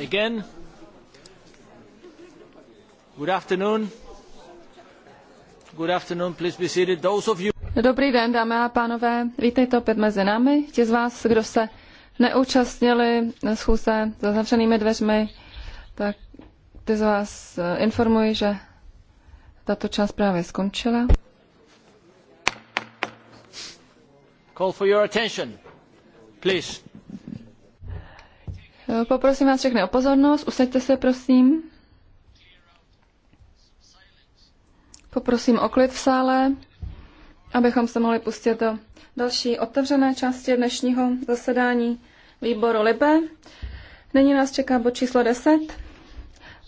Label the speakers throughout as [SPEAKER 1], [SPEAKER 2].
[SPEAKER 1] again. Good afternoon. Good afternoon. Please be seated. Those of you...
[SPEAKER 2] Dobrý den, dámy a pánové. Vítejte opět mezi námi. Ti z vás, kdo se neúčastnili schůze za zavřenými dveřmi, tak ty z vás eh, informuji, že tato část právě skončila.
[SPEAKER 1] Call for your attention, please.
[SPEAKER 2] Poprosím vás všechny o pozornost, usaďte se prosím. Poprosím o klid v sále, abychom se mohli pustit do další otevřené části dnešního zasedání výboru LIBE. Nyní nás čeká bod číslo 10.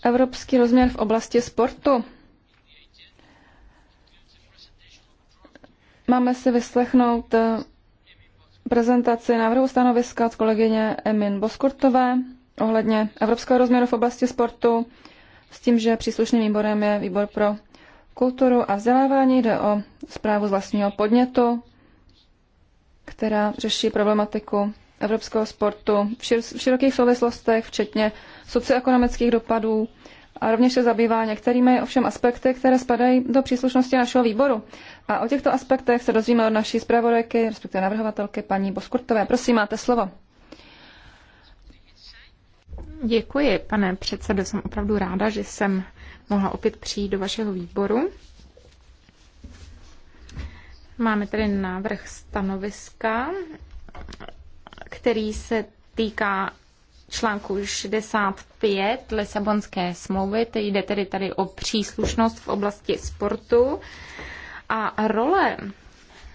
[SPEAKER 2] Evropský rozměr v oblasti sportu. Máme si vyslechnout eh, prezentaci návrhu stanoviska od kolegyně Emin Boskurtové ohledně evropského rozměru v oblasti sportu s tím, že příslušným výborem je výbor pro kulturu a vzdělávání. Jde o zprávu z vlastního podnětu, která řeší problematiku evropského sportu v širokých souvislostech, včetně socioekonomických dopadů a rovněž se zabývá některými ovšem aspekty, které spadají do příslušnosti našeho výboru. A o těchto aspektech se dozvíme od naší zpravodajky,
[SPEAKER 3] respektive navrhovatelky paní Boskurtové. Prosím, máte slovo. Děkuji, pane předsedo. Jsem opravdu ráda, že jsem mohla opět přijít do vašeho výboru. Máme tady návrh stanoviska, který se týká článku 65 Lisabonské smlouvy, tedy jde tedy tady o příslušnost v oblasti sportu. A role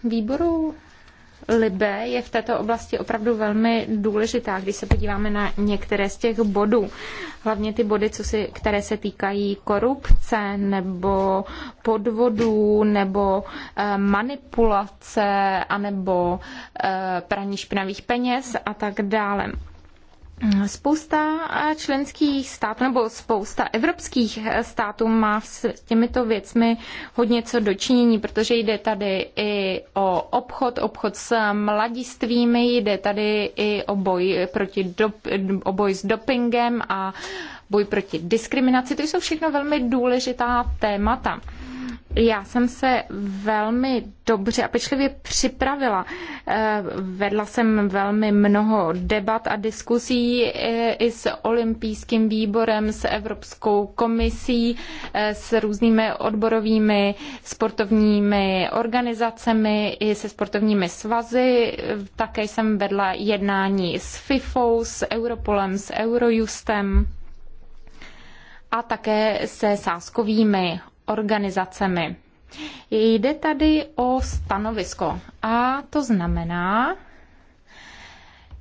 [SPEAKER 3] výboru Libe je v této oblasti opravdu velmi důležitá, když se podíváme na některé z těch bodů. Hlavně ty body, co si, které se týkají korupce nebo podvodů nebo e, manipulace anebo e, praní špinavých peněz a tak dále. Spousta členských států nebo spousta evropských států má s těmito věcmi hodně co dočinění, protože jde tady i o obchod, obchod s mladistvými, jde tady i o boj, proti do, o boj s dopingem a boj proti diskriminaci. To jsou všechno velmi důležitá témata. Já jsem se velmi dobře a pečlivě připravila. Eh, vedla jsem velmi mnoho debat a diskusí eh, i s olympijským výborem, s Evropskou komisí, eh, s různými odborovými sportovními organizacemi i se sportovními svazy. Také jsem vedla jednání s FIFou, s Europolem, s Eurojustem a také se sáskovými organizacemi. Jde tady o stanovisko a to znamená,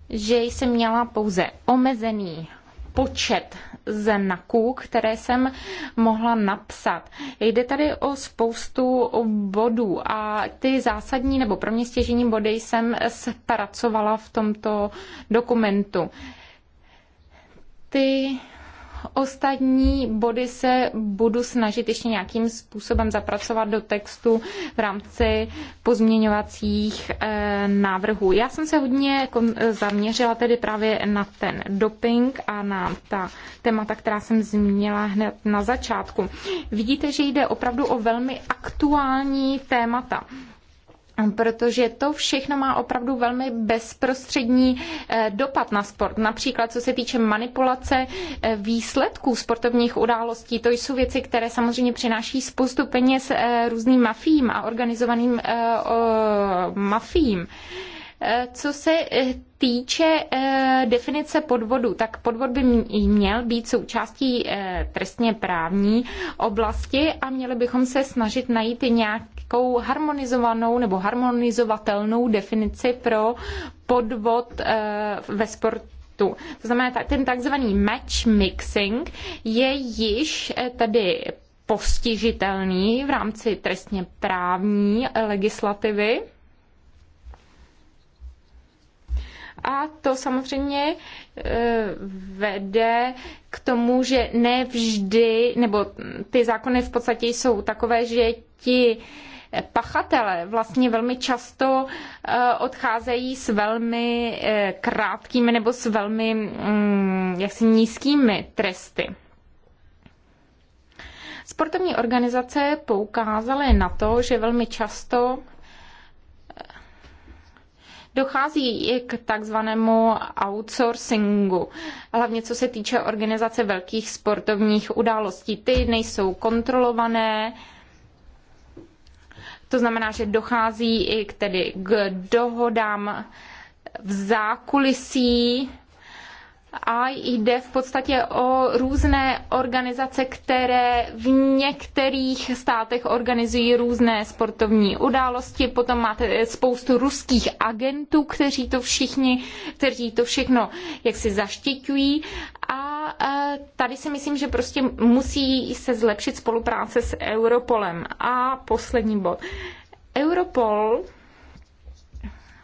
[SPEAKER 3] že jsem měla pouze omezený počet znaků, které jsem mohla napsat. Jde tady o spoustu bodů a ty zásadní nebo pro mě stěžení body jsem zpracovala v tomto dokumentu. Ty ostatní body se budu snažit ještě nějakým způsobem zapracovat do textu v rámci pozměňovacích eh, návrhů. Já jsem se hodně zaměřila tedy právě na ten doping a na ta témata, která jsem zmínila hned na začátku. Vidíte, že jde opravdu o velmi aktuální témata protože to všechno má opravdu velmi bezprostřední eh, dopad na sport. Například co se týče manipulace eh, výsledků sportovních událostí, to jsou věci, které samozřejmě přináší spoustu peněz eh, různým mafím a organizovaným mafím. Co se týče definice podvodu, tak podvod by měl být součástí trestně právní oblasti a měli bychom se snažit najít nějaký nějakou harmonizovanou nebo harmonizovatelnou definici pro podvod eh, ve sportu Tu. To znamená, ten takzvaný match mixing je již eh, tedy postižitelný v rámci trestně právní eh, legislativy. A to samozřejmě vede k tomu, že nevždy, nebo ty zákony v podstatě jsou takové, že ti Eh, pachatele vlastně velmi často eh, odcházejí s velmi eh, krátkými nebo s velmi mm, jaksi nízkými tresty. Sportovní organizace poukázaly na to, že velmi často dochází i k takzvanému outsourcingu, hlavně co se týče organizace velkých sportovních událostí. Ty nejsou kontrolované, to znamená, že dochází i k, tedy k dohodám v zákulisí a jde v podstatě o různé organizace, které v některých státech organizují různé sportovní události. Potom máte spoustu ruských agentů, kteří to všichni, kteří to všechno jaksi zaštiťují a tady si myslím, že prostě musí se zlepšit spolupráce s Europolem. A poslední bod. Europol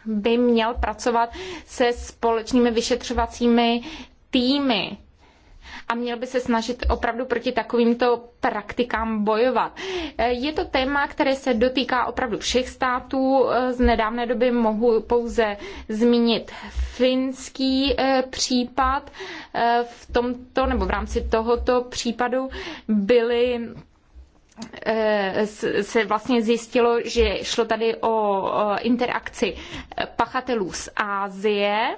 [SPEAKER 3] by měl pracovat se společnými vyšetřovacími týmy a měl by se snažit opravdu proti takovýmto praktikám bojovat. Je to téma, které se dotýká opravdu všech států. Z nedávné doby mohu pouze zmínit finský eh, případ. Eh, v tomto nebo v rámci tohoto případu byly eh, se vlastně zjistilo, že šlo tady o interakci pachatelů z Ázie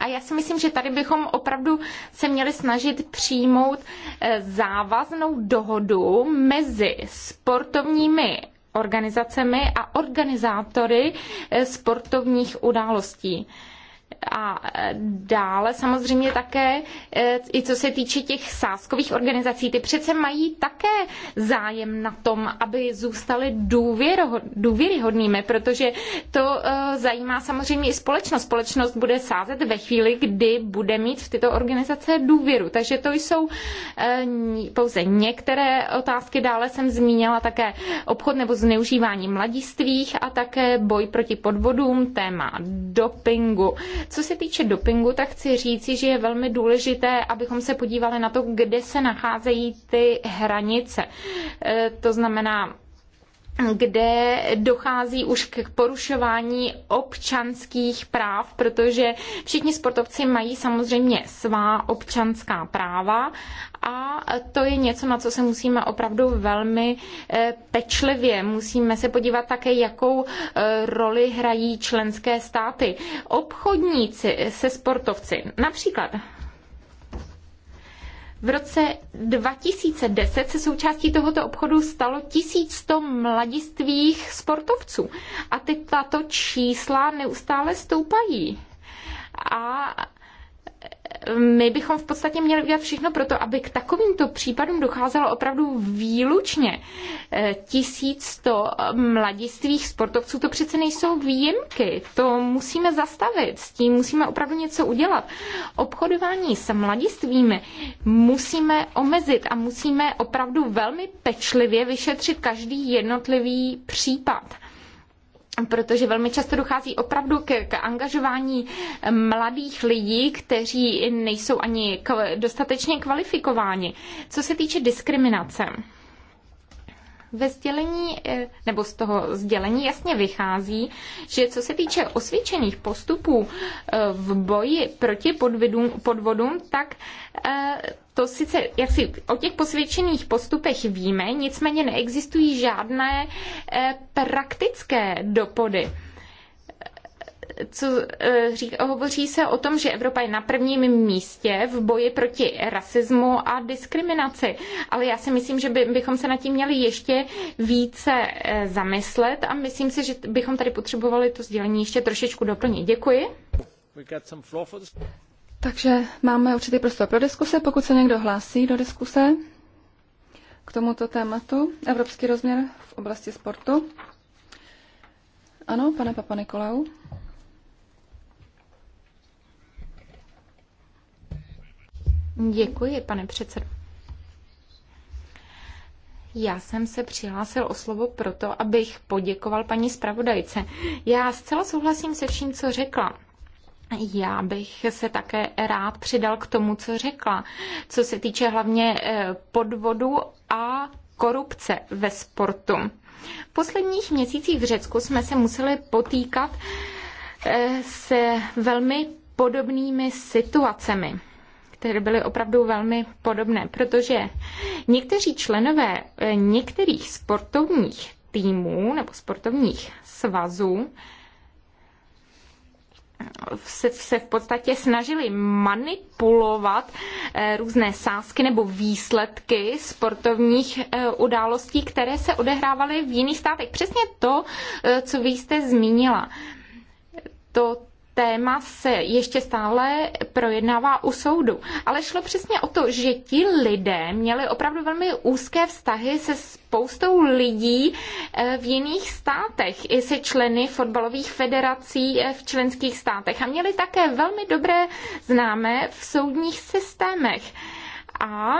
[SPEAKER 3] a já si myslím, že tady bychom opravdu se měli snažit přijmout eh, závaznou dohodu mezi sportovními organizacemi a organizátory eh, sportovních událostí. A e, dále samozřejmě také, e, i co se týče těch sáskových organizací, ty přece mají také zájem na tom, aby zůstaly důvěryhodnými, protože to e, zajímá samozřejmě i společnost. Společnost bude sázet ve chvíli, kdy bude mít v tyto organizace důvěru. Takže to jsou pouze některé otázky. Dále jsem zmínila také obchod nebo zneužívání mladistvých a také boj proti podvodům, téma dopingu. Co se týče dopingu, tak chci říci, že je velmi důležité, abychom se podívali na to, kde se nacházejí ty hranice. E, to znamená, kde dochází už k porušování občanských práv, protože všichni sportovci mají samozřejmě svá občanská práva a to je něco, na co se musíme opravdu velmi eh, pečlivě. Musíme se podívat také, jakou eh, roli hrají členské státy. Obchodníci se sportovci, například v roce 2010 se součástí tohoto obchodu stalo 1100 mladistvých sportovců. A teď tato čísla neustále stoupají. A my bychom v podstatě měli udělat všechno pro to, aby k takovýmto případům docházelo opravdu výlučně. 1100 eh, mladistvých sportovců, to přece nejsou výjimky. To musíme zastavit, s tím musíme opravdu něco udělat. Obchodování s mladistvými musíme omezit a musíme opravdu velmi pečlivě vyšetřit každý jednotlivý případ protože velmi často dochází opravdu k, k angažování mladých lidí, kteří nejsou ani dostatečně kvalifikováni. Co se týče diskriminace, ve sdělení, eh, nebo z toho sdělení jasně vychází, že co se týče osvědčených postupů eh, v boji proti podvodům, podvodům tak eh, to sice, jak si o těch posvědčených postupech víme, nicméně neexistují žádné praktické dopady co e, říká, hovoří se o tom, že Evropa je na prvním místě v boji proti rasismu a diskriminaci. Ale já si myslím, že by, bychom se nad tím měli ještě více e, zamyslet a myslím si, že bychom tady potřebovali to sdělení ještě trošičku doplnit. Děkuji. Takže máme
[SPEAKER 2] určitý prostor pro diskuse, pokud se někdo hlásí do diskuse k tomuto tématu. Evropský rozměr v oblasti sportu. Ano, pane Papa
[SPEAKER 3] Nikolau. Děkuji, pane předsedo. Já jsem se přihlásil o slovo proto, abych poděkoval paní zpravodajce. Já zcela souhlasím se vším, co řekla. Já bych se také rád přidal k tomu, co řekla, co se týče hlavně eh, podvodu a korupce ve sportu. V posledních měsících v Řecku jsme se museli potýkat eh, se velmi podobnými situacemi které byly opravdu velmi podobné, protože někteří členové eh, některých sportovních týmů nebo sportovních svazů se, se v podstatě snažili manipulovat eh, různé sázky nebo výsledky sportovních eh, událostí, které se odehrávaly v jiných státech. Přesně to, co vy jste zmínila. To téma se ještě stále projednává u soudu. Ale šlo přesně o to, že ti lidé měli opravdu velmi úzké vztahy se spoustou lidí eh, v jiných státech, i se členy fotbalových federací eh, v členských státech. A měli také velmi dobré známé v soudních systémech a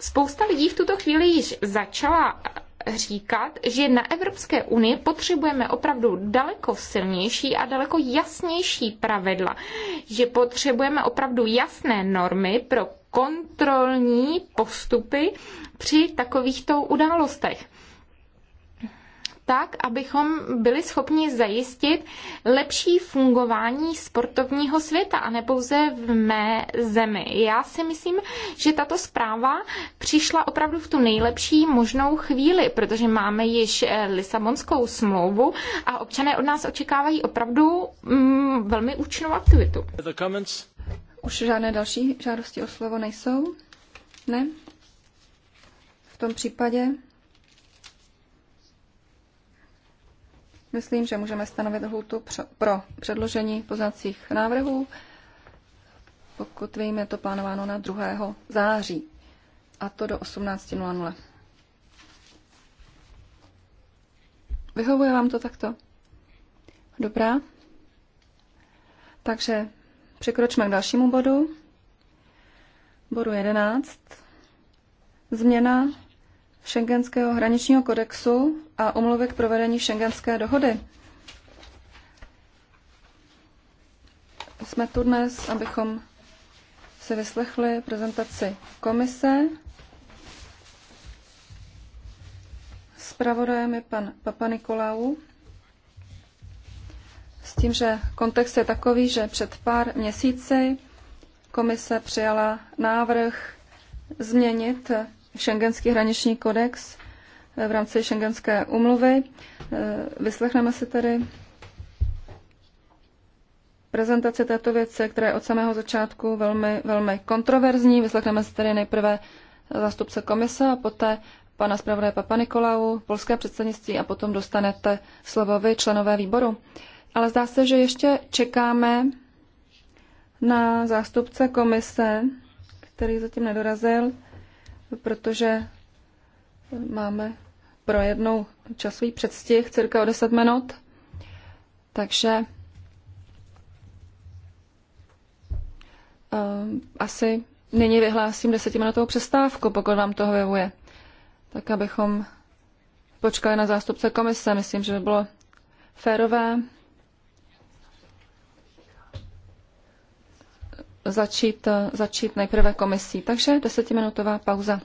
[SPEAKER 3] spousta lidí v tuto chvíli již začala říkat, že na Evropské unii potřebujeme opravdu daleko silnější a daleko jasnější pravidla, že potřebujeme opravdu jasné normy pro kontrolní postupy při takovýchto událostech tak, abychom byli schopni zajistit lepší fungování sportovního světa a ne pouze v mé zemi. Já si myslím, že tato zpráva přišla opravdu v tu nejlepší možnou chvíli, protože máme již eh, Lisabonskou smlouvu a občané od nás očekávají opravdu mm, velmi účinnou aktivitu. Už žádné další
[SPEAKER 2] žádosti o slovo nejsou? Ne? V tom případě Myslím, že můžeme stanovit lhůtu pro předložení poznacích návrhů. Pokud vím, je to plánováno na 2. září, a to do 18.00. Vyhovuje vám to takto? Dobrá. Takže překročme k dalšímu bodu. Bodu 11. Změna Schengenského hraničního kodexu a umluvy k provedení Schengenské dohody. Jsme tu dnes, abychom si vyslechli prezentaci komise. Spravodajem je pan Papa Nikolau. S tím, že kontext je takový, že před pár měsíci komise přijala návrh změnit Schengenský hraniční kodex v rámci Schengenské umluvy. E, vyslechneme si tedy prezentaci této věci, která je od samého začátku velmi, velmi kontroverzní. Vyslechneme si tedy nejprve zástupce komise a poté pana zpravodaje Papa Nikolau, polské předsednictví a potom dostanete slovo vy, členové výboru. Ale zdá se, že ještě čekáme na zástupce komise, který zatím nedorazil protože máme pro jednou časový předstih cirka o 10 minut, takže eh, asi nyní vyhlásím desetiminutovou přestávku, pokud vám to vyhovuje. Tak abychom počkali na zástupce komise. Myslím, že by bylo férové začít, začít nejprve komisí. Takže desetiminutová pauza.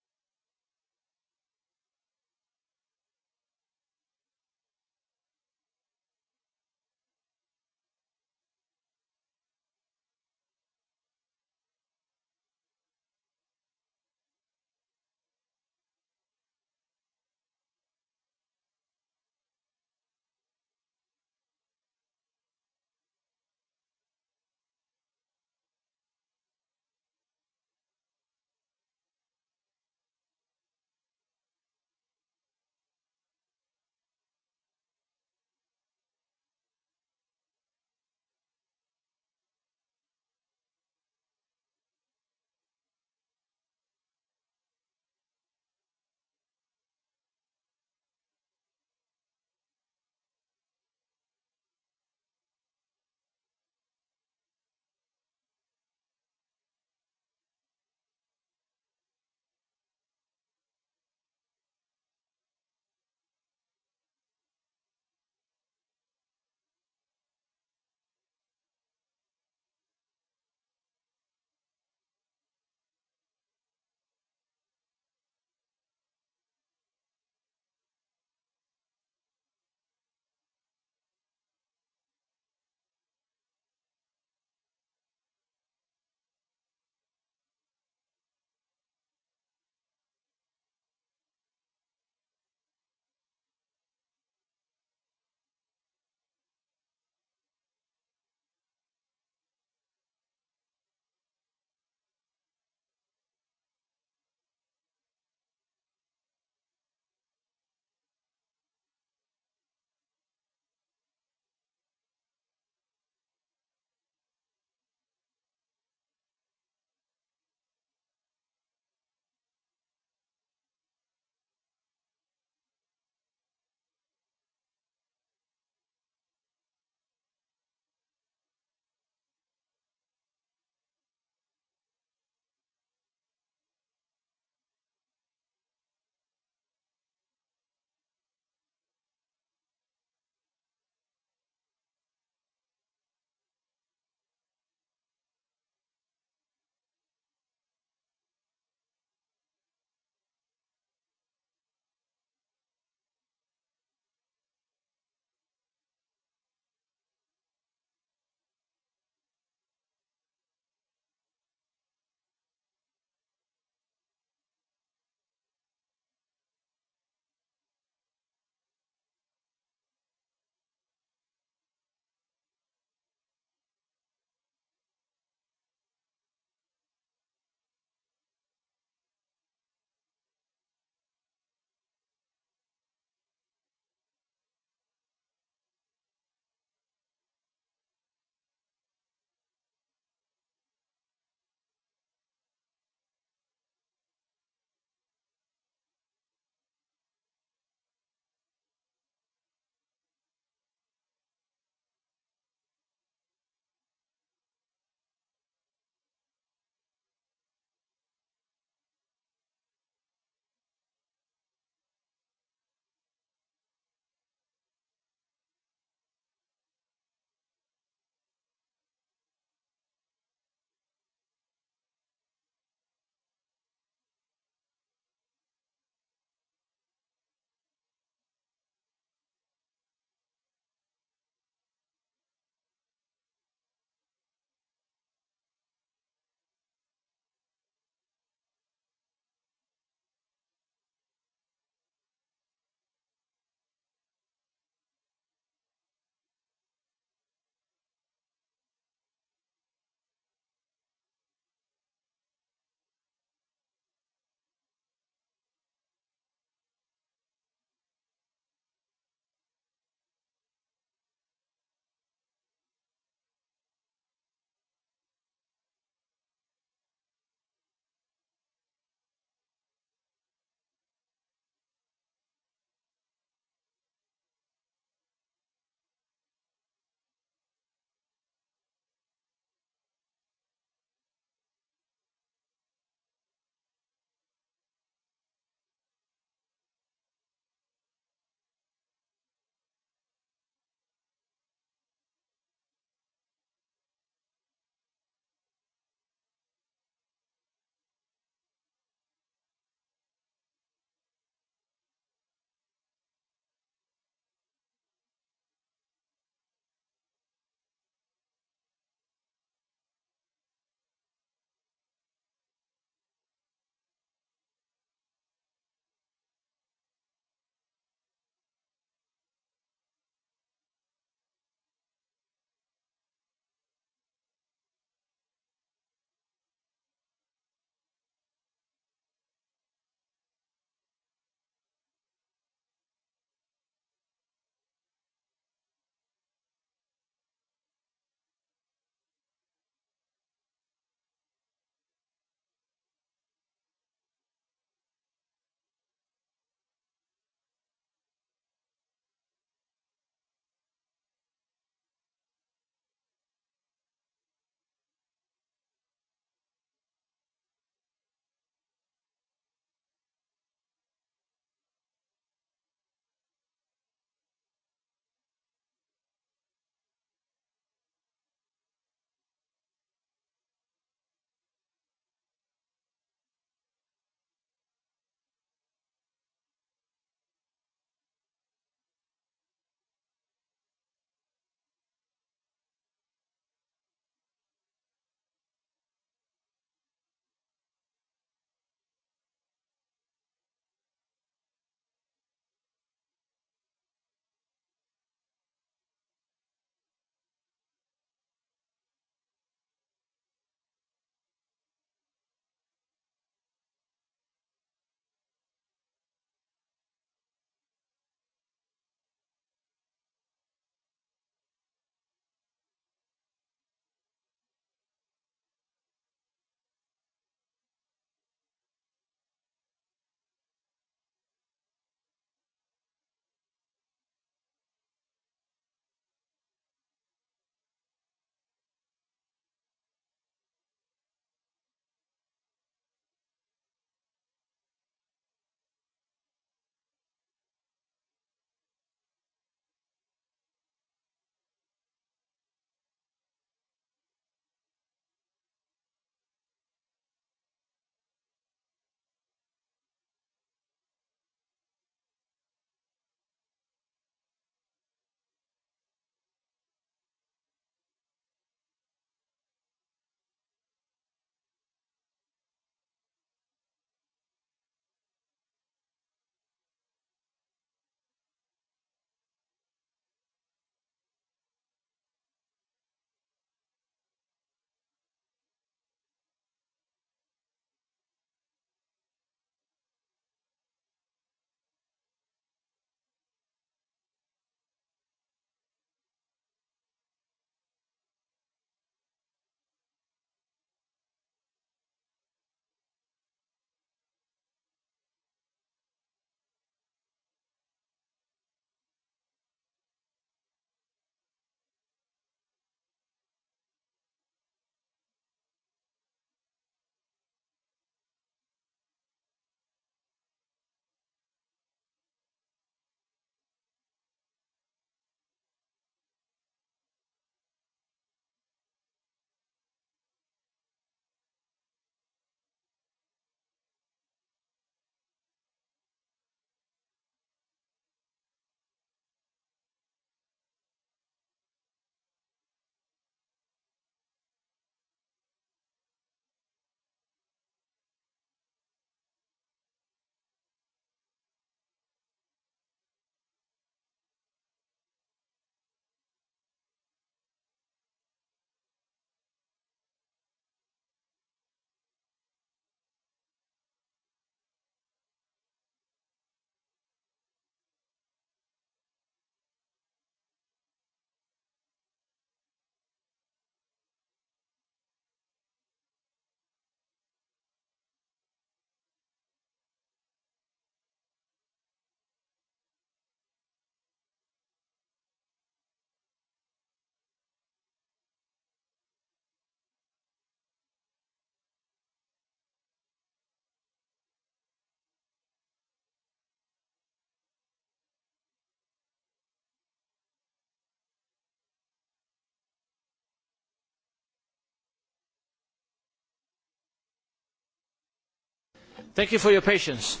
[SPEAKER 1] Thank you for your patience.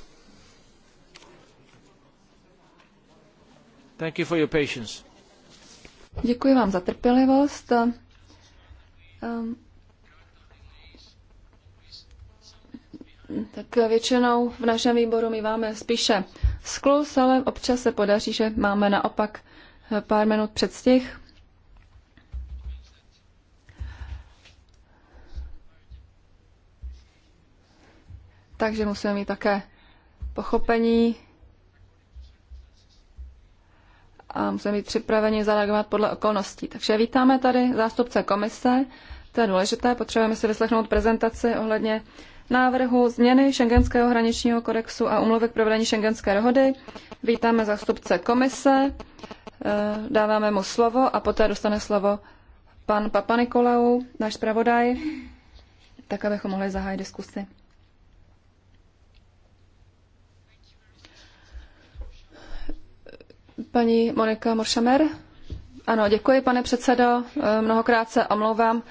[SPEAKER 1] Thank you for your patience.
[SPEAKER 2] Děkuji vám za trpělivost. Um, tak většinou v našem výboru my máme spíše sklus, ale občas se podaří, že máme naopak pár minut předstih. takže musíme mít také pochopení a musíme být připraveni zareagovat podle okolností. Takže vítáme tady zástupce komise, to je důležité, potřebujeme si vyslechnout prezentaci ohledně návrhu změny šengenského hraničního kodexu a umluvy k provedení šengenské dohody. Vítáme zástupce komise, eh, dáváme mu slovo a poté dostane slovo pan Papa Nikolaou, náš zpravodaj, tak abychom mohli zahájit diskusi. Paní Monika Moršamer. Ano, děkuji, pane předsedo. Eh, mnohokrát se omlouvám.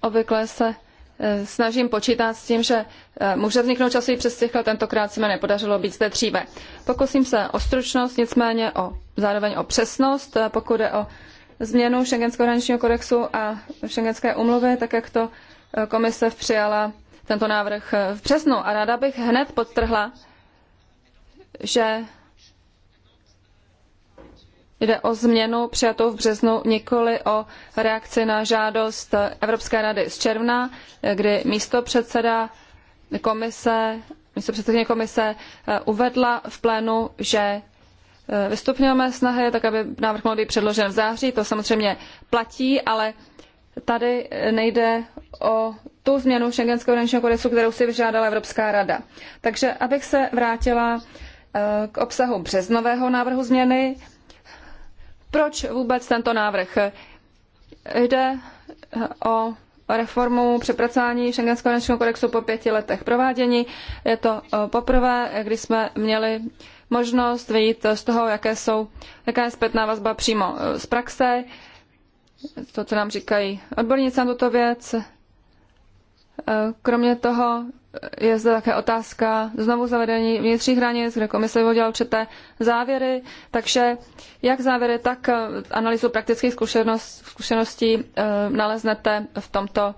[SPEAKER 2] Obvykle se eh, snažím počítat s tím, že eh, může vzniknout časový přestih, ale tentokrát se mi nepodařilo být zde dříve. Pokusím se o stručnost, nicméně o, zároveň o přesnost, pokud je o změnu Schengenského hraničního kodexu a Schengenské umluvy, tak jak to komise přijala tento návrh v březnu. A ráda bych hned podtrhla, že Jde o změnu přijatou v březnu, nikoli o reakci na žádost Evropské rady z června, kdy místo předseda komise, místo předsedkyně komise eh, uvedla v plénu, že eh, vystupňujeme snahy, tak aby návrh mohl být předložen v září. To samozřejmě platí, ale tady eh, nejde o tu změnu Schengenského finančního kodexu, kterou si vyžádala Evropská rada. Takže abych se vrátila k obsahu březnového návrhu změny, proč vůbec tento návrh? Jde o reformu přepracování Schengenského finančního kodexu po pěti letech provádění. Je to eh, poprvé, kdy jsme měli možnost vyjít z toho, jaké jsou, jaká je zpětná vazba přímo eh, z praxe, to, co nám říkají odborníci na tuto věc. Eh, kromě toho je zde také otázka znovu zavedení vnitřních hranic, kde komise vyvodila určité závěry, takže jak závěry, tak eh, analýzu praktických zkušenost, zkušeností eh, naleznete v tomto,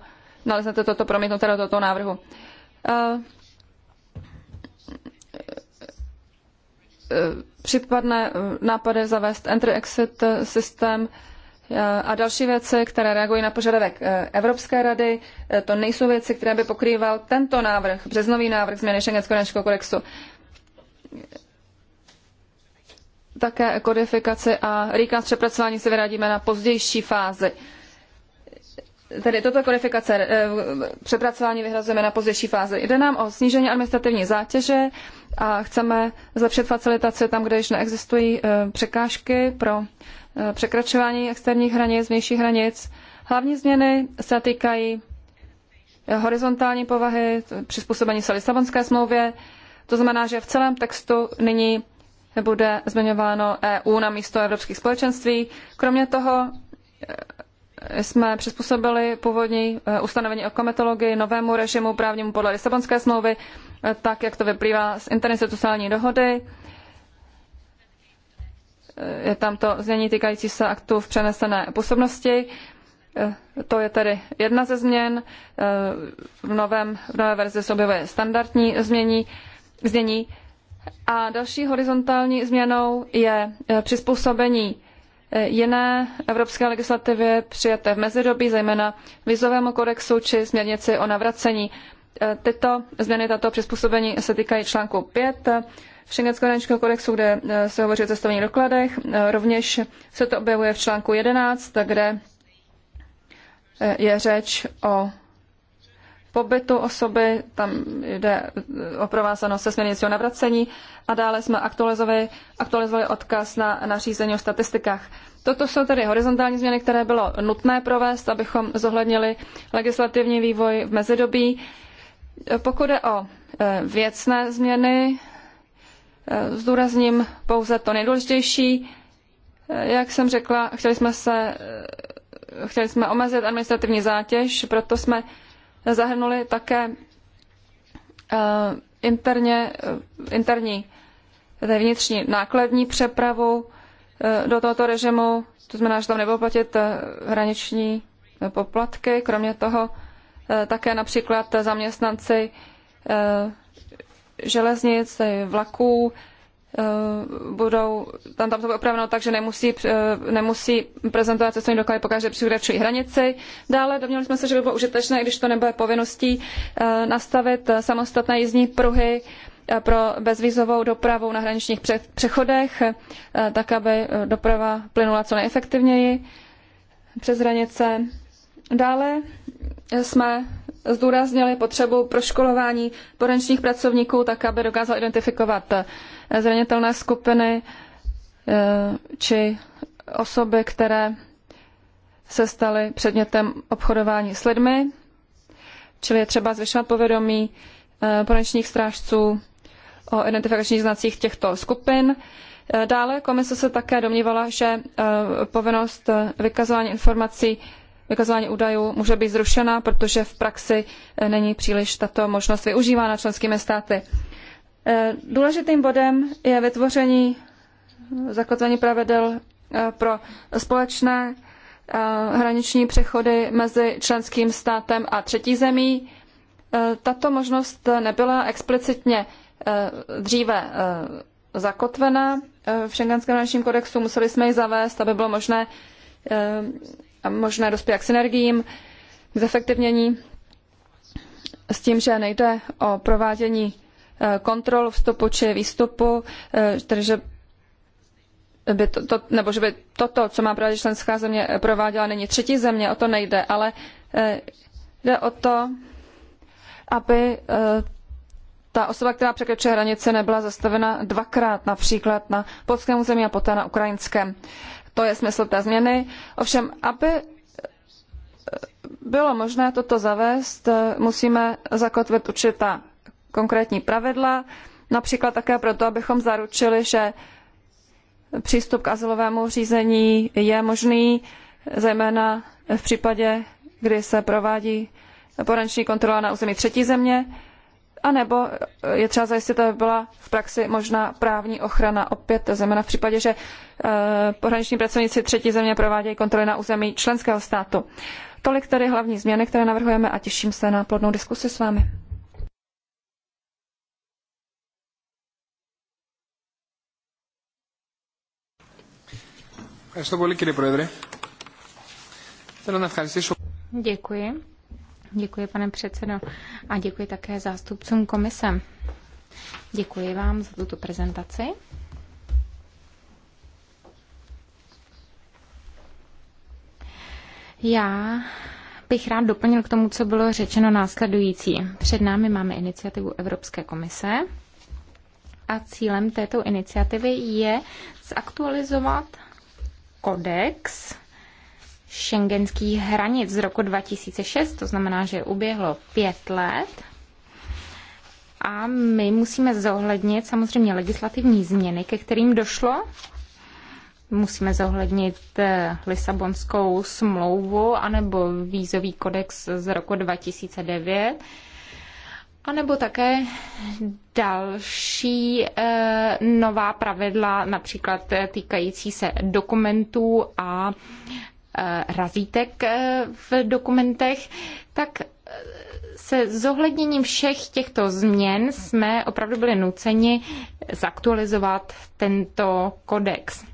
[SPEAKER 2] naleznete toto promítnuté do tohoto návrhu. Eh, případné nápady zavést entry-exit systém Eh, a další věci, které reagují na požadavek eh, Evropské rady. Eh, to nejsou věci, které by pokrýval tento návrh, březnový návrh změny Schengenského finančního kodexu. Také kodifikaci a rýkaz přepracování se vyradíme na pozdější fázi. Tedy toto kodifikace přepracování vyhrazujeme na pozdější fázi. Jde nám o snížení administrativní zátěže a chceme zlepšit facilitaci tam, kde již neexistují překážky pro Eh, překračování externích hranic, vnějších hranic. Hlavní změny se týkají eh, horizontální povahy, přizpůsobení se Lisabonské smlouvě. To znamená, že v celém textu nyní bude zmiňováno EU na místo Evropských společenství. Kromě toho eh, jsme přizpůsobili původní ustanovení o kometologii novému režimu právnímu podle Lisabonské smlouvy, tak jak to vyplývá z interinstitucionální dohody je tam to znění týkající se aktu v přenesené působnosti. Eh, to je tedy jedna ze změn. Eh, v, novém, v nové verzi se objevuje standardní změní, znění. A další horizontální změnou je eh, přizpůsobení jiné evropské legislativě přijaté v mezidobí, zejména vizovému kodexu či směrnici o navracení. Tyto změny, tato přizpůsobení se týkají článku 5 Schengenského hraničního kodexu, kde eh, se hovoří o cestovních dokladech. Eh, rovněž se to objevuje v článku 11, kde eh, je řeč o pobytu osoby, tam jde o provázanost se směrnicí o navracení a dále jsme aktualizovali, aktualizovali odkaz na nařízení o statistikách. Toto jsou tedy horizontální změny, které bylo nutné provést, abychom zohlednili legislativní vývoj v mezidobí. Pokud je o věcné změny, Zdůrazním pouze to nejdůležitější. Jak jsem řekla, chtěli jsme se chtěli jsme omezit administrativní zátěž, proto jsme zahrnuli také eh, interně, eh, interní, tedy vnitřní nákladní přepravu eh, do tohoto režimu. To znamená, že tam nebudou platit hraniční poplatky. Kromě toho také například zaměstnanci železnic, vlaků, eh, budou, tam, tam to bude opraveno tak, že nemusí, eh, nemusí prezentovat cestovní doklady, pokud že překračují hranici. Dále domněli jsme se, že by bylo užitečné, když to nebude povinností, eh, nastavit samostatné jízdní pruhy pro bezvízovou dopravu na hraničních přechodech, tak aby doprava plynula co nejefektivněji přes hranice. Dále jsme zdůraznili potřebu proškolování porenčních pracovníků, tak aby dokázal identifikovat eh, zranitelné skupiny eh, či osoby, které se staly předmětem obchodování s lidmi, čili je třeba zvyšovat povědomí eh, porenčních strážců o identifikačních znacích těchto skupin. Dále komise se také domnívala, že povinnost vykazování informací vykazování údajů může být zrušena, protože v praxi eh, není příliš tato možnost využívána členskými státy. Eh, důležitým bodem je vytvoření eh, zakotvení pravidel pro společné hraniční přechody mezi členským státem a třetí zemí. Tato možnost nebyla explicitně dříve zakotvena v šengenském hraničním kodexu. Museli jsme ji zavést, aby bylo možné možné dospět k synergiím, k zefektivnění, s tím, že nejde o provádění eh, kontrol vstupu či výstupu, eh, tedy že by to, to, nebo že by toto, co má provádět členská země, eh, prováděla není třetí země, o to nejde, ale jde o to, aby ta osoba, která překračuje hranice, nebyla zastavena dvakrát, například na polském území a poté na ukrajinském. To je smysl té změny. Ovšem, aby bylo možné toto zavést, musíme zakotvit určitá konkrétní pravidla, například také proto, abychom zaručili, že přístup k azylovému řízení je možný, zejména v případě, kdy se provádí poranční kontrola na území třetí země a nebo je třeba zajistit, aby byla v praxi možná právní ochrana opět, zejména v případě, že eh, pohraniční pracovníci třetí země provádějí kontroly na území členského státu. Tolik tedy hlavní změny, které navrhujeme a těším se na plodnou diskusi s vámi.
[SPEAKER 3] Děkuji. Děkuji, pane předsedo, a děkuji také zástupcům komise. Děkuji vám za tuto prezentaci. Já bych rád doplnil k tomu, co bylo řečeno následující. Před námi máme iniciativu Evropské komise a cílem této iniciativy je zaktualizovat kodex šengenských hranic z roku 2006, to znamená, že uběhlo pět let. A my musíme zohlednit samozřejmě legislativní změny, ke kterým došlo. Musíme zohlednit eh, Lisabonskou smlouvu anebo vízový kodex z roku 2009 a nebo také další eh, nová pravidla, například eh, týkající se dokumentů a Eh, razítek eh, v dokumentech, tak eh, se zohledněním všech těchto změn jsme opravdu byli nuceni zaktualizovat tento kodex.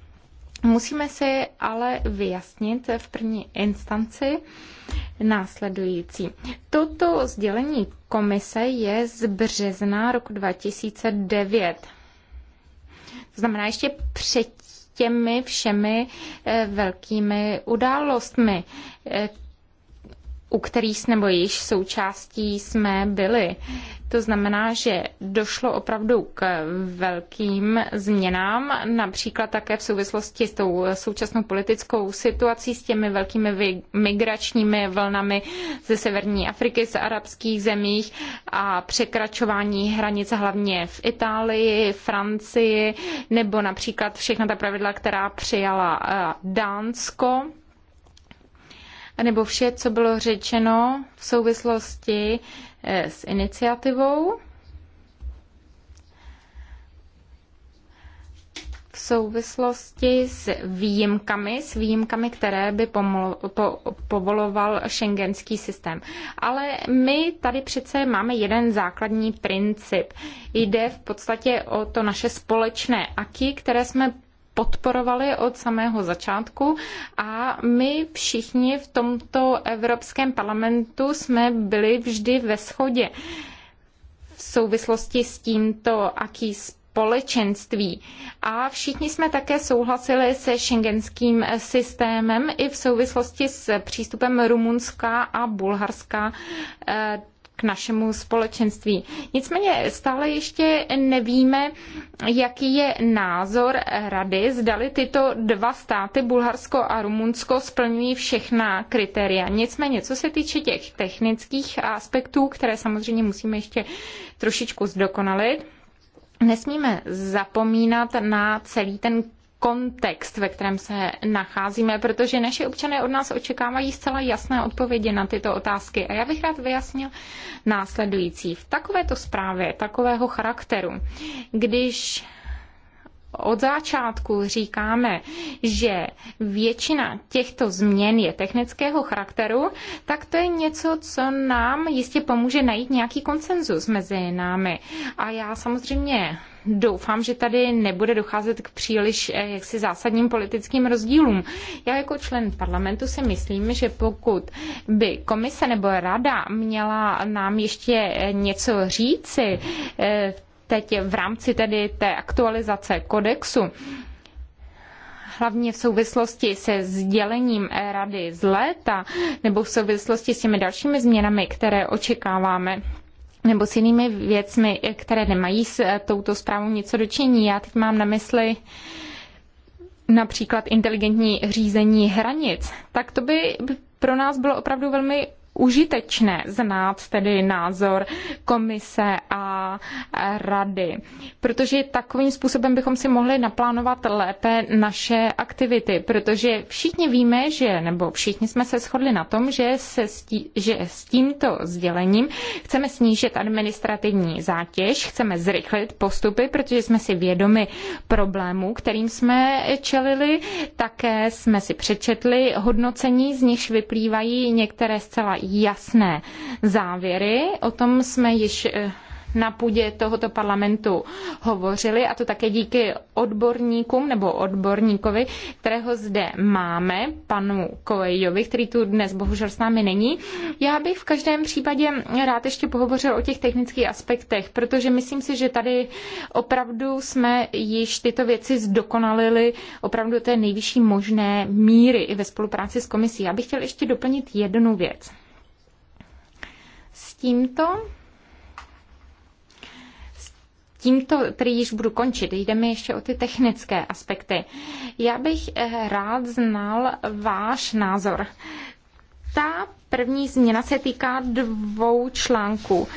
[SPEAKER 3] Musíme si ale vyjasnit v první instanci následující. Toto sdělení komise je z března roku 2009. To znamená ještě předtím, těmi všemi eh, velkými událostmi. Eh, u kterých nebo již součástí jsme byli. To znamená, že došlo opravdu k velkým změnám, například také v souvislosti s tou současnou politickou situací, s těmi velkými migračními vlnami ze severní Afriky, z arabských zemích a překračování hranic hlavně v Itálii, Francii nebo například všechna ta pravidla, která přijala eh, Dánsko anebo vše, co bylo řečeno v souvislosti eh, s iniciativou, v souvislosti s výjimkami, s výjimkami, které by pomlo, po, povoloval šengenský systém. Ale my tady přece máme jeden základní princip. Jde v podstatě o to naše společné aky, které jsme podporovali od samého začátku a my všichni v tomto Evropském parlamentu jsme byli vždy ve shodě v souvislosti s tímto aký společenství. A všichni jsme také souhlasili se šengenským systémem i v souvislosti s přístupem Rumunska a Bulharska eh, k našemu společenství. Nicméně stále ještě nevíme, jaký je názor rady, zdali tyto dva státy, Bulharsko a Rumunsko, splňují všechna kritéria. Nicméně, co se týče těch technických aspektů, které samozřejmě musíme ještě trošičku zdokonalit, Nesmíme zapomínat na celý ten kontext, ve kterém se nacházíme, protože naši občané od nás očekávají zcela jasné odpovědi na tyto otázky. A já bych rád vyjasnil následující. V takovéto zprávě, takového charakteru, když od začátku říkáme, že většina těchto změn je technického charakteru, tak to je něco, co nám jistě pomůže najít nějaký konsenzus mezi námi. A já samozřejmě doufám, že tady nebude docházet k příliš eh, jaksi zásadním politickým rozdílům. Já jako člen parlamentu si myslím, že pokud by komise nebo rada měla nám ještě eh, něco říci v eh, teď v rámci tedy té aktualizace kodexu, hlavně v souvislosti se sdělením rady z léta nebo v souvislosti s těmi dalšími změnami, které očekáváme, nebo s jinými věcmi, které nemají s touto zprávou něco dočinění. Já teď mám na mysli například inteligentní řízení hranic, tak to by pro nás bylo opravdu velmi užitečné znát tedy názor komise a rady, protože takovým způsobem bychom si mohli naplánovat lépe naše aktivity, protože všichni víme, že, nebo všichni jsme se shodli na tom, že, se stí, že s tímto sdělením chceme snížit administrativní zátěž, chceme zrychlit postupy, protože jsme si vědomi problémů, kterým jsme čelili, také jsme si přečetli hodnocení, z nichž vyplývají některé zcela jasné závěry. O tom jsme již eh, na půdě tohoto parlamentu hovořili, a to také díky odborníkům nebo odborníkovi, kterého zde máme, panu Kolejovi, který tu dnes bohužel s námi není. Já bych v každém případě rád ještě pohovořil o těch technických aspektech, protože myslím si, že tady opravdu jsme již tyto věci zdokonalili opravdu té nejvyšší možné míry i ve spolupráci s komisí. Já bych chtěl ještě doplnit jednu věc tímto tímto který již budu končit. Jde mi ještě o ty technické aspekty. Já bych eh, rád znal váš názor. Ta první změna se týká dvou článků.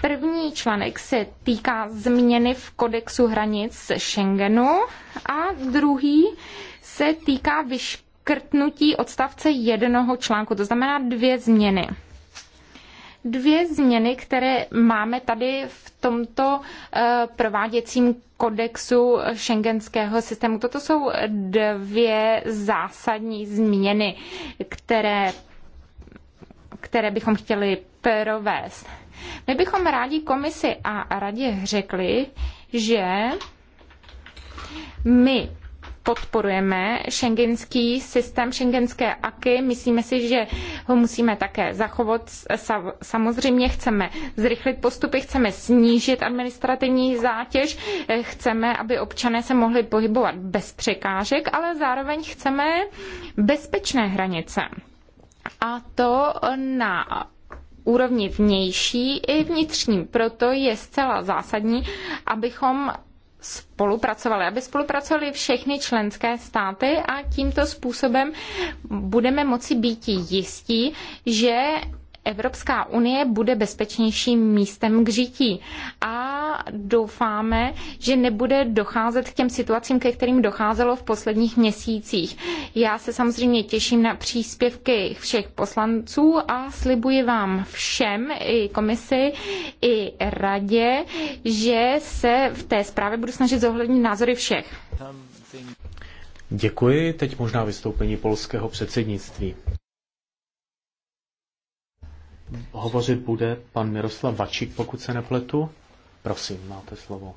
[SPEAKER 3] První článek se týká změny v kodexu hranic Schengenu a druhý se týká vyškrtnutí odstavce jednoho článku, to znamená dvě změny dvě změny, které máme tady v tomto eh, prováděcím kodexu šengenského systému. Toto jsou dvě zásadní změny, které, které bychom chtěli provést. My bychom rádi komisi a radě řekli, že my podporujeme šengenský systém, šengenské aky. Myslíme si, že ho musíme také zachovat. Samozřejmě chceme zrychlit postupy, chceme snížit administrativní zátěž, eh, chceme, aby občané se mohli pohybovat bez překážek, ale zároveň chceme bezpečné hranice. A to na úrovni vnější i vnitřní. Proto je zcela zásadní, abychom spolupracovali, aby spolupracovali všechny členské státy a tímto způsobem budeme moci být jistí, že Evropská unie bude bezpečnějším místem k žití. A doufáme, že nebude docházet k těm situacím, ke kterým docházelo v posledních měsících. Já se samozřejmě těším na příspěvky všech poslanců a slibuji vám všem, i komisi, i radě, že se v té zprávě budu snažit zohlednit názory všech.
[SPEAKER 1] Děkuji. Teď možná vystoupení polského předsednictví hovořit bude pan Miroslav Vačík, pokud se nepletu. Prosím, máte slovo.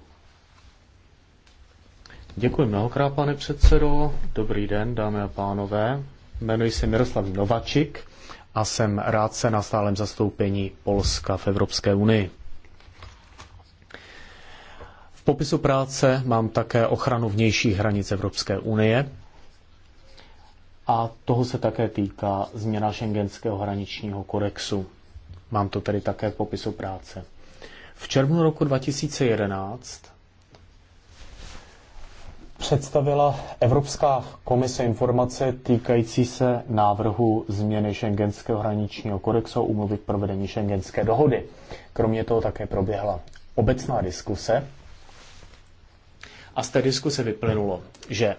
[SPEAKER 1] Děkuji mnohokrát, pane předsedo. Dobrý den, dámy a pánové. Jmenuji se Miroslav Novačik a jsem rádce na stálem zastoupení Polska v Evropské unii. V popisu práce mám také ochranu vnějších hranic Evropské unie a toho se také týká změna šengenského hraničního kodexu. Mám to tady také v popisu práce. V červnu roku 2011 představila Evropská komise informace týkající se návrhu změny šengenského hraničního kodexu a umluvy k provedení šengenské dohody. Kromě toho také proběhla obecná diskuse a z té diskuse vyplynulo, že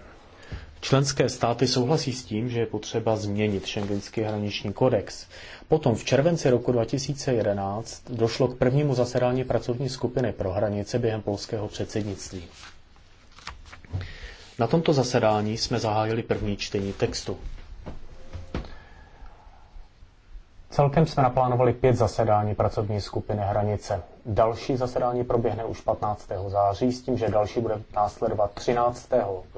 [SPEAKER 1] členské státy souhlasí s tím, že je potřeba změnit šengenský hraniční kodex, Potom v červenci roku 2011 došlo k prvnímu zasedání pracovní skupiny pro hranice během polského předsednictví. Na tomto zasedání jsme zahájili první čtení textu. Celkem jsme naplánovali pět zasedání pracovní skupiny Hranice. Další zasedání proběhne už 15. září s tím, že další bude následovat 13.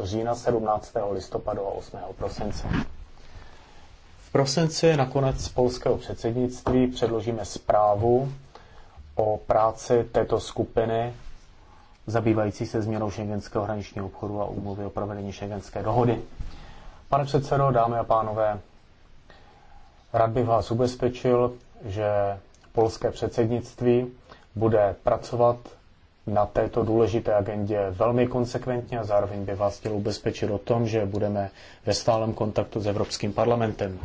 [SPEAKER 1] října, 17. listopadu a 8. prosince prosinci nakonec polského předsednictví předložíme zprávu o práci této skupiny zabývající se změnou šengenského hraničního obchodu a úmluvy o provedení šengenské dohody. Pane předsedo, dámy a pánové, rád bych vás ubezpečil, že polské předsednictví bude pracovat na této důležité agendě velmi konsekventně a zároveň by vás chtěl ubezpečit o tom, že budeme ve stálem kontaktu s Evropským parlamentem.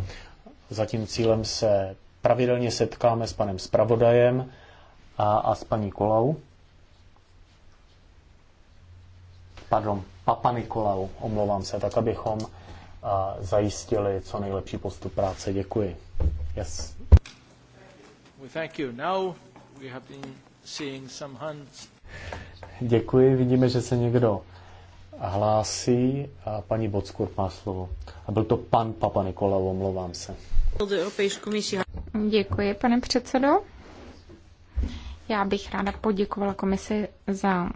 [SPEAKER 1] Za tím cílem se pravidelně setkáme s panem Spravodajem a, a s paní Kolou. Pardon, Papa Nikolau, omlouvám se, tak abychom a, zajistili co nejlepší postup práce. Děkuji. Yes. We thank you. Now we have been seeing some hands Děkuji, vidíme, že se někdo hlásí a paní Bodskur má slovo. A byl to pan Papa Nikola, omlouvám se.
[SPEAKER 3] Děkuji, pane předsedo. Já bych ráda poděkovala komisi za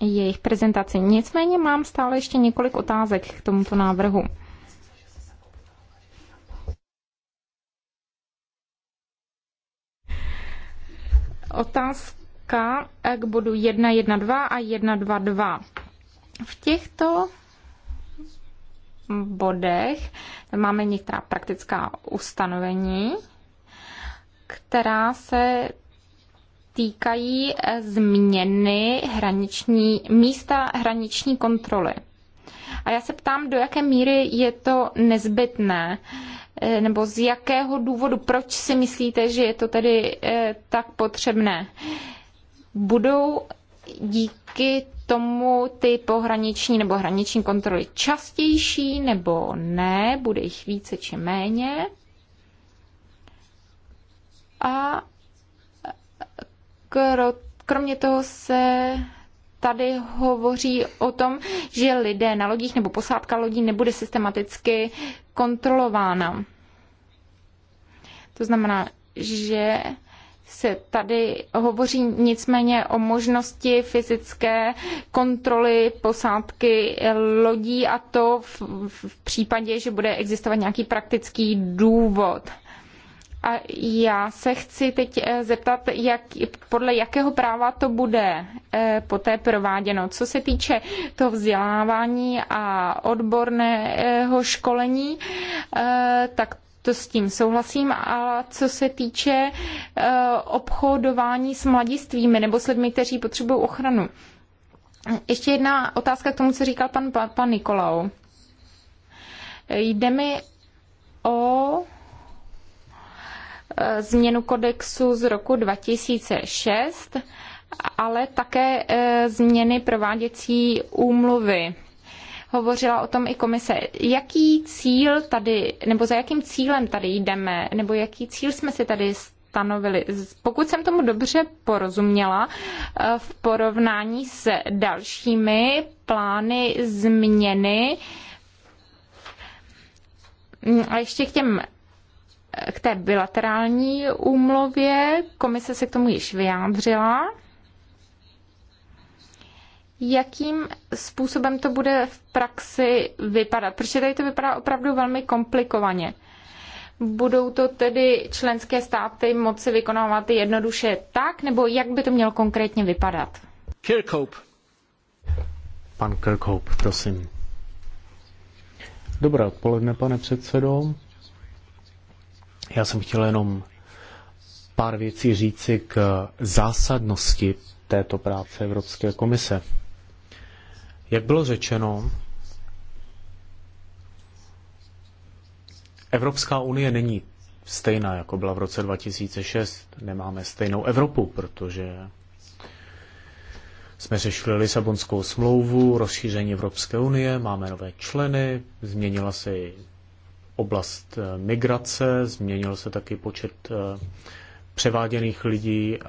[SPEAKER 3] jejich prezentaci. Nicméně mám stále ještě několik otázek k tomuto návrhu. Otázka k bodu 1.1.2 a 1.2.2. V těchto bodech máme některá praktická ustanovení, která se týkají změny hraniční, místa hraniční kontroly. A já se ptám, do jaké míry je to nezbytné, eh, nebo z jakého důvodu, proč si myslíte, že je to tedy eh, tak potřebné budou díky tomu ty pohraniční nebo hraniční kontroly častější nebo ne, bude jich více či méně. A kromě toho se tady hovoří o tom, že lidé na lodích nebo posádka lodí nebude systematicky kontrolována. To znamená, že se tady hovoří nicméně o možnosti fyzické kontroly posádky lodí a to v, v případě, že bude existovat nějaký praktický důvod. A já se chci teď eh, zeptat, jak, podle jakého práva to bude eh, poté prováděno. Co se týče toho vzdělávání a odborného školení, eh, tak to s tím souhlasím, ale co se týče eh, obchodování s mladistvými nebo s lidmi, kteří potřebují ochranu. Ještě jedna otázka k tomu, co říkal pan, pan Nikolau. Jde mi o eh, změnu kodexu z roku 2006, ale také eh, změny prováděcí úmluvy hovořila o tom i komise. Jaký cíl tady, nebo za jakým cílem tady jdeme, nebo jaký cíl jsme si tady stanovili. Pokud jsem tomu dobře porozuměla, eh, v porovnání s dalšími plány změny mm, a ještě k těm eh, k té bilaterální úmluvě, komise se k tomu již vyjádřila jakým způsobem to bude v praxi vypadat, protože tady to vypadá opravdu velmi komplikovaně. Budou to tedy členské státy moci vykonávat jednoduše tak, nebo jak by to mělo konkrétně vypadat?
[SPEAKER 1] Kirkhope. Pan Kirkhope, prosím. Dobré odpoledne, pane předsedo. Já jsem chtěl jenom pár věcí říci k zásadnosti této práce Evropské komise. Jak bylo řečeno, Evropská unie není stejná, jako byla v roce 2006. Nemáme stejnou Evropu, protože jsme řešili Lisabonskou smlouvu, rozšíření Evropské unie, máme nové členy, změnila se i oblast eh, migrace, změnil se taky počet eh, převáděných lidí eh,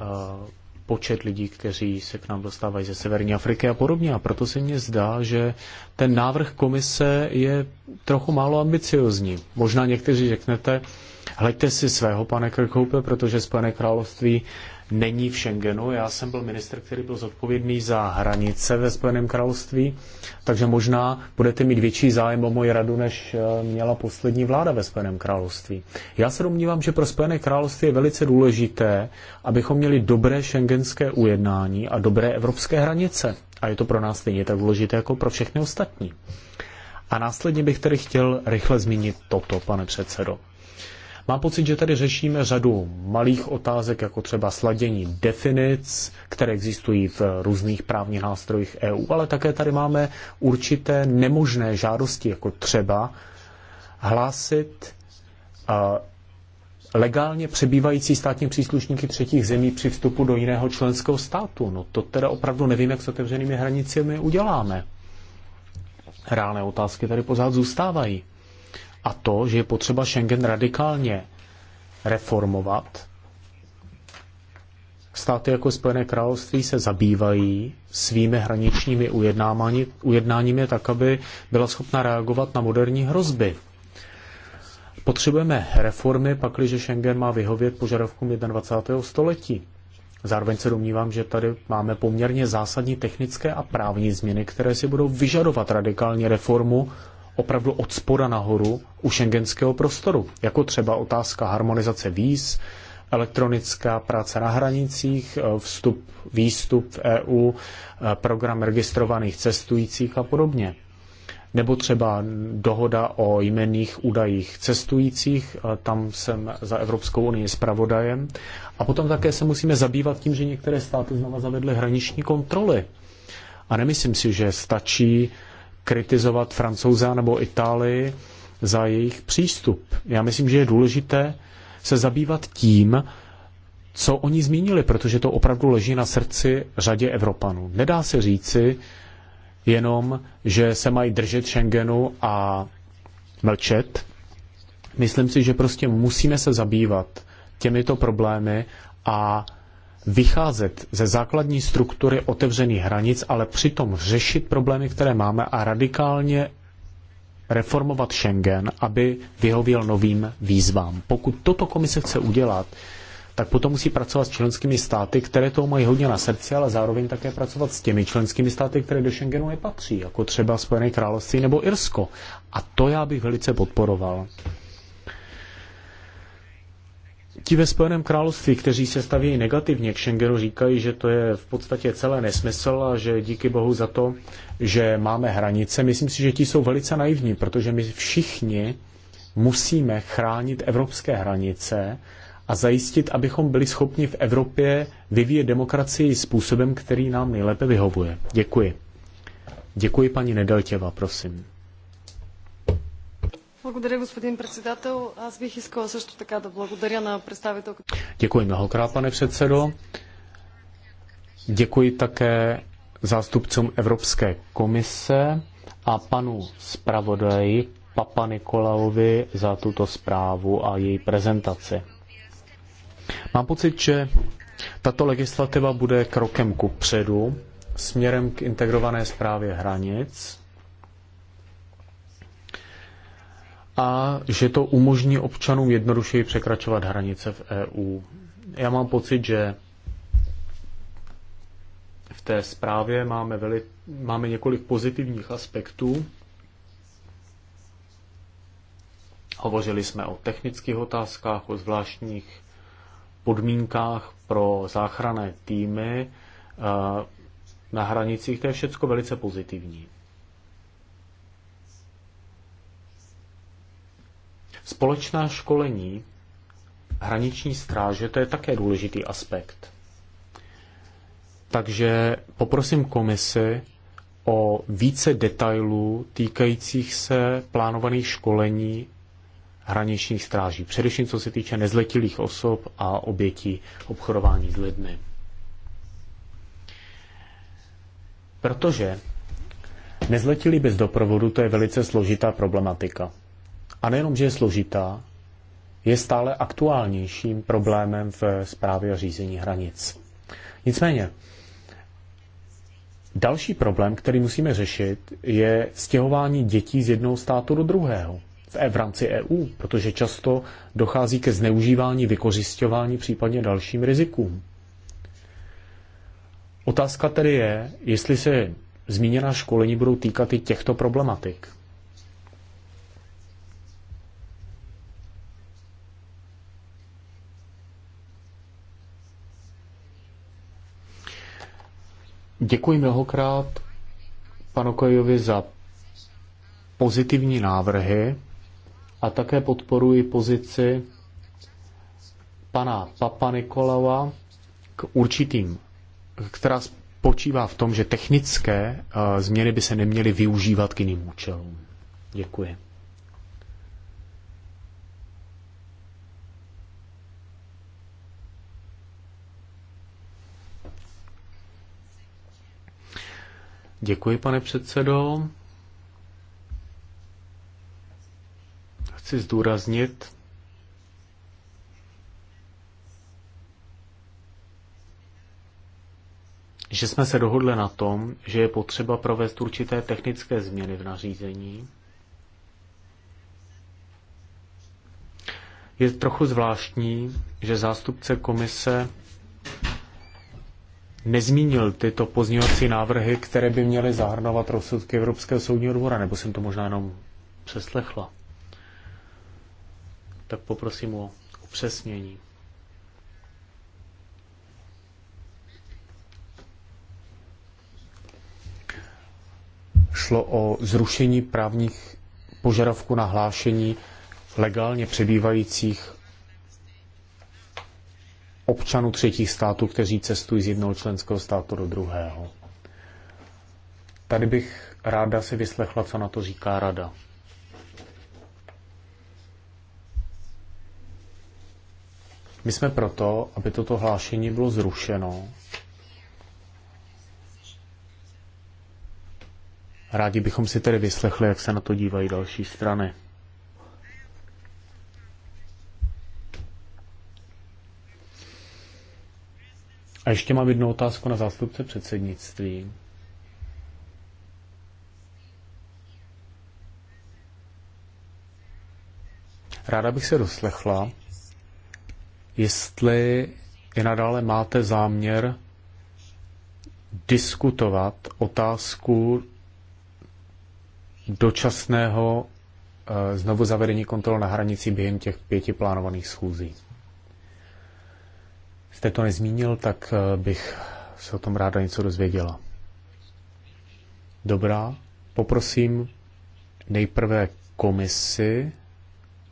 [SPEAKER 1] počet lidí, kteří se k nám dostávají ze Severní Afriky a podobně. A proto se mně zdá, že ten návrh komise je trochu málo ambiciozní. Možná někteří řeknete, hleďte si svého, pane Krkoupe, protože Spojené království není v Schengenu. Já jsem byl minister, který byl zodpovědný za hranice ve Spojeném království, takže možná budete mít větší zájem o moji radu, než eh, měla poslední vláda ve Spojeném království. Já se domnívám, že pro Spojené království je velice důležité, abychom měli dobré šengenské ujednání a dobré evropské hranice. A je to pro nás stejně tak důležité jako pro všechny ostatní. A následně bych tedy chtěl rychle zmínit toto, pane předsedo. Mám pocit, že tady řešíme řadu malých otázek, jako třeba sladění definic, které existují v různých právních nástrojích EU, ale také tady máme určité nemožné žádosti, jako třeba hlásit legálně přebývající státní příslušníky třetích zemí při vstupu do jiného členského státu. No to teda opravdu nevím, jak s otevřenými hranicemi uděláme. Reálné otázky tady pořád zůstávají a to, že je potřeba Schengen radikálně reformovat. Státy jako Spojené království se zabývají svými hraničními ujednáními tak, aby byla schopna reagovat na moderní hrozby. Potřebujeme reformy, pakliže Schengen má vyhovět požadavkům 21. století. Zároveň se domnívám, že tady máme poměrně zásadní technické a právní změny, které si budou vyžadovat radikální reformu opravdu od spoda nahoru u šengenského prostoru, jako třeba otázka harmonizace víz, elektronická práce na hranicích, e, vstup, výstup v EU, e, program registrovaných cestujících a podobně. Nebo třeba dohoda o jmenných údajích cestujících, e, tam jsem za Evropskou unii zpravodajem. A potom také se musíme zabývat tím, že některé státy znova zavedly hraniční kontroly. A nemyslím si, že stačí kritizovat Francouza nebo Itálii za jejich přístup. Já myslím, že je důležité se zabývat tím, co oni zmínili, protože to opravdu leží na srdci řadě Evropanů. Nedá se říci jenom, že se mají držet Schengenu a mlčet. Myslím si, že prostě musíme se zabývat těmito problémy a vycházet ze základní struktury otevřených hranic, ale přitom řešit problémy, které máme a radikálně reformovat Schengen, aby vyhověl novým výzvám. Pokud toto komise chce udělat, tak potom musí pracovat s členskými státy, které to mají hodně na srdci, ale zároveň také pracovat s těmi členskými státy, které do Schengenu nepatří, jako třeba Spojené království nebo Irsko. A to já bych velice podporoval. Ti ve Spojeném království, kteří se staví negativně k Schengenu, říkají, že to je v podstatě celé nesmysl a že díky bohu za to, že máme hranice. Myslím si, že ti jsou velice naivní, protože my všichni musíme chránit evropské hranice a zajistit, abychom byli schopni v Evropě vyvíjet demokracii způsobem, který nám nejlépe vyhovuje. Děkuji. Děkuji paní Nedeltěva, prosím.
[SPEAKER 2] Благодаря, господин председател. Аз бих искала също така да благодаря на představitelku.
[SPEAKER 1] Děkuji mnohokrát, pane předsedo. Děkuji také zástupcům Evropské komise a panu zpravodaji Papa Nikolaovi za tuto zprávu a její prezentaci. Mám pocit, že tato legislativa bude krokem ku předu směrem k integrované zprávě hranic a že to umožní občanům jednodušeji překračovat hranice v EU. Já mám pocit, že v té zprávě máme, veli, máme několik pozitivních aspektů. Hovořili jsme o technických otázkách, o zvláštních podmínkách pro záchranné týmy eh, na hranicích. To je všechno velice pozitivní. Společná školení hraniční stráže, to je také důležitý aspekt. Takže poprosím komisi o více detailů týkajících se plánovaných školení hraničních stráží, především co se týče nezletilých osob a obětí obchodování s lidmi. Protože nezletilí bez doprovodu to je velice složitá problematika. A nejenom, že je složitá, je stále aktuálnějším problémem v zprávě a řízení hranic. Nicméně, další problém, který musíme řešit, je stěhování dětí z jednoho státu do druhého v e- rámci EU, protože často dochází ke zneužívání, vykořišťování, případně dalším rizikům. Otázka tedy je, jestli se zmíněná školení budou týkat i těchto problematik. Děkuji mnohokrát panu Kojovi za pozitivní návrhy a také podporuji pozici pana Papa Nikolava k určitým, která spočívá v tom, že technické eh, změny by se neměly využívat k jiným účelům. Děkuji. Děkuji, pane předsedo. Chci zdůraznit, že jsme se dohodli na tom, že je potřeba provést určité technické změny v nařízení. Je trochu zvláštní, že zástupce komise nezmínil tyto pozměňovací návrhy, které by měly zahrnovat rozsudky Evropského soudního dvora, nebo jsem to možná jenom přeslechla. Tak poprosím o upřesnění. Šlo o zrušení právních požadavků na hlášení legálně přebývajících občanů třetích států, kteří cestují z jednoho členského státu do druhého. Tady bych ráda si vyslechla, co na to říká rada. My jsme proto, aby toto hlášení bylo zrušeno. Rádi bychom si tedy vyslechli, jak se na to dívají další strany. A ještě mám jednu otázku na zástupce předsednictví. Ráda bych se doslechla, jestli i nadále máte záměr diskutovat otázku dočasného eh, znovu zavedení kontrol na hranici během těch pěti plánovaných schůzí jste to nezmínil, tak eh, bych se o tom ráda něco dozvěděla. Dobrá, poprosím nejprve komisi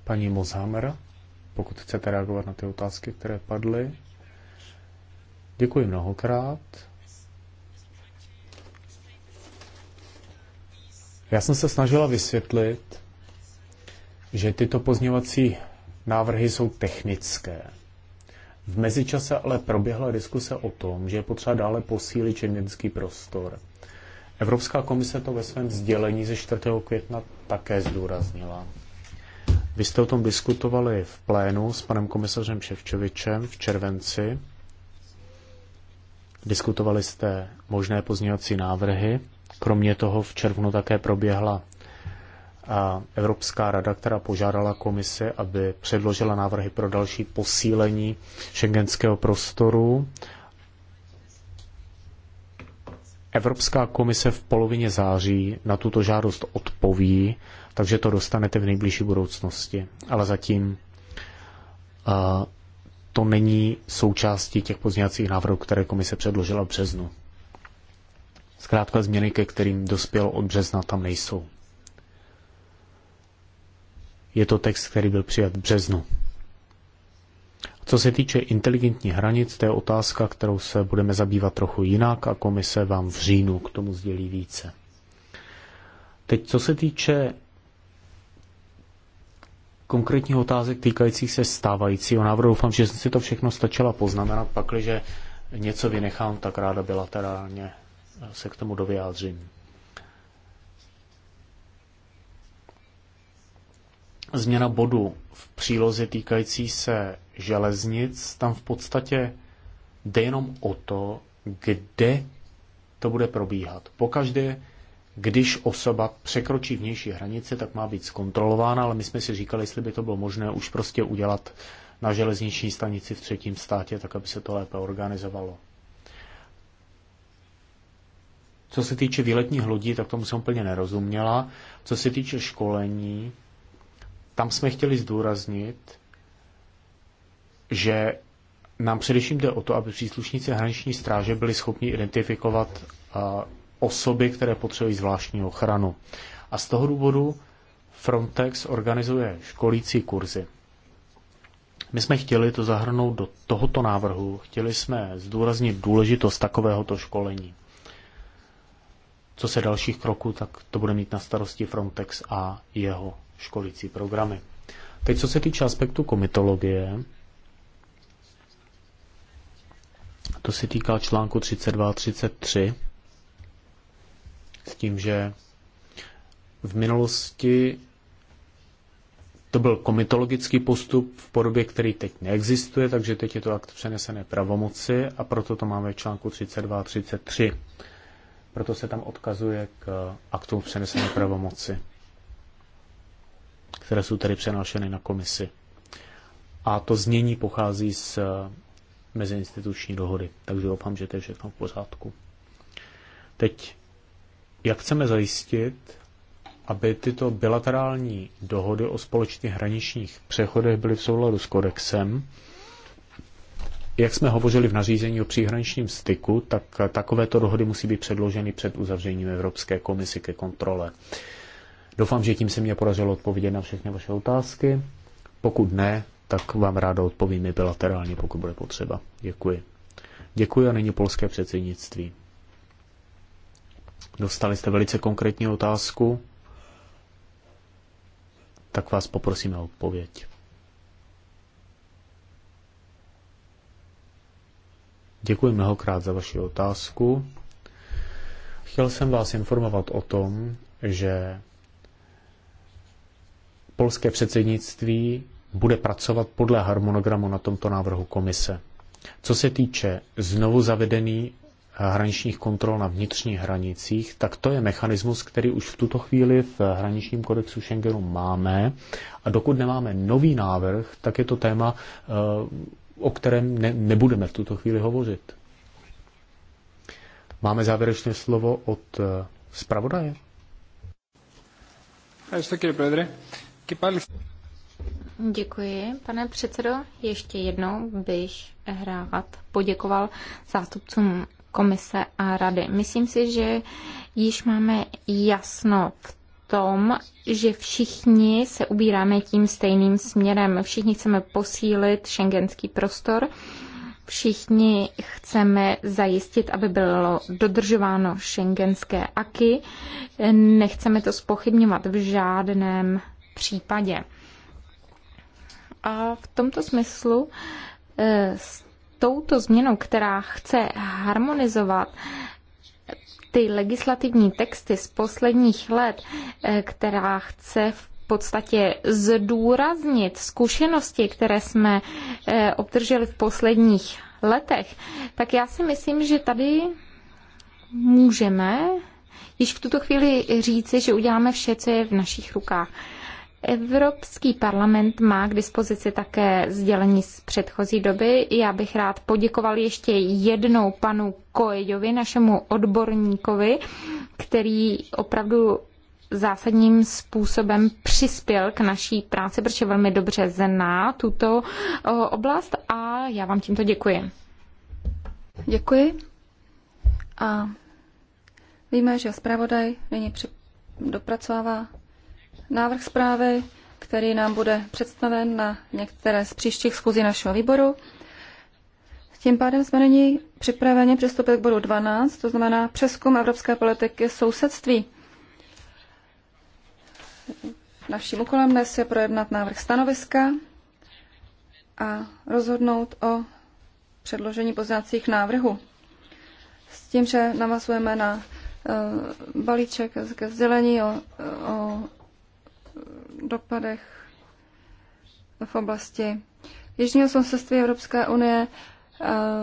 [SPEAKER 1] paní Mozhammer, pokud chcete reagovat na ty otázky, které padly. Děkuji mnohokrát. Já jsem se snažila vysvětlit, že tyto pozněvací návrhy jsou technické. V mezičase ale proběhla diskuse o tom, že je potřeba dále posílit šengenský prostor. Evropská komise to ve svém sdělení ze 4. května také zdůraznila. Vy jste o tom diskutovali v plénu s panem komisařem Ševčovičem v červenci. Diskutovali jste možné pozměňovací návrhy. Kromě toho v červnu také proběhla Evropská rada, která požádala komisi, aby předložila návrhy pro další posílení šengenského prostoru. Evropská komise v polovině září na tuto žádost odpoví, takže to dostanete v nejbližší budoucnosti. Ale zatím uh, to není součástí těch pozměňovacích návrhů, které komise předložila v březnu. Zkrátka změny, ke kterým dospělo od března, tam nejsou. Je to text, který byl přijat v březnu. Co se týče inteligentní hranic, to je otázka, kterou se budeme zabývat trochu jinak a komise vám v říjnu k tomu sdělí více. Teď, co se týče konkrétních otázek týkajících se stávajícího návrhu, doufám, že jsem si to všechno stačila poznamenat, pakliže něco vynechám, tak ráda bilaterálně se k tomu dovyjádřím. změna bodu v příloze týkající se železnic. Tam v podstatě jde jenom o to, kde to bude probíhat. Pokaždé, když osoba překročí vnější hranice, tak má být zkontrolována, ale my jsme si říkali, jestli by to bylo možné už prostě udělat na železniční stanici v třetím státě, tak aby se to lépe organizovalo. Co se týče výletních lodí, tak tomu jsem úplně nerozuměla. Co se týče školení, tam jsme chtěli zdůraznit, že nám především jde o to, aby příslušníci hraniční stráže byli schopni identifikovat eh, osoby, které potřebují zvláštní ochranu. A z toho důvodu Frontex organizuje školící kurzy. My jsme chtěli to zahrnout do tohoto návrhu, chtěli jsme zdůraznit důležitost takovéhoto školení co se dalších kroků, tak to bude mít na starosti Frontex a jeho školící programy. Teď co se týče aspektu komitologie, to se týká článku 32 a 33, s tím, že v minulosti to byl komitologický postup v podobě, který teď neexistuje, takže teď je to akt přenesené pravomoci a proto to máme v článku 32 a 33 proto se tam odkazuje k aktům přenesené pravomoci, které jsou tady přenášeny na komisi. A to znění pochází z meziinstituční dohody, takže doufám, že to je všechno v pořádku. Teď, jak chceme zajistit, aby tyto bilaterální dohody o společných hraničních přechodech byly v souladu s kodexem, jak jsme hovořili v nařízení o příhraničním styku, tak takovéto dohody musí být předloženy před uzavřením Evropské komisy ke kontrole. Doufám, že tím se mě podařilo odpovědět na všechny vaše otázky. Pokud ne, tak vám ráda odpovím i bilaterálně, pokud bude potřeba. Děkuji. Děkuji a nyní polské předsednictví. Dostali jste velice konkrétní otázku, tak vás poprosím o odpověď. Děkuji mnohokrát za vaši otázku. Chtěl jsem vás informovat o tom, že polské předsednictví bude pracovat podle harmonogramu na tomto návrhu komise. Co se týče znovu zavedený hraničních kontrol na vnitřních hranicích, tak to je mechanismus, který už v tuto chvíli v hraničním kodexu Schengenu máme. A dokud nemáme nový návrh, tak je to téma, eh, o kterém ne, nebudeme v tuto chvíli hovořit. Máme závěrečné slovo od eh, zpravodaje.
[SPEAKER 3] Děkuji, pane předsedo. Ještě jednou bych rád poděkoval zástupcům komise a rady. Myslím si, že již máme jasno v tom, že všichni se ubíráme tím stejným směrem. Všichni chceme posílit šengenský prostor, všichni chceme zajistit, aby bylo dodržováno šengenské aky. Nechceme to spochybňovat v žádném případě. A v tomto smyslu eh, s touto změnou, která chce harmonizovat ty legislativní texty z posledních let, eh, která chce v podstatě zdůraznit zkušenosti, které jsme eh, obdrželi v posledních letech, tak já si myslím, že tady můžeme již v tuto chvíli říci, že uděláme vše, co je v našich rukách. Evropský parlament má k dispozici také sdělení z předchozí doby. Já bych rád poděkoval ještě jednou panu Koejovi, našemu odborníkovi, který opravdu zásadním způsobem přispěl k naší práci, protože velmi dobře zná tuto oblast a já vám tímto děkuji. Děkuji. A víme, že zpravodaj
[SPEAKER 2] nyní dopracovává návrh zprávy, který nám bude představen na některé z příštích schůzí našeho výboru. Tím pádem jsme nyní připraveni přistoupit k bodu 12, to znamená přeskum evropské politiky sousedství. Naším úkolem dnes je projednat návrh stanoviska a rozhodnout o předložení pozdňacích návrhů. S tím, že navazujeme na eh, balíček ke sdělení o, o dopadech v oblasti Jižního sousedství Evropské unie.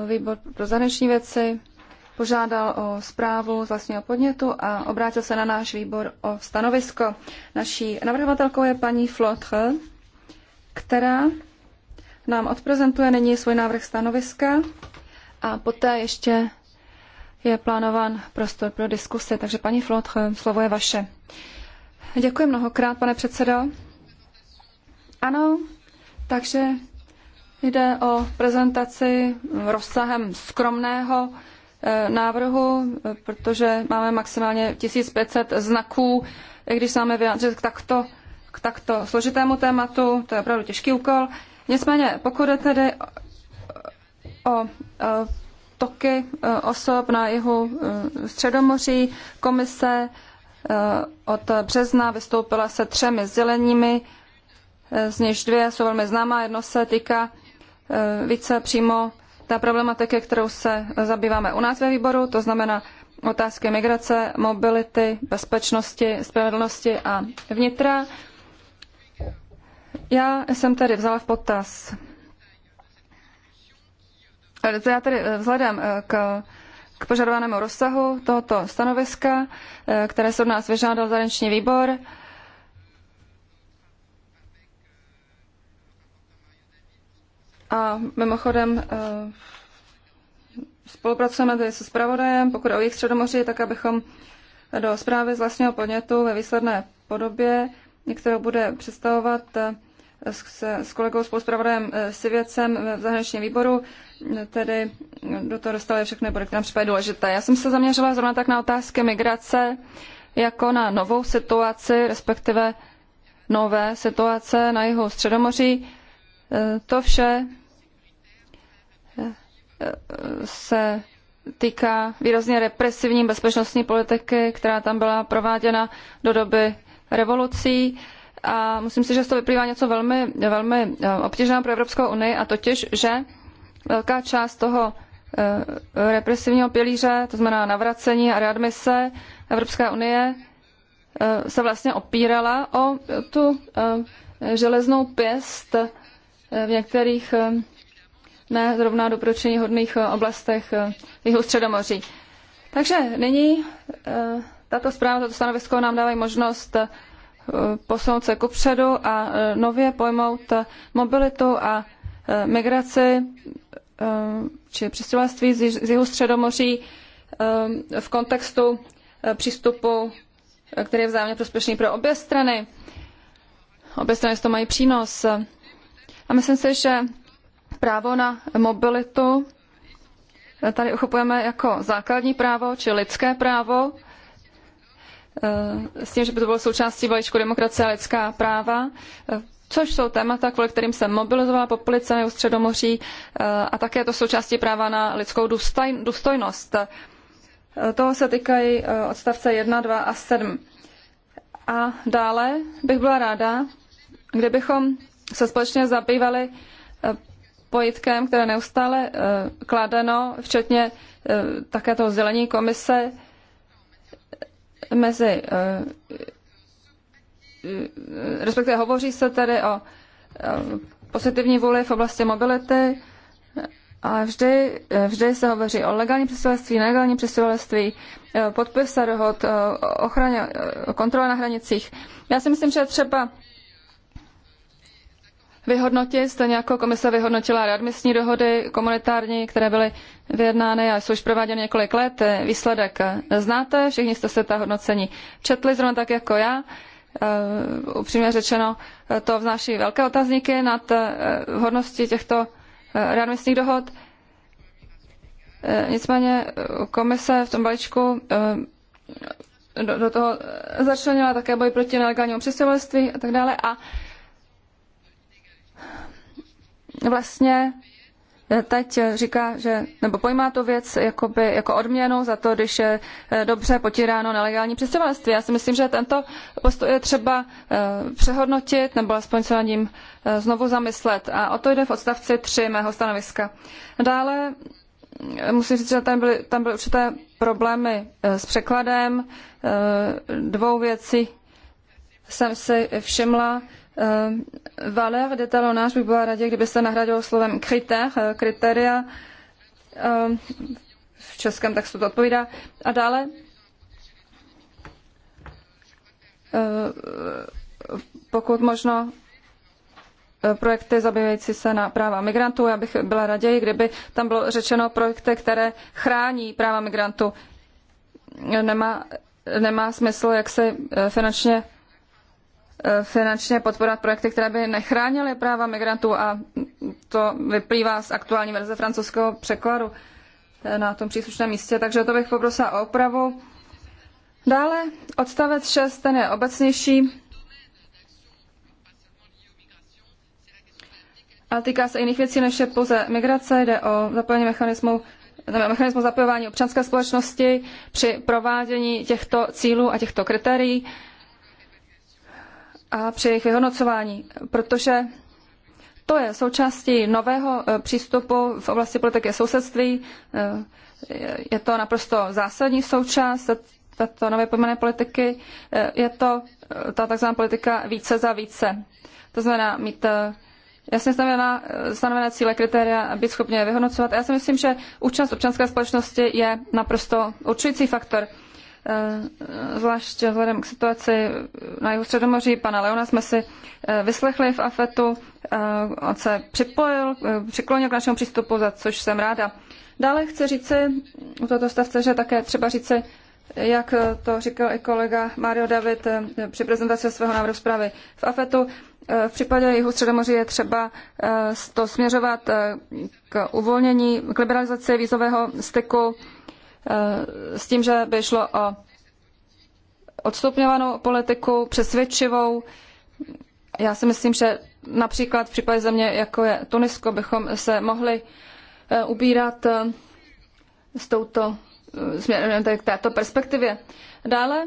[SPEAKER 2] E, výbor pro zahraniční věci požádal o zprávu z vlastního podnětu a obrátil se na náš výbor o stanovisko. Naší navrhovatelkou je paní Flotre, která nám odprezentuje nyní svůj návrh stanoviska a poté ještě je plánován prostor pro diskuse. Takže paní Flotre, slovo je vaše. Děkuji mnohokrát, pane předsedo. Ano, takže jde o prezentaci rozsahem skromného eh, návrhu, eh, protože máme maximálně 1500 znaků, i když se máme vyjádřit k takto, k takto složitému tématu, to je opravdu těžký úkol. Nicméně, pokud je tedy o, o, o toky eh, osob na jihu Středomoří, komise Eh, od března vystoupila se třemi sděleními, eh, z nichž dvě jsou velmi známá. Jedno se týká eh, více přímo té problematiky, kterou se zabýváme u nás ve výboru, to znamená otázky migrace, mobility, bezpečnosti, spravedlnosti a vnitra. Já jsem tedy vzala v potaz, já tedy vzhledem k k požadovanému rozsahu tohoto stanoviska, eh, které se od nás vyžádal zahraniční výbor. A mimochodem eh, spolupracujeme tady se zpravodajem, pokud je o jejich středomoří, tak abychom do zprávy z vlastního podnětu ve výsledné podobě, kterou bude představovat eh, s, s kolegou spoluzpravodajem Sivěcem v zahraničním výboru, tedy do toho dostali všechny body, které nám důležité. Já jsem se zaměřila zrovna tak na otázky migrace, jako na novou situaci, respektive nové situace na jihu Středomoří. E, to vše e, e, se týká výrazně represivní bezpečnostní politiky, která tam byla prováděna do doby revolucí. A musím si, že z toho vyplývá něco velmi, velmi obtížného pro Evropskou unii, a totiž, že velká část toho eh, represivního pilíře, to znamená navracení a readmise Evropská unie, eh, se vlastně opírala o tu eh, železnou pěst v některých ne zrovna dopročení hodných oblastech jihu středomoří. Takže nyní tato zpráva, toto stanovisko nám dávají možnost posunout se kupředu a nově pojmout mobilitu a Eh, migrace, eh, či přistěhovalství z jihu středomoří eh, v kontextu přístupu, který je vzájemně prospěšný pro obě strany. Obě strany z toho mají přínos. A myslím si, že právo na mobilitu tady uchopujeme jako základní právo či lidské právo, s tím, že by to bylo součástí balíčku demokracie a lidská práva což jsou témata, kvůli kterým se mobilizovala populace u Středomoří eh, a také to součástí práva na lidskou důstojnost. Eh, toho se týkají eh, odstavce 1, 2 a 7. A dále bych byla ráda, kdybychom se společně zabývali pojitkem, které neustále kladeno, včetně také toho zelení komise mezi respektive hovoří se tady o pozitivní vůli v oblasti mobility, ale vždy, vždy se hovoří o legálním přestěhovalství, nelegálním přestěhovalství, podpise dohod, ochraně, kontrole na hranicích. Já si myslím, že třeba vyhodnotit, stejně jako komise vyhodnotila readmisní dohody komunitární, které byly vyjednány a jsou už prováděny několik let. Výsledek znáte, všichni jste se ta hodnocení četli, zrovna tak jako já. Eh, upřímně řečeno, eh, to vznáší velké otazníky nad eh, hodností těchto readmisních dohod. Nicméně komise v tom balíčku do, do toho začlenila také boj proti nelegálnímu přistěhovalství a tak dále. A vlastně teď říká, že, nebo pojímá tu věc jakoby, jako odměnu za to, když je eh, dobře potíráno nelegální přestěhovalství. Já si myslím, že tento postoj je třeba eh, přehodnotit nebo alespoň se na ním eh, znovu zamyslet. A o to jde v odstavci 3 mého stanoviska. Dále musím říct, že tam byly, tam byly určité problémy s překladem. Dvou věcí jsem si všimla. Eh, Valer detalonář by byla raději, kdyby se nahradilo slovem kriter, eh, kritéria. Eh, v českém textu to odpovídá. A dále pokud možno projekty zabývající se na práva migrantů. Já bych byla raději, kdyby tam bylo řečeno projekty, které chrání práva migrantů. Nemá, nemá smysl, jak se finančně Eh, finančně podporovat projekty, které by nechránily práva migrantů a to vyplývá z aktuální verze francouzského překladu eh, na tom příslušném místě, takže to bych poprosila o opravu. Dále odstavec 6, ten je obecnější. A týká se jiných věcí, než je pouze migrace, jde o zapojení mechanismu mechanismu zapojování občanské společnosti při provádění těchto cílů a těchto kritérií a při jejich vyhodnocování, protože to je součástí nového eh, přístupu v oblasti politiky sousedství. Eh, je to naprosto zásadní součást této nově pojmené politiky. Eh, je to ta takzvaná politika více za více. To znamená mít jasně stanovená, stanovené cíle, kritéria být schopně vyhodnocovat. Já si myslím, že účast občanské společnosti je naprosto určující faktor. Eh, zvlášť vzhledem k situaci na jihu Středomoří. Pana Leona jsme si eh, vyslechli v AFETu, eh, on se připojil, přiklonil k našemu přístupu, za což jsem ráda. Dále chci říci u toto stavce, že také třeba říci, jak to říkal i kolega Mario David při prezentaci svého návrhu zprávy v AFETu, v případě jihu Středomoří je třeba to směřovat k uvolnění, k liberalizaci vízového styku s tím, že by šlo o odstupňovanou politiku, přesvědčivou. Já si myslím, že například v případě země, jako je Tunisko, bychom se mohli eh, ubírat eh, s touto eh, směrem k této perspektivě. Dále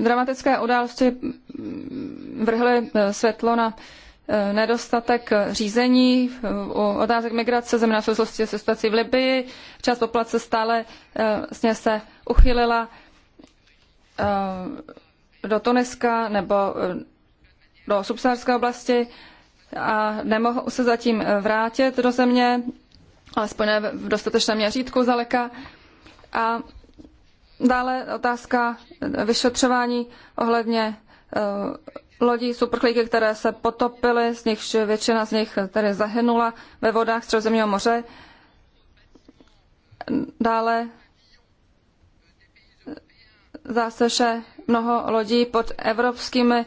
[SPEAKER 2] dramatické události vrhly světlo na Eh, nedostatek řízení eh, u otázek migrace, zejména v souvislosti se situací v Libii. Část populace stále eh, vlastně se uchylila do Tuniska nebo do subsaharské oblasti a nemohou se zatím vrátit do země, alespoň ne v dostatečném měřítku zdaleka. A dále otázka vyšetřování ohledně lodí s uprchlíky, které se potopily, z nichž většina z nich tedy zahynula ve vodách Středozemního moře. Dále zase mnoho lodí pod evropskými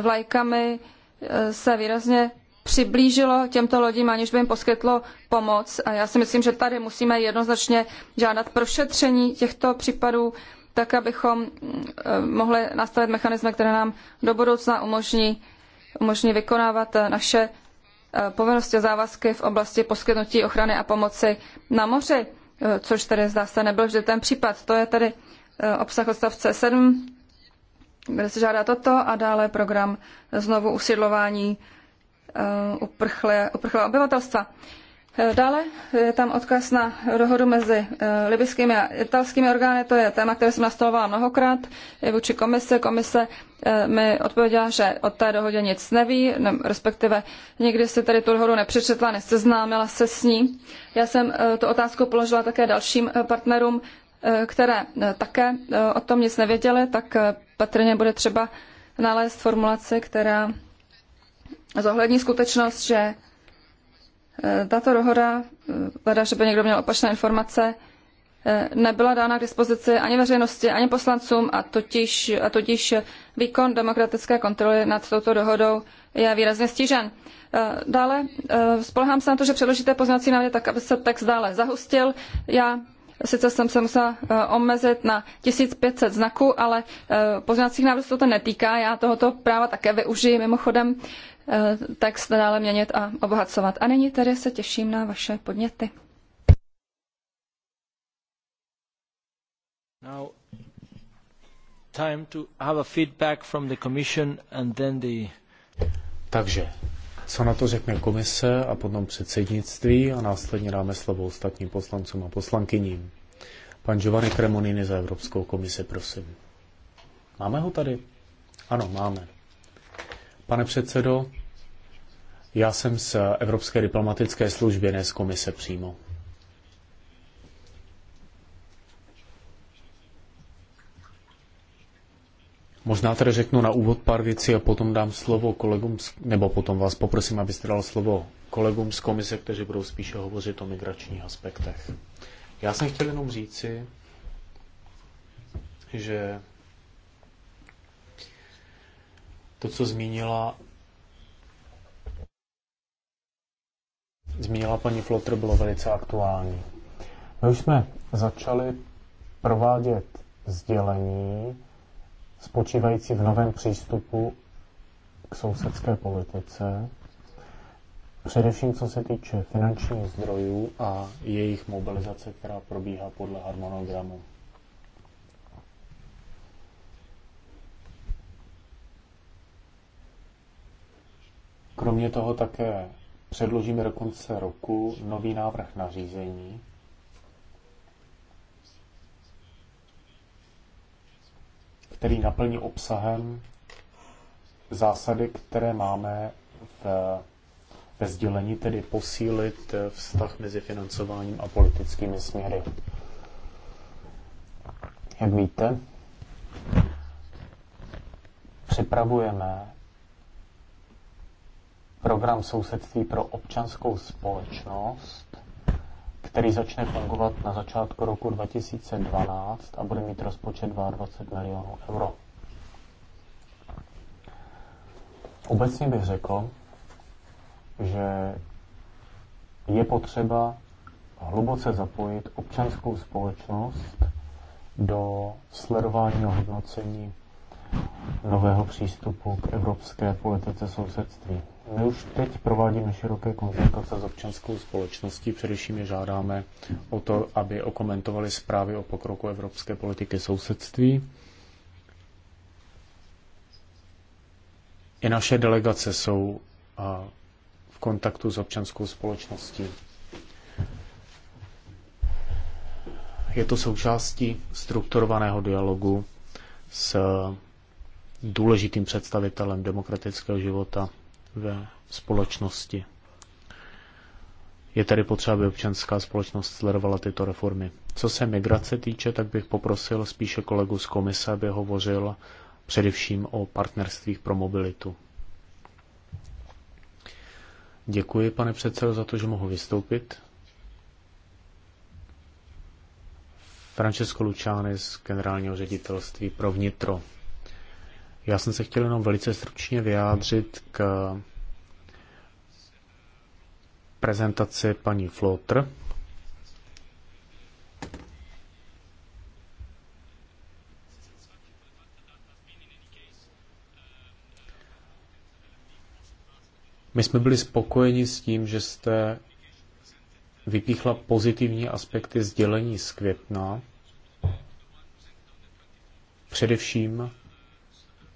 [SPEAKER 2] vlajkami eh, se výrazně přiblížilo těmto lodím, aniž by jim poskytlo pomoc. A já si myslím, že tady musíme jednoznačně žádat prošetření těchto případů tak abychom eh, mohli nastavit mechanismy, které nám do budoucna umožní, umožní vykonávat eh, naše eh, povinnosti a závazky v oblasti poskytnutí ochrany a pomoci na moři, což tedy zdá se nebyl vždy ten případ. To je tedy obsah odstavce 7, kde se žádá toto a dále program znovu usidlování uprchlé, uprchlé obyvatelstva. Eh, dále eh, je tam odkaz na dohodu mezi eh, libyskými a italskými orgány. To je téma, které jsem nastolovala mnohokrát vůči komise. Komise mi odpověděla, že o té dohodě nic neví, respektive nikdy si tady tu dohodu nepřečetla, neseznámila se s ní. Já jsem tu otázku položila také dalším partnerům, které také o tom nic nevěděly, tak patrně bude třeba nalézt formulaci, která zohlední skutečnost, že Eh, tato dohoda, teda, eh, že by někdo měl opačné informace, eh, nebyla dána k dispozici ani veřejnosti, ani poslancům a totiž, a totiž výkon demokratické kontroly nad touto dohodou je výrazně stížen. Dále spolehám se na to, že předložíte poznací návrh, tak, aby se text dále zahustil. Já Sice jsem se musela omezit na 1500 znaků, ale poznacích návrhů se to netýká. Já tohoto práva také využiji mimochodem. Eh, text dále měnit a obohacovat. A nyní tedy se těším na vaše podněty.
[SPEAKER 1] Now, time to have a feedback from the commission and then the... Takže, co na to řekne komise a potom předsednictví a následně dáme slovo ostatním poslancům a poslankyním. Pan Giovanni Cremonini za Evropskou komisi, prosím. Máme ho tady? Ano, máme. Pane předsedo, já jsem z Evropské diplomatické služby, ne z komise přímo. Možná tedy řeknu na úvod pár věcí a potom dám slovo kolegům, nebo potom vás poprosím, abyste dal slovo kolegům z komise, kteří budou spíše hovořit o migračních aspektech. Já jsem chtěl jenom říci, že to, co zmínila zmínila paní Flotr, bylo velice aktuální. My už jsme začali provádět sdělení spočívající v novém přístupu k sousedské politice, především co se týče finančních zdrojů a jejich mobilizace, která probíhá podle harmonogramu. Kromě toho také předložíme do konce roku nový návrh nařízení, který naplní obsahem zásady, které máme v, ve sdělení, tedy posílit vztah mezi financováním a politickými směry. Jak víte, připravujeme program sousedství pro občanskou společnost, který začne fungovat na začátku roku 2012 a bude mít rozpočet 22 milionů euro. Obecně bych řekl, že je potřeba hluboce zapojit občanskou společnost do sledování a hodnocení nového přístupu k evropské politice sousedství. My už teď provádíme široké konzultace s občanskou společností, především je žádáme o to, aby okomentovali zprávy o pokroku evropské politiky sousedství. I naše delegace jsou v kontaktu s občanskou společností. Je to součástí strukturovaného dialogu s důležitým představitelem demokratického života ve společnosti. Je tedy potřeba, aby občanská společnost sledovala tyto reformy. Co se migrace týče, tak bych poprosil spíše kolegu z komise, aby hovořil především o partnerstvích pro mobilitu. Děkuji, pane předsedo, za to, že mohu vystoupit. Francesco Luciani z generálního ředitelství pro vnitro. Já jsem se chtěl jenom velice stručně vyjádřit k prezentaci paní Flotr. My jsme byli spokojeni s tím, že jste vypíchla pozitivní aspekty sdělení z května, především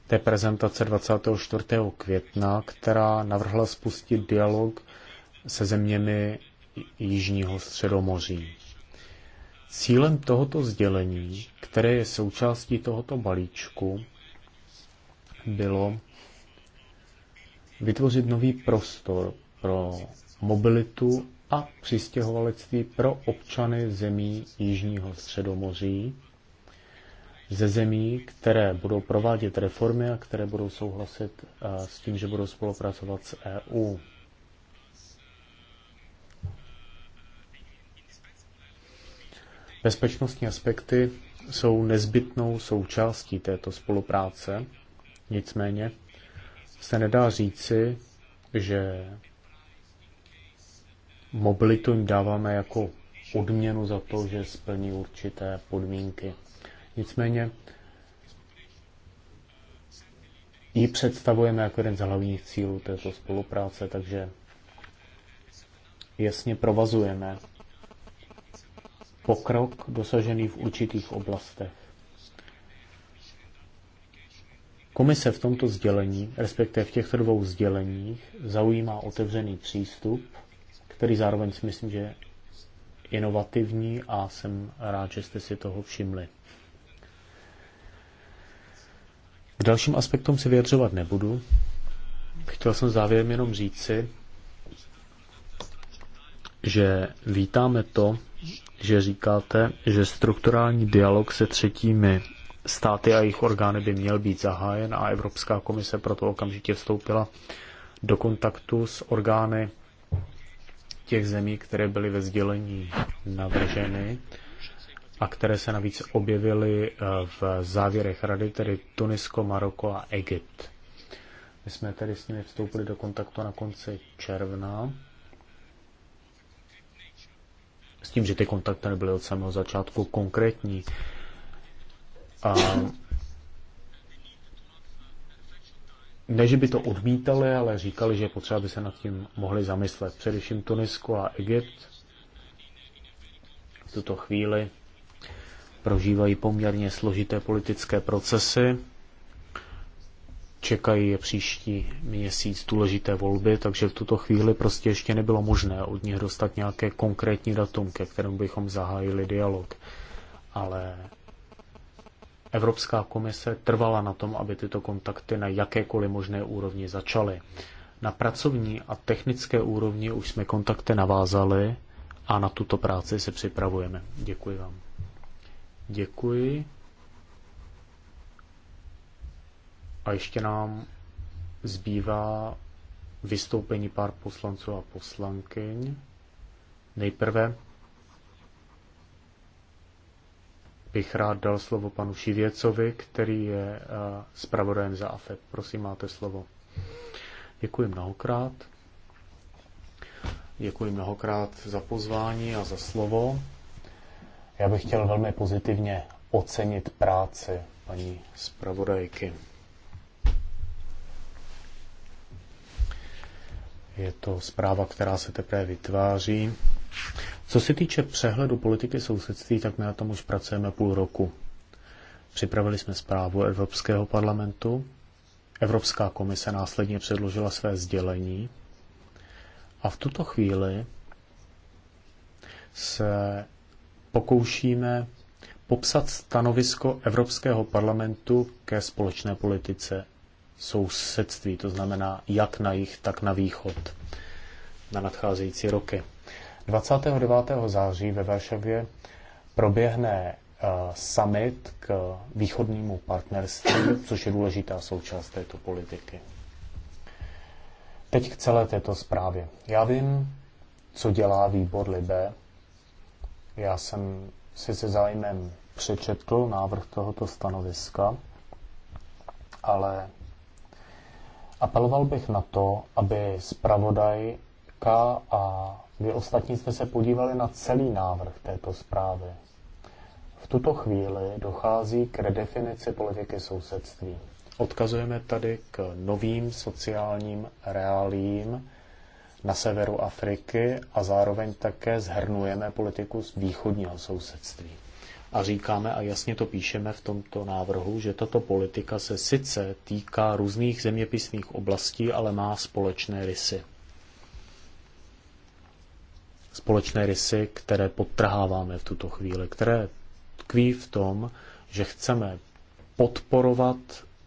[SPEAKER 1] té prezentace 24. května, která navrhla spustit dialog se zeměmi Jižního středomoří. Cílem tohoto sdělení, které je součástí tohoto balíčku, bylo vytvořit nový prostor pro mobilitu a přistěhovalectví pro občany zemí Jižního středomoří, ze zemí, které budou provádět reformy a které budou souhlasit s tím, že budou spolupracovat s EU. Bezpečnostní aspekty jsou nezbytnou součástí této spolupráce, nicméně se nedá říci, že mobilitu jim dáváme jako odměnu za to, že splní určité podmínky. Nicméně ji představujeme jako jeden z hlavních cílů této spolupráce, takže jasně provazujeme pokrok dosažený v určitých oblastech. Komise v tomto sdělení, respektive v těchto dvou sděleních, zaujímá otevřený přístup, který zároveň si myslím, že je inovativní a jsem rád, že jste si toho všimli. K dalším aspektům se vyjadřovat nebudu. Chtěl jsem závěrem jenom říci, že vítáme to, že říkáte, že strukturální dialog se třetími státy a jejich orgány by měl být zahájen a Evropská komise proto okamžitě vstoupila do kontaktu s orgány těch zemí, které byly ve sdělení navrženy a které se navíc objevily eh, v závěrech rady, tedy Tunisko, Maroko a Egypt. My jsme tedy s nimi vstoupili do kontaktu na konci června. S tím, že ty kontakty nebyly od samého začátku konkrétní. A ne, že by to odmítali, ale říkali, že potřeba by se nad tím mohli zamyslet. Především Tunisko a Egypt v tuto chvíli prožívají poměrně složité politické procesy. Čekají je příští měsíc důležité volby, takže v tuto chvíli prostě ještě nebylo možné od nich dostat nějaké konkrétní datum, ke kterému bychom zahájili dialog. Ale Evropská komise trvala na tom, aby tyto kontakty na jakékoliv možné úrovni začaly. Na pracovní a technické úrovni už jsme kontakty navázali a na tuto práci se připravujeme. Děkuji vám. Děkuji. A ještě nám zbývá vystoupení pár poslanců a poslankyň. Nejprve bych rád dal slovo panu Šivěcovi, který je eh, zpravodajem za AFED. Prosím, máte slovo. Děkuji mnohokrát. Děkuji mnohokrát za pozvání a za slovo. Já bych chtěl velmi pozitivně ocenit práci paní zpravodajky. Je to zpráva, která se teprve vytváří. Co se týče přehledu politiky sousedství, tak my na tom už pracujeme půl roku. Připravili jsme zprávu Evropského parlamentu, Evropská komise následně předložila své sdělení a v tuto chvíli se pokoušíme popsat stanovisko Evropského parlamentu ke společné politice sousedství, to znamená jak na jich, tak na východ na nadcházející roky. 29. září ve Varšavě proběhne eh, summit k východnímu partnerství, což je důležitá součást této politiky. Teď k celé této zprávě. Já vím, co dělá výbor LIBE. Já jsem si se zájmem přečetl návrh tohoto stanoviska, ale apeloval bych na to, aby zpravodajka a vy ostatní jste se podívali na celý návrh této zprávy. V tuto chvíli dochází k redefinici politiky sousedství. Odkazujeme tady k novým sociálním reálím, na severu Afriky a zároveň také zhrnujeme politiku z východního sousedství. A říkáme, a jasně to píšeme v tomto návrhu, že tato politika se sice týká různých zeměpisných oblastí, ale má společné rysy. Společné rysy, které podtrháváme v tuto chvíli, které tkví v tom, že chceme podporovat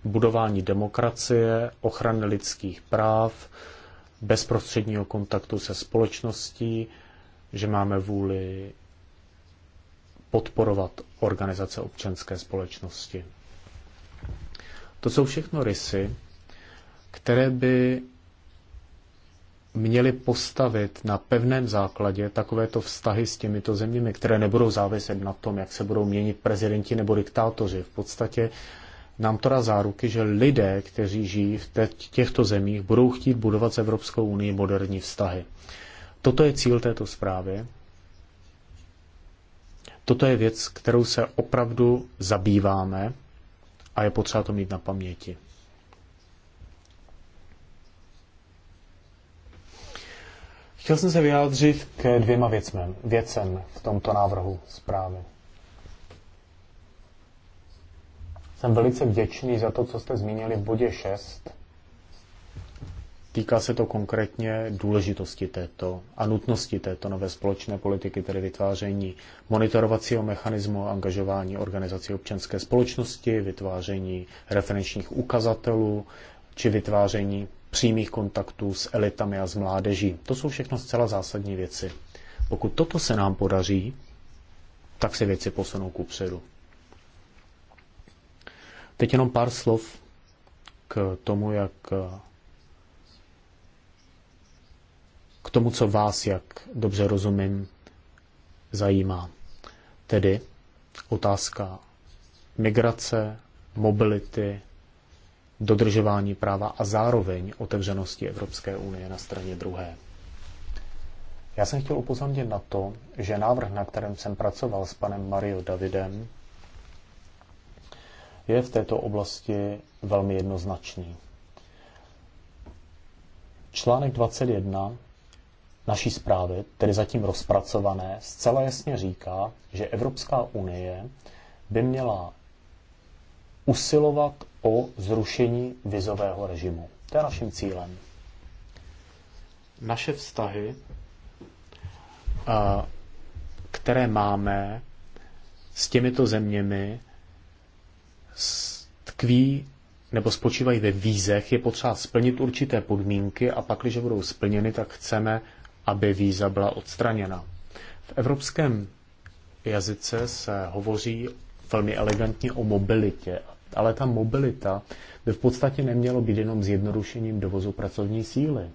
[SPEAKER 1] budování demokracie, ochrany lidských práv, bezprostředního kontaktu se společností, že máme vůli podporovat organizace občanské společnosti. To jsou všechno rysy, které by měly postavit na pevném základě takovéto vztahy s těmito zeměmi, které nebudou záviset na tom, jak se budou měnit prezidenti nebo diktátoři. V podstatě nám to dá záruky, že lidé, kteří žijí v těchto zemích, budou chtít budovat s Evropskou unii moderní vztahy. Toto je cíl této zprávy. Toto je věc, kterou se opravdu zabýváme a je potřeba to mít na paměti. Chtěl jsem se vyjádřit k dvěma věcem, věcem v tomto návrhu zprávy.
[SPEAKER 3] Jsem velice vděčný
[SPEAKER 1] za to, co jste zmínili v bodě 6. Týká se to konkrétně důležitosti této a nutnosti této nové společné politiky, tedy vytváření monitorovacího mechanismu a angažování organizací občanské společnosti, vytváření referenčních ukazatelů či vytváření přímých kontaktů s elitami a s mládeží. To jsou všechno zcela zásadní věci. Pokud toto se nám podaří, tak se věci posunou kupředu. Teď jenom pár slov k tomu, jak k tomu, co vás, jak dobře rozumím, zajímá. Tedy otázka migrace, mobility, dodržování práva a zároveň otevřenosti Evropské unie na straně druhé. Já jsem chtěl upozornit na to, že návrh, na kterém jsem pracoval s panem Mario Davidem, je v této oblasti velmi jednoznačný. Článek 21 naší zprávy, tedy zatím rozpracované, zcela jasně říká, že Evropská unie by měla usilovat o zrušení vizového režimu. To je naším cílem. Naše vztahy, eh, které máme s těmito zeměmi, tkví nebo spočívají ve vízech, je potřeba splnit určité podmínky a pak, když budou splněny, tak chceme, aby víza byla odstraněna. V evropském jazyce se hovoří velmi elegantně o mobilitě, ale ta mobilita by v podstatě nemělo být jenom zjednodušením dovozu pracovní síly.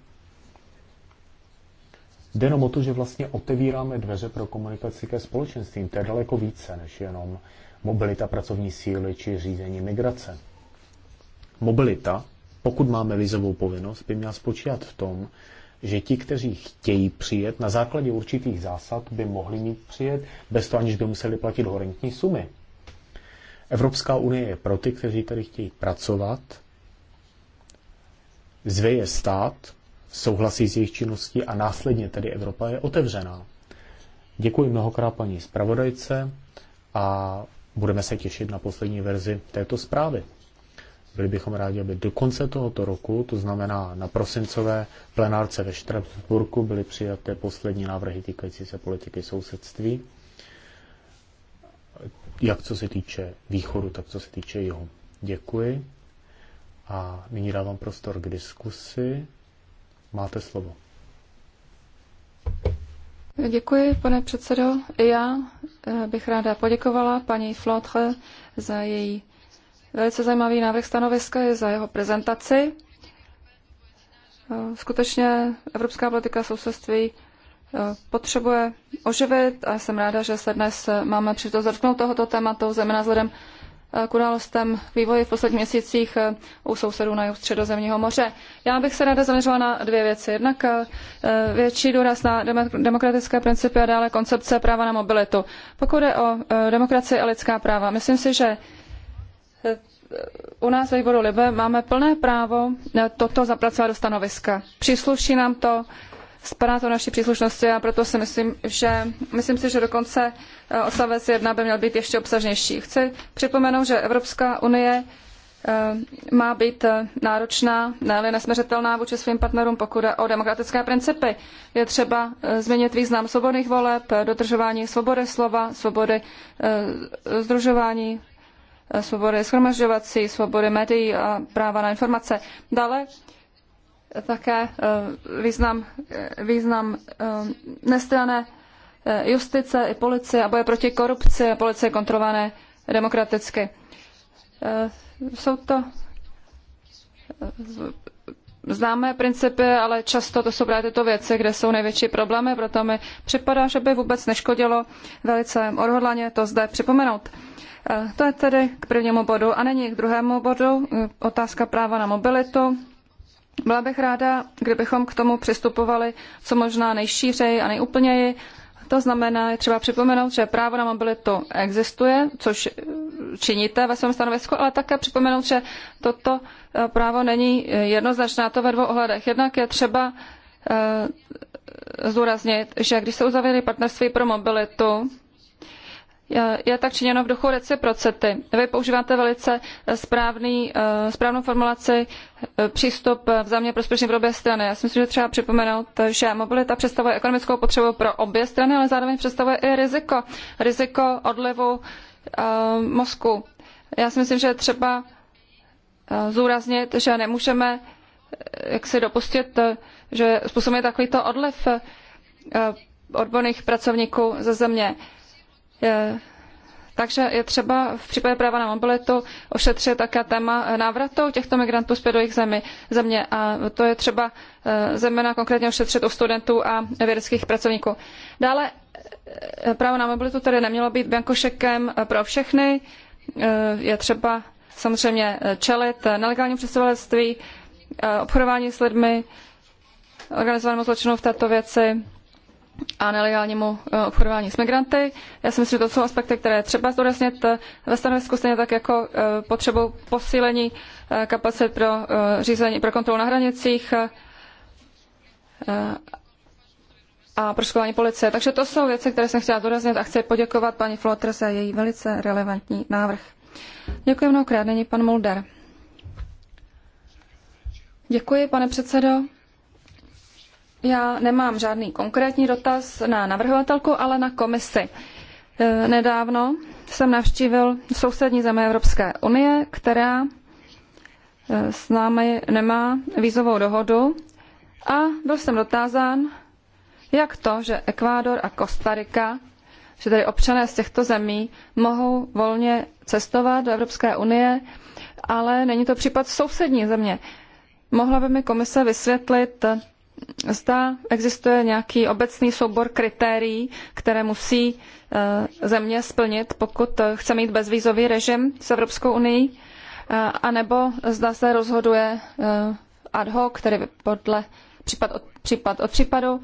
[SPEAKER 1] Jde jenom o to, že vlastně otevíráme dveře pro komunikaci ke společenstvím. To je daleko více, než jenom mobilita pracovní síly či řízení migrace. Mobilita, pokud máme vizovou povinnost, by měla spočívat v tom, že ti, kteří chtějí přijet, na základě určitých zásad by mohli mít přijet, bez toho aniž by museli platit horentní sumy. Evropská unie je pro ty, kteří tady chtějí pracovat, zveje stát, souhlasí s jejich činností a následně tedy Evropa je otevřená. Děkuji mnohokrát paní zpravodajce a Budeme se těšit na poslední verzi této zprávy. Byli bychom rádi, aby do konce tohoto roku, to znamená na prosincové plenárce ve Štrasburku, byly přijaté poslední návrhy týkající se politiky sousedství, jak co se týče východu, tak co se týče jihu. Děkuji. A nyní dávám prostor k diskusi. Máte slovo.
[SPEAKER 2] Děkuji, pane předsedo. I já eh, bych ráda poděkovala paní Flotre za její velice zajímavý návrh stanoviska i za jeho prezentaci. Eh, skutečně evropská politika sousedství eh, potřebuje oživit a jsem ráda, že se dnes máme příležitost dotknout tohoto tématu, zejména vzhledem Eh, k událostem vývoje v posledních měsících eh, u sousedů na jihu středozemního moře. Já bych se ráda zaměřila na dvě věci. Jednak eh, větší důraz na demokratické principy a dále koncepce práva na mobilitu. Pokud jde o demokracii a lidská práva, myslím si, že u nás ve výboru Libe máme plné právo toto zapracovat do stanoviska. Přísluší nám to, spadá to naší příslušnosti a proto si myslím, že myslím si, že dokonce Eh, odstavec 1 by měl být ještě obsažnější. Chci připomenout, že Evropská unie eh, má být eh, náročná, ne nesměřitelná vůči svým partnerům, pokud o demokratické principy. Je třeba změnit význam svobodných voleb, dodržování svobody slova, svobody združování, svobody schromažďovací, svobody médií a práva na informace. Dále také význam, význam nestrané justice i policie a boje proti korupci a policie kontrolované demokraticky. Eh, jsou to eh, známé principy, ale často to jsou právě tyto věci, kde jsou největší problémy, proto mi připadá, že by vůbec neškodilo velice odhodlaně to zde připomenout. Eh, to je tedy k prvnímu bodu a není k druhému bodu otázka práva na mobilitu. Byla bych ráda, kdybychom k tomu přistupovali co možná nejšířeji a nejúplněji to znamená, je třeba připomenout, že právo na mobilitu existuje, což eh, činíte ve svém stanovisku, ale také připomenout, že toto eh, právo není eh, jednoznačné, to ve dvou ohledech. Jednak je třeba zdůraznit, že když se uzavěly partnerství pro mobilitu, je tak činěno v duchu reciprocity. Vy používáte velice správný, eh, správnou formulaci eh, přístup v zámě prospěšně pro obě strany. Já si myslím, že třeba připomenout, že mobilita představuje ekonomickou potřebu pro obě strany, ale zároveň představuje i riziko. Riziko odlivu eh, mozku. Já si myslím, že třeba zúraznit, že nemůžeme jak si dopustit, že způsobuje takovýto odliv odborných pracovníků ze země. Eh, takže je třeba v případě práva na mobilitu ošetřit také téma návratu těchto migrantů zpět do jejich zemi, země. A to je třeba eh, zejména konkrétně ošetřit u studentů a vědeckých pracovníků. Dále eh, právo na mobilitu tedy nemělo být biankošekem pro všechny. Je třeba samozřejmě čelit nelegálním přestěhovalectví, obchodování s lidmi, organizovanému zločinu v této věci a nelegálnímu eh, obchodování s migranty. Já si myslím, že to jsou aspekty, které třeba zdůraznit eh, ve stanovisku, stejně tak jako eh, potřebu posílení kapacit pro řízení, pro kontrolu na hranicích a pro školání policie. Takže to jsou věci, které jsem chtěla zdůraznit a chci poděkovat paní Flotr za její velice relevantní návrh. Děkuji mnohokrát, není pan Mulder. Děkuji, pane předsedo. Já nemám žádný konkrétní dotaz na navrhovatelku, ale na komisi. E, nedávno jsem navštívil sousední země Evropské unie, která e, s námi nemá vízovou dohodu a byl jsem dotázán, jak to, že Ekvádor a Kostarika, že tedy občané z těchto zemí mohou volně cestovat do Evropské unie, ale není to případ sousední země. Mohla by mi komise vysvětlit, zda existuje nějaký obecný soubor kritérií, které musí eh, země splnit, pokud chce mít bezvízový režim s Evropskou unii, eh, anebo zda se rozhoduje eh, ad hoc, tedy podle případ od, případ od případu.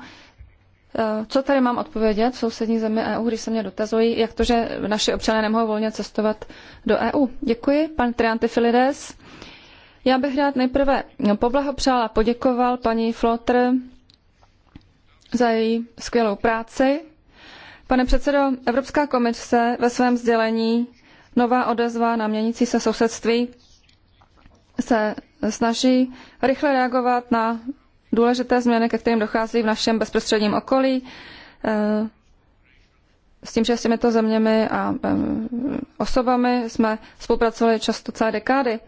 [SPEAKER 2] Co tady mám odpovědět v sousední zemi EU, když se mě dotazují, jak to, že naši občané nemohou volně cestovat do EU? Děkuji, pan Triantifilides. Já bych rád nejprve poblahopřál a poděkoval paní Flotr za její skvělou práci. Pane předsedo, Evropská komise ve svém sdělení Nová odezva na měnící se sousedství se snaží rychle reagovat na důležité změny, ke kterým dochází v našem bezprostředním okolí. Eh, s tím, že s těmito zeměmi a eh, osobami jsme spolupracovali často celé dekády.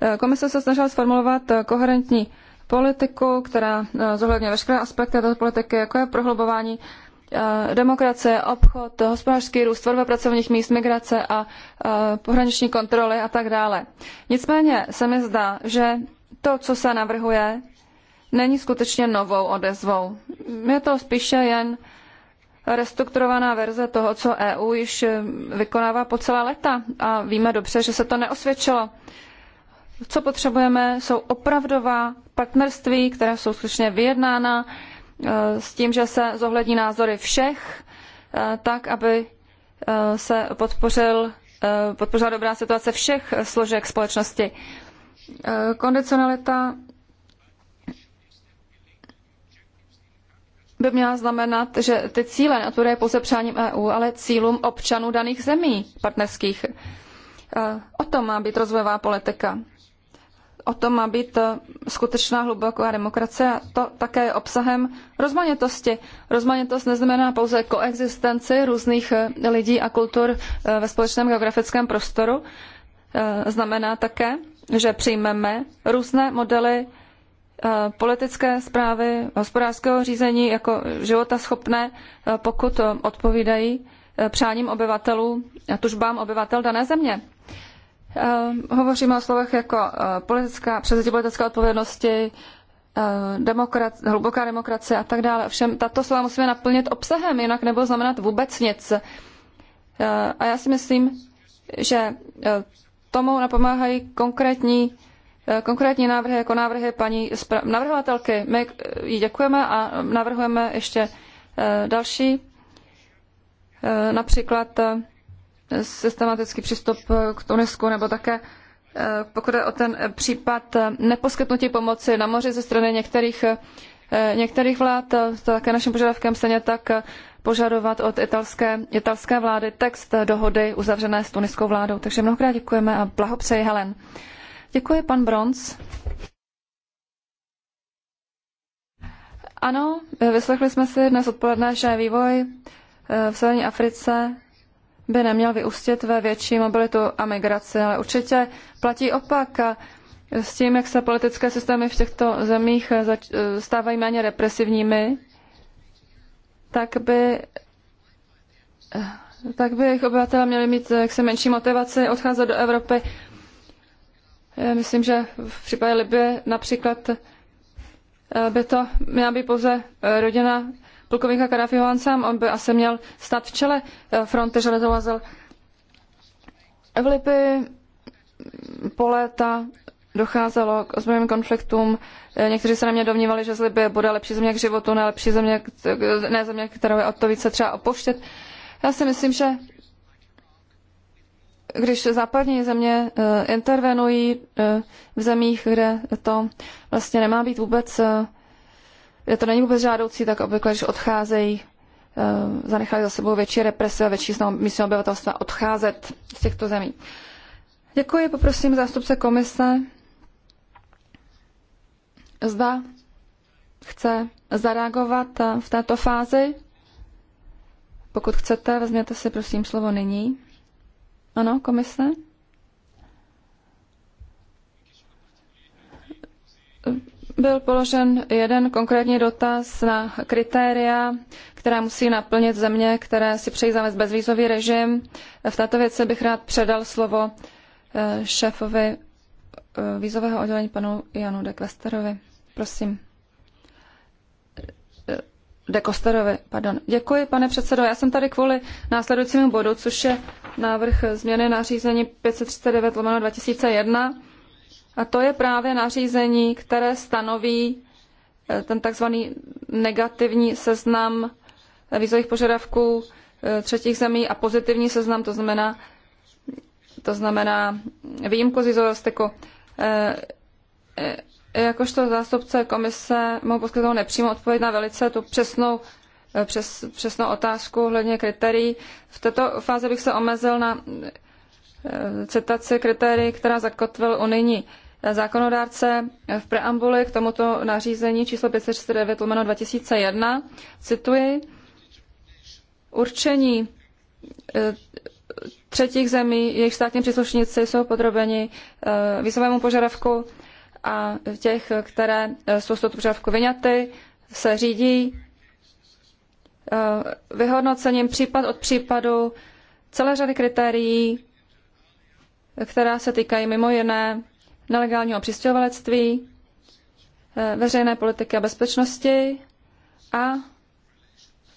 [SPEAKER 2] Eh, komise se snažila sformulovat eh, koherentní politiku, která zohledňuje veškeré aspekty této politiky, jako je prohlubování demokracie, obchod, hospodářský růst, tvorba pracovních míst, migrace a pohraniční kontroly a tak dále. Nicméně se mi zdá, že to, co se navrhuje, není skutečně novou odezvou. Je to spíše jen restrukturovaná verze toho, co EU již eh, vykonává po celá léta a víme dobře, že se to neosvědčilo. Co potřebujeme, jsou opravdová partnerství, která jsou skutečně vyjednána eh, s tím, že se zohlední názory všech, eh, tak, aby se podpořil, podpořila dobrá situace všech složek společnosti. Kondicionalita by měla znamenat, že ty cíle neodpovídají pouze přáním EU, ale cílům občanů daných zemí partnerských. E, o tom má být rozvojová politika. O tom má být e, skutečná hluboká demokracie a to také je obsahem rozmanitosti. Rozmanitost neznamená pouze koexistenci různých e, lidí a kultur ve společném geografickém prostoru. Znamená také, že přijmeme různé modely Eh, politické zprávy, hospodářského řízení jako života schopné, eh, pokud eh, odpovídají přáním obyvatelů a tužbám obyvatel dané země. Hovoříme o slovech jako politická, převzetí politické odpovědnosti, demokrat, hluboká demokracie a tak dále. Ovšem tato slova musíme naplnit obsahem, jinak nebo znamenat vůbec nic. A já si myslím, že tomu napomáhají konkrétní Eh, konkrétní návrhy jako návrhy paní navrhovatelky. My jí děkujeme a navrhujeme ještě eh, další, eh, například systematický přístup k Tunisku nebo také pokud je o ten případ neposkytnutí pomoci na moři ze strany některých, některých vlád, to také naším požadavkem stejně tak požadovat od italské, italské vlády text dohody uzavřené s tuniskou vládou. Takže mnohokrát děkujeme a blahopřeji Helen. Děkuji, pan Bronz. Ano, eh, vyslechli jsme si dnes odpoledne, že vývoj eh, v Severní Africe by neměl vyústit ve větší mobilitu a migraci, ale určitě platí opak. A s tím, jak se politické systémy v těchto zemích eh, stávají méně represivními, tak by tak by jejich obyvatelé měli mít jaksi menší motivaci odcházet do Evropy Eh, myslím, že v případě Libie například eh, by to měla být pouze eh, rodina plukovníka Kadáfiho sám, on by asi měl stát v čele fronty, a zel. V Libii po léta docházelo k ozbrojeným konfliktům. Někteří se na mě domnívali, že z Libie bude lepší země k životu, ne lepší země, ne země, kterou je o to více třeba opoštět. Já si myslím, že když západní země eh, intervenují eh, v zemích, kde to vlastně nemá být vůbec, kde eh, to není vůbec žádoucí, tak obvykle, když odcházejí, zanechali za sebou větší represe a větší snahu místního obyvatelstva odcházet z těchto zemí. Děkuji, poprosím zástupce komise. Zda chce zareagovat v této fázi. Pokud chcete, vezměte si prosím slovo nyní. Ano, komise? Byl položen jeden konkrétní dotaz na kritéria, která musí naplnit země, které si přejí zavést bezvýzový režim. V této věci bych rád předal slovo eh, šéfovi eh, vízového oddělení panu Janu de Kvesterovi. Prosím. Eh, de Kosterovi, pardon. Děkuji, pane předsedo. Já jsem tady kvůli následujícímu bodu, což je návrh změny nařízení 539 lomeno 2001 a to je právě nařízení, které stanoví eh, ten takzvaný negativní seznam vízových požadavků eh, třetích zemí a pozitivní seznam, to znamená, to znamená výjimku z vízového styku. Eh, jakožto zástupce komise mohu poskytnout nepřímo odpověď na velice tu přesnou přes, přesnou otázku ohledně kritérií. V této fázi bych se omezil na eh, citaci kritérií, která zakotvil unijní zákonodárce v preambuli k tomuto nařízení číslo 549 lomeno 2001. Cituji, určení eh, třetích zemí, jejich státní příslušníci jsou podrobeni eh, výzovému požadavku a těch, které jsou z toho požadavku vyňaty, se řídí Eh, vyhodnocením případ od případu celé řady kritérií, která se týkají mimo jiné nelegálního přistěhovalectví, eh, veřejné politiky a bezpečnosti a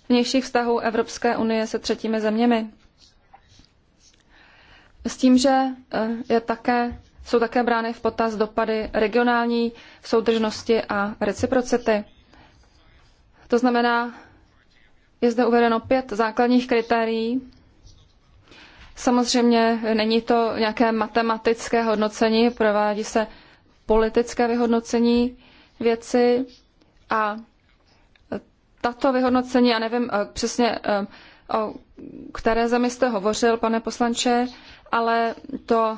[SPEAKER 2] vnějších vztahů Evropské unie se třetími zeměmi. S tím, že eh, je také, jsou také brány v potaz dopady regionální soudržnosti a reciprocity. To znamená je zde uvedeno pět základních kritérií. Samozřejmě není to nějaké matematické hodnocení, provádí se politické vyhodnocení věci a tato vyhodnocení, já nevím eh, přesně, eh, o které zemi jste hovořil, pane poslanče, ale to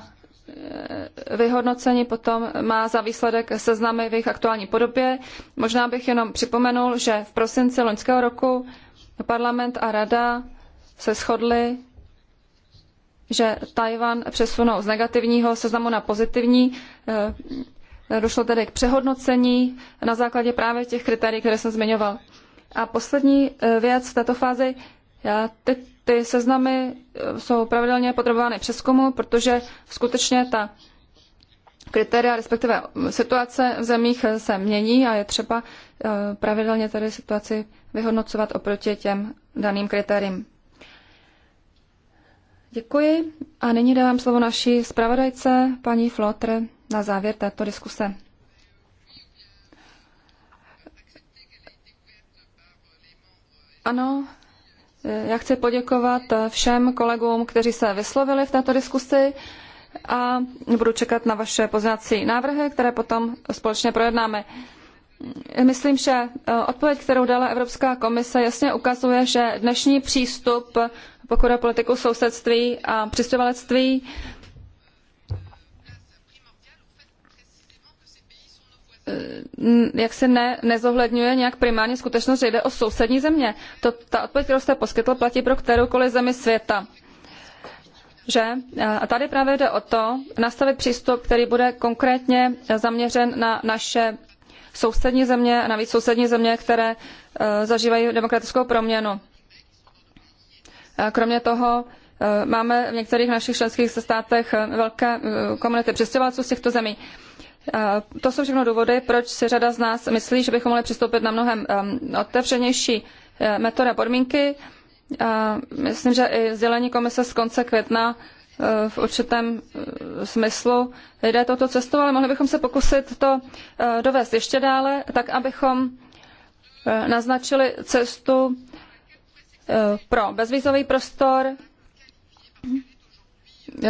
[SPEAKER 2] eh, vyhodnocení potom má za výsledek seznamy v jejich aktuální podobě. Možná bych jenom připomenul, že v prosinci loňského roku Parlament a rada se shodly, že Tajvan přesunou z negativního seznamu na pozitivní. Eh, došlo tedy k přehodnocení na základě právě těch kritérií, které jsem zmiňoval. A poslední eh, věc v této fázi, ty, ty seznamy eh, jsou pravidelně podrobovány přeskumu, protože skutečně ta kritéria, respektive situace v zemích eh, se mění a je třeba eh, pravidelně tedy situaci vyhodnocovat oproti těm daným kritériím. Děkuji a nyní dávám slovo naší zpravodajce, paní Flotr, na závěr této diskuse. Ano, eh, já chci poděkovat všem kolegům, kteří se vyslovili v této diskusi a budu čekat na vaše pozvací návrhy, které potom společně projednáme. Myslím, že eh, odpověď, kterou dala Evropská komise, jasně ukazuje, že dnešní přístup, pokud je politiku sousedství a přistěhovalectví, eh, jak se ne, nezohledňuje nějak primárně skutečnost, že jde o sousední země. To, ta odpověď, kterou jste poskytl, platí pro kteroukoliv zemi světa že e, a tady právě jde o to nastavit přístup, který bude konkrétně zaměřen na naše sousední země a navíc sousední země, které e, zažívají demokratickou proměnu. E, kromě toho máme v některých našich členských státech velké komunity přistěhovalců z těchto zemí. To jsou všechno důvody, proč si řada z nás myslí, že bychom mohli přistoupit na mnohem otevřenější metody a podmínky myslím, že i sdělení komise z konce května e, v určitém e, smyslu jde touto cestou, ale mohli bychom se pokusit to e, dovést ještě dále, tak abychom naznačili cestu pro bezvízový prostor,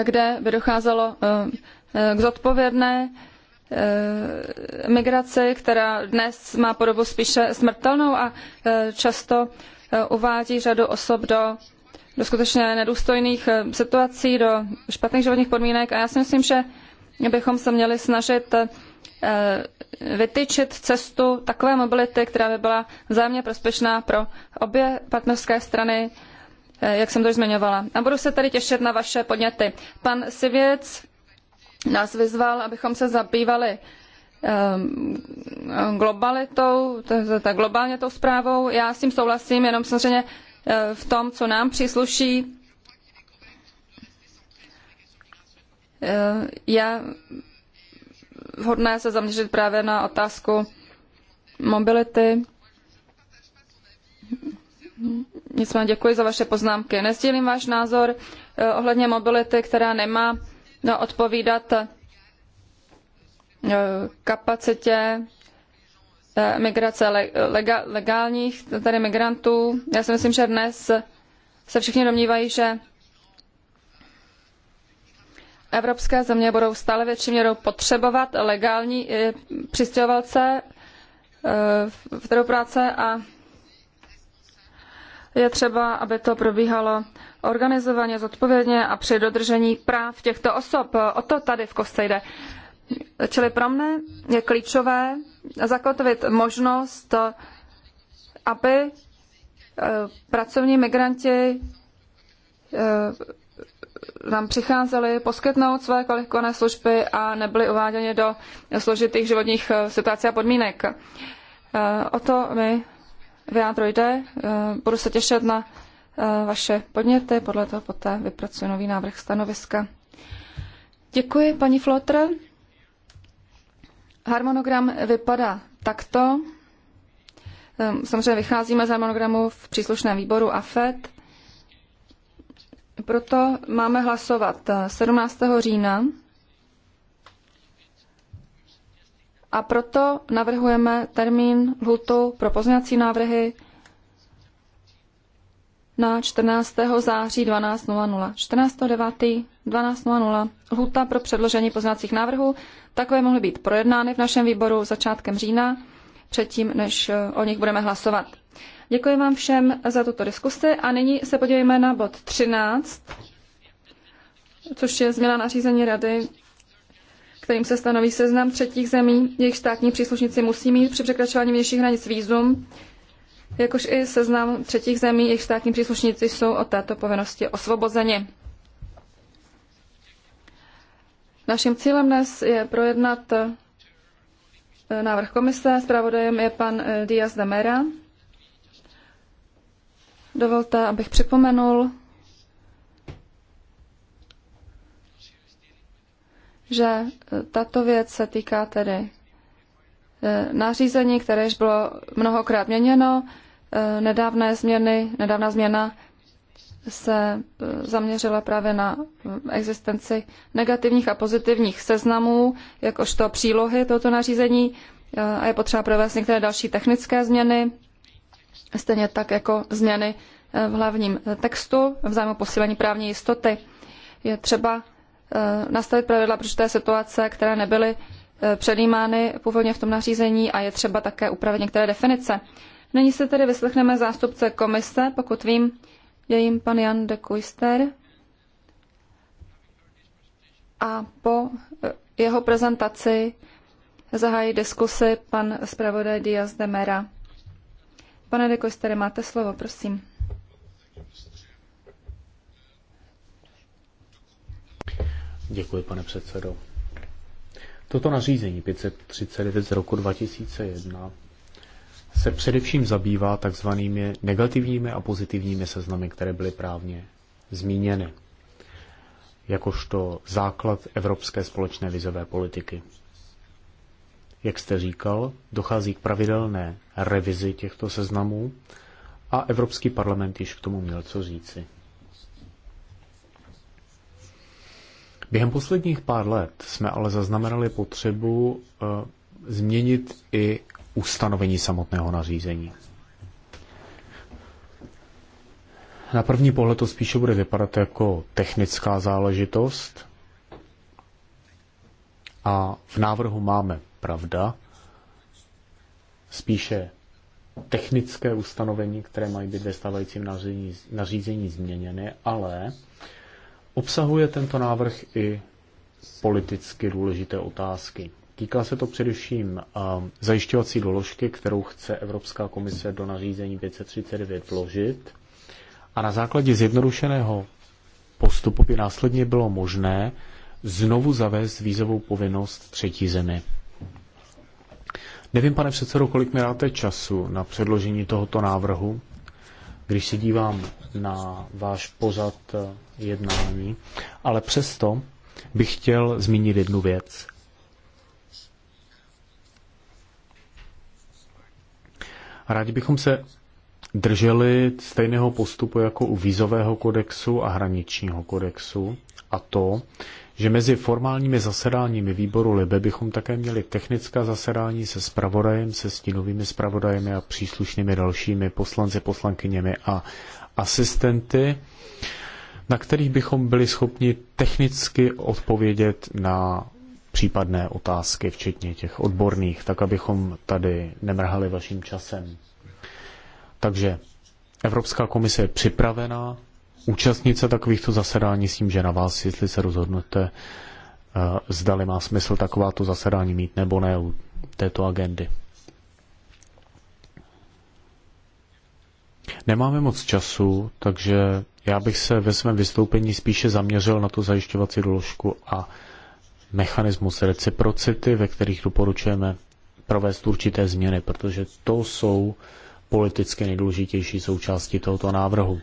[SPEAKER 2] kde by docházelo k zodpovědné migraci, která dnes má podobu spíše smrtelnou a často Eh, uvádí řadu osob do, do skutečně nedůstojných eh, situací, do špatných životních podmínek a já si myslím, že bychom se měli snažit eh, vytyčit cestu takové mobility, která by byla vzájemně prospěšná pro obě partnerské strany, jak jsem to už zmiňovala. A budu se tady těšit na vaše podněty. Pan Sivěc nás vyzval, abychom se zabývali Ehm, ehm, globalitou, ta globálně tou zprávou. Já s tím souhlasím, jenom samozřejmě eh, v tom, co nám přísluší. Eh, Je vhodné se zaměřit právě na otázku mobility. Nicméně děkuji za vaše poznámky. Nezdílím váš názor eh, ohledně mobility, která nemá no, odpovídat Eh, kapacitě eh, migrace legálních tady migrantů. Já si myslím, že dnes se všichni domnívají, že evropské země budou stále větší měrou potřebovat legální eh, přistěhovalce v trhu práce a je třeba, aby to probíhalo organizovaně, zodpovědně a při dodržení práv těchto osob. O to tady v Kostce jde. Čili pro mne je klíčové zakotvit možnost, aby eh, pracovní migranti eh, nám přicházeli poskytnout své kvalifikované služby a nebyli uváděni do složitých životních eh, situací a podmínek. O to mi vyjádro jde. Budu se těšit na vaše podněty, podle toho poté vypracuji nový návrh stanoviska. Děkuji, paní Flotr. Harmonogram vypadá takto. Ehm, samozřejmě vycházíme z harmonogramu v příslušném výboru AFED. Proto máme hlasovat eh, 17. října a proto navrhujeme termín lhutu pro pozměňovací návrhy na 14. září 12.00. 14.9. 12.00 lhuta pro předložení poznacích návrhů. Takové mohly být projednány v našem výboru začátkem října, předtím, než eh, o nich budeme hlasovat. Děkuji vám všem za tuto diskusi a nyní se podívejme na bod 13, což je změna nařízení Rady, kterým se stanoví seznam třetích zemí, jejich státní příslušníci musí mít při překračování vnějších hranic výzum, jakož i seznam třetích zemí, jejich státní příslušníci jsou od této povinnosti osvobozeni. Naším cílem dnes je projednat eh, návrh komise. Zpravodajem je pan eh, Díaz de Mera. Dovolte, abych připomenul, že eh, tato věc se týká tedy nařízení, které již bylo mnohokrát měněno, nedávné změny, nedávná změna se eh, zaměřila právě na eh, existenci negativních a pozitivních seznamů, jakožto přílohy tohoto nařízení eh, a je potřeba provést některé další technické změny, stejně tak jako změny v hlavním textu v zájmu posílení právní jistoty. Je třeba nastavit pravidla pro té situace, které nebyly předjímány původně v tom nařízení a je třeba také upravit některé definice. Nyní se tedy vyslechneme zástupce komise, pokud vím, je jim pan Jan de Kuister. A po eh, jeho prezentaci zahájí diskusy pan zpravodaj Díaz de Mera. Pane de Kuister, máte slovo, prosím.
[SPEAKER 1] Děkuji, pane předsedo. Toto nařízení 539 z roku 2001 se především zabývá takzvanými negativními a pozitivními seznamy, které byly právně zmíněny, jakožto základ evropské společné vizové politiky. Jak jste říkal, dochází k pravidelné revizi těchto seznamů a Evropský parlament již k tomu měl co říci. Během posledních pár let jsme ale zaznamenali potřebu eh, změnit i ustanovení samotného nařízení. Na první pohled to spíše bude vypadat jako technická záležitost. A v návrhu máme pravda, spíše technické ustanovení, které mají být ve stávajícím nařízení, nařízení změněny, ale obsahuje tento návrh i politicky důležité otázky. Týká se to především zajišťovací doložky, kterou chce Evropská komise do nařízení 539 vložit. A na základě zjednodušeného postupu by následně bylo možné znovu zavést vízovou povinnost třetí zemi. Nevím, pane předsedo, kolik mi dáte času na předložení tohoto návrhu. Když se dívám na váš pořad eh, jednání, ale přesto bych chtěl zmínit jednu věc. Rádi bychom se drželi stejného postupu jako u vízového kodexu a hraničního kodexu a to, že mezi formálními zasedáními výboru Libe bychom také měli technická zasedání se spravodajem, se stínovými spravodajemi a příslušnými dalšími poslanci, poslankyněmi a asistenty, na kterých bychom byli schopni technicky odpovědět na případné otázky, včetně těch odborných, tak abychom tady nemrhali vaším časem. Takže Evropská komise je připravená účastnit se takovýchto zasedání s tím, že na vás, jestli se rozhodnete, eh, zdali má smysl takováto zasedání mít nebo ne u této agendy. Nemáme moc času, takže já bych se ve svém vystoupení spíše zaměřil na tu zajišťovací doložku a mechanismus reciprocity, ve kterých doporučujeme provést určité změny, protože to jsou politicky nejdůležitější součásti tohoto návrhu.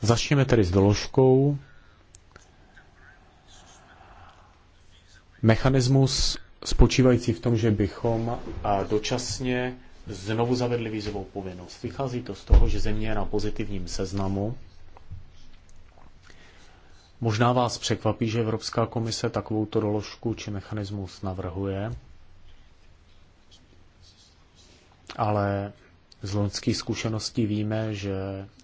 [SPEAKER 1] Začněme tedy s doložkou. Mechanismus spočívající v tom, že bychom dočasně znovu zavedli vízovou povinnost. Vychází to z toho, že země je na pozitivním seznamu Možná vás překvapí, že Evropská komise takovouto doložku či mechanismus navrhuje, ale z loňských zkušeností víme, že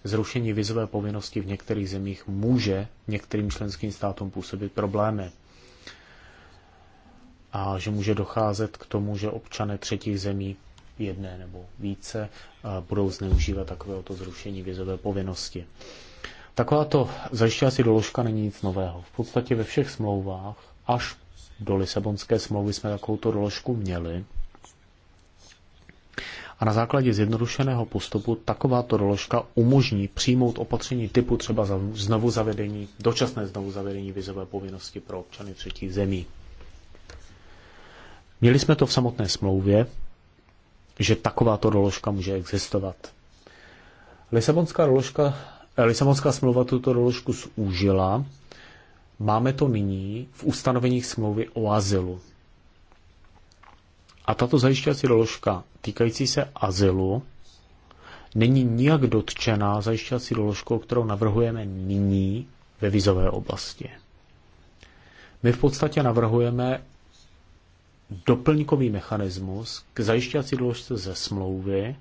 [SPEAKER 1] zrušení vizové povinnosti v některých zemích může některým členským státům působit problémy. A že může docházet k tomu, že občané třetích zemí jedné nebo více eh, budou zneužívat takovéhoto zrušení vizové povinnosti. Takováto zajišťovací doložka není nic nového. V podstatě ve všech smlouvách, až do Lisabonské smlouvy jsme takovouto doložku měli. A na základě zjednodušeného postupu takováto doložka umožní přijmout opatření typu třeba znovu zavedení, dočasné znovu zavedení vizové povinnosti pro občany třetích zemí. Měli jsme to v samotné smlouvě, že takováto doložka může existovat. Lisabonská doložka Eh, Lisabonská smlouva tuto doložku zúžila. Máme to nyní v ustanoveních smlouvy o azylu. A tato zajišťovací doložka týkající se azylu není nijak dotčená zajišťovací doložkou, kterou navrhujeme nyní ve vizové oblasti. My v podstatě navrhujeme doplňkový mechanismus k zajišťovací doložce ze smlouvy,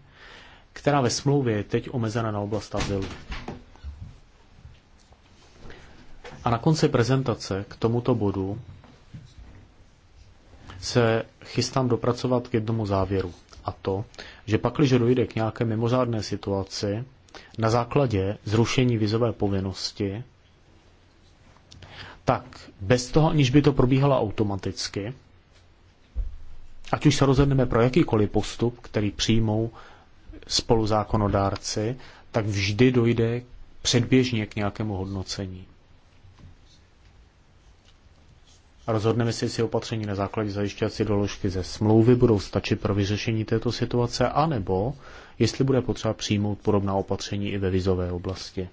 [SPEAKER 1] která ve smlouvě je teď omezena na oblast azylu. A na konci prezentace k tomuto bodu se chystám dopracovat k jednomu závěru. A to, že pakliže dojde k nějaké mimořádné situaci, na základě zrušení vizové povinnosti, tak bez toho, aniž by to probíhalo automaticky, ať už se rozhodneme pro jakýkoliv postup, který přijmou spoluzákonodárci, tak vždy dojde předběžně k nějakému hodnocení. Rozhodneme si, jestli opatření na základě zajišťovací doložky ze smlouvy budou stačit pro vyřešení této situace, anebo jestli bude potřeba přijmout podobná opatření i ve vizové oblasti.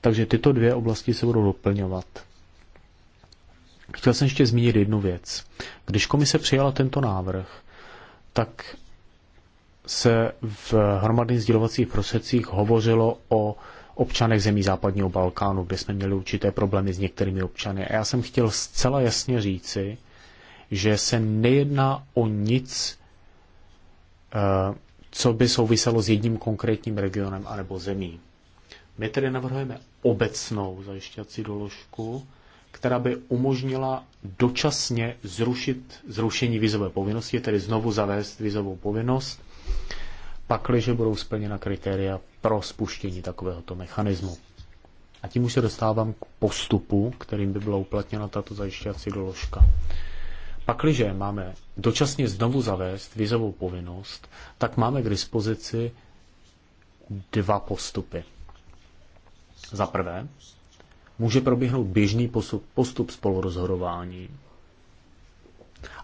[SPEAKER 1] Takže tyto dvě oblasti se budou doplňovat. Chtěl jsem ještě zmínit jednu věc. Když komise přijala tento návrh, tak se v hromadných sdělovacích prosecích hovořilo o občanech zemí západního Balkánu, kde jsme měli určité problémy s některými občany. A já jsem chtěl zcela jasně říci, že se nejedná o nic, eh, co by souviselo s jedním konkrétním regionem anebo zemí. My tedy navrhujeme obecnou zajišťací doložku, která by umožnila dočasně zrušit zrušení vizové povinnosti, tedy znovu zavést vizovou povinnost, pakliže budou splněna kritéria pro spuštění takovéhoto mechanismu. A tím už se dostávám k postupu, kterým by byla uplatněna tato zajišťovací doložka. Pakliže máme dočasně znovu zavést vizovou povinnost, tak máme k dispozici dva postupy. Za prvé, může proběhnout běžný postup, postup spolurozhodování.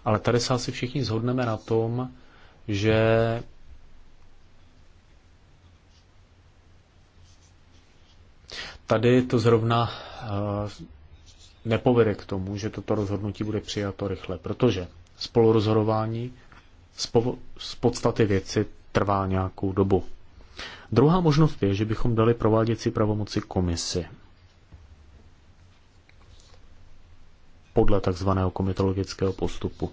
[SPEAKER 1] Ale tady se asi všichni zhodneme na tom, že Tady to zrovna eh, nepovede k tomu, že toto rozhodnutí bude přijato rychle, protože spolurozhodování z podstaty věci trvá nějakou dobu. Druhá možnost je, že bychom dali prováděcí pravomoci komisi. Podle takzvaného komitologického postupu.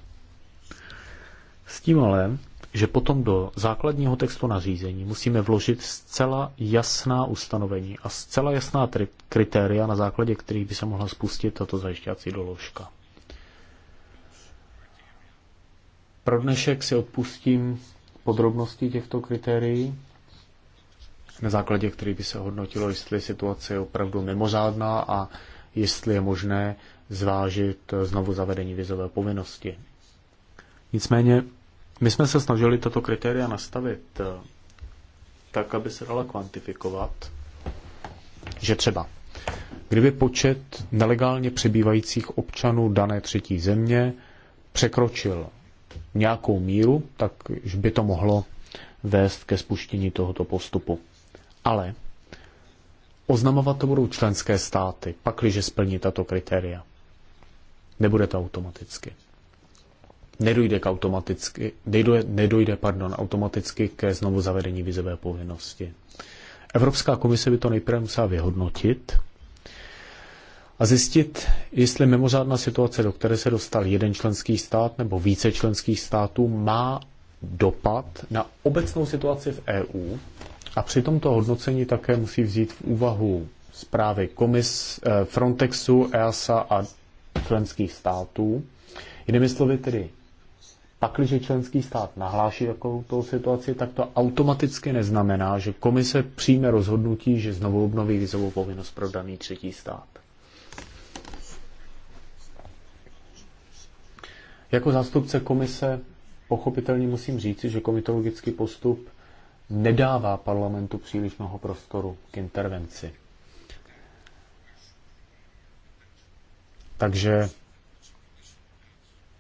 [SPEAKER 1] S tím ale že potom do základního textu nařízení musíme vložit zcela jasná ustanovení a zcela jasná kritéria, na základě kterých by se mohla spustit tato zajišťací doložka. Pro dnešek si odpustím podrobnosti těchto kritérií, na základě kterých by se hodnotilo, jestli situace je opravdu mimořádná a jestli je možné zvážit znovu zavedení vizové povinnosti. Nicméně my jsme se snažili tato kritéria nastavit eh, tak, aby se dala kvantifikovat, že třeba kdyby počet nelegálně přebývajících občanů dané třetí země překročil nějakou míru, tak by to mohlo vést ke spuštění tohoto postupu. Ale oznamovat to budou členské státy, pakliže splní tato kritéria. Nebude to automaticky nedojde, k automaticky, nedojde, nedojde pardon, automaticky ke znovu zavedení vizové povinnosti. Evropská komise by to nejprve musela vyhodnotit a zjistit, jestli mimořádná situace, do které se dostal jeden členský stát nebo více členských států, má dopad na obecnou situaci v EU a při tomto hodnocení také musí vzít v úvahu zprávy komis eh, Frontexu, EASA a členských států. Jinými slovy tedy pakliže členský stát nahláší takovou situaci, tak to automaticky neznamená, že komise přijme rozhodnutí, že znovu obnoví vizovou povinnost pro daný třetí stát. Jako zástupce komise pochopitelně musím říci, že komitologický postup nedává parlamentu příliš mnoho prostoru k intervenci. Takže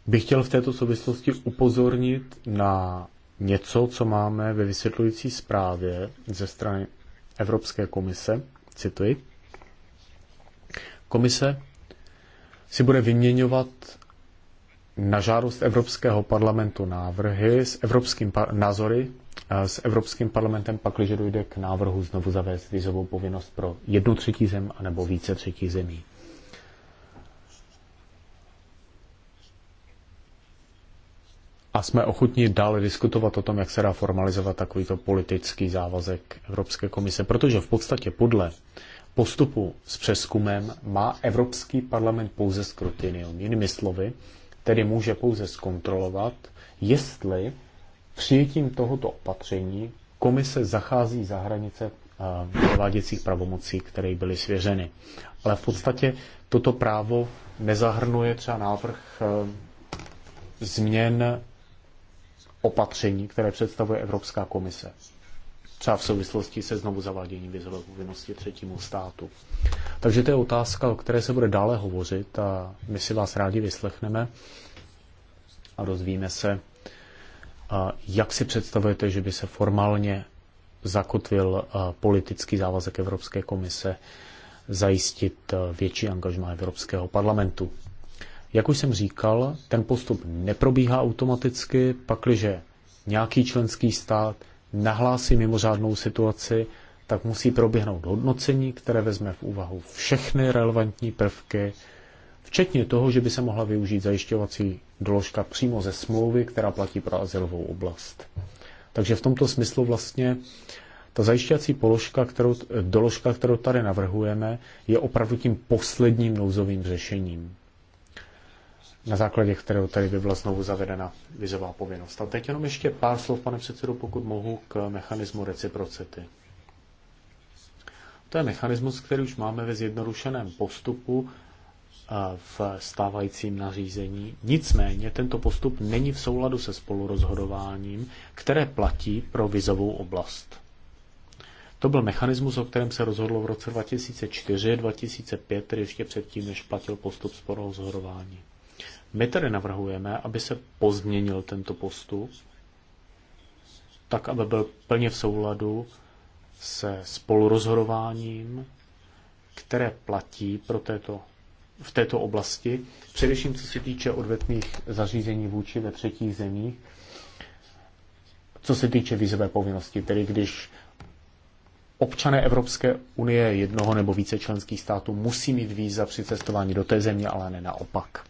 [SPEAKER 1] bych chtěl v této souvislosti upozornit na něco, co máme ve vysvětlující zprávě ze strany Evropské komise, cituji. Komise si bude vyměňovat na žádost Evropského parlamentu návrhy s evropským par- názory eh, s Evropským parlamentem, pak když dojde k návrhu znovu zavést vízovou povinnost pro jednu třetí zem anebo více třetí zemí. a jsme ochotni dále diskutovat o tom, jak se dá formalizovat takovýto politický závazek Evropské komise, protože v podstatě podle postupu s přeskumem má Evropský parlament pouze skrutinium. Jinými slovy, tedy může pouze zkontrolovat, jestli přijetím tohoto opatření komise zachází za hranice eh, prováděcích pravomocí, které byly svěřeny. Ale v podstatě toto právo nezahrnuje třeba návrh eh, změn opatření, které představuje Evropská komise. Třeba v souvislosti se znovu zavádění vizové povinnosti třetímu státu. Takže to je otázka, o které se bude dále hovořit a my si vás rádi vyslechneme a dozvíme se, jak si představujete, že by se formálně zakotvil politický závazek Evropské komise zajistit větší angažma Evropského parlamentu jak už jsem říkal, ten postup neprobíhá automaticky, pakliže nějaký členský stát nahlásí mimořádnou situaci, tak musí proběhnout hodnocení, které vezme v úvahu všechny relevantní prvky, včetně toho, že by se mohla využít zajišťovací doložka přímo ze smlouvy, která platí pro azylovou oblast. Takže v tomto smyslu vlastně ta zajišťovací položka, kterou, doložka, kterou tady navrhujeme, je opravdu tím posledním nouzovým řešením na základě kterého tady by byla znovu zavedena vizová povinnost. A teď jenom ještě pár slov, pane předsedu, pokud mohu, k mechanismu reciprocity. To je mechanismus, který už máme ve zjednodušeném postupu eh, v stávajícím nařízení. Nicméně tento postup není v souladu se spolurozhodováním, které platí pro vizovou oblast. To byl mechanismus, o kterém se rozhodlo v roce 2004-2005, ještě předtím, než platil postup spolurozhodování. My tedy navrhujeme, aby se pozměnil tento postup, tak aby byl plně v souladu se spolurozhodováním, které platí pro této, v této oblasti, především co se týče odvetných zařízení vůči ve třetích zemích, co se týče vízové povinnosti, tedy když občané Evropské unie jednoho nebo více členských států musí mít víza při cestování do té země, ale ne naopak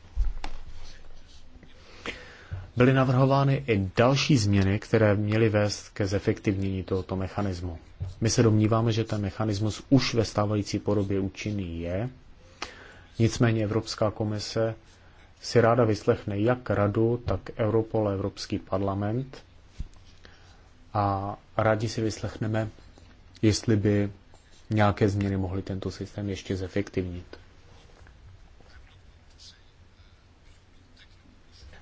[SPEAKER 1] byly navrhovány i další změny, které měly vést ke zefektivnění tohoto mechanismu. My se domníváme, že ten mechanismus už ve stávající podobě účinný je, nicméně Evropská komise si ráda vyslechne jak radu, tak Europol, Evropský parlament a rádi si vyslechneme, jestli by nějaké změny mohly tento systém ještě zefektivnit.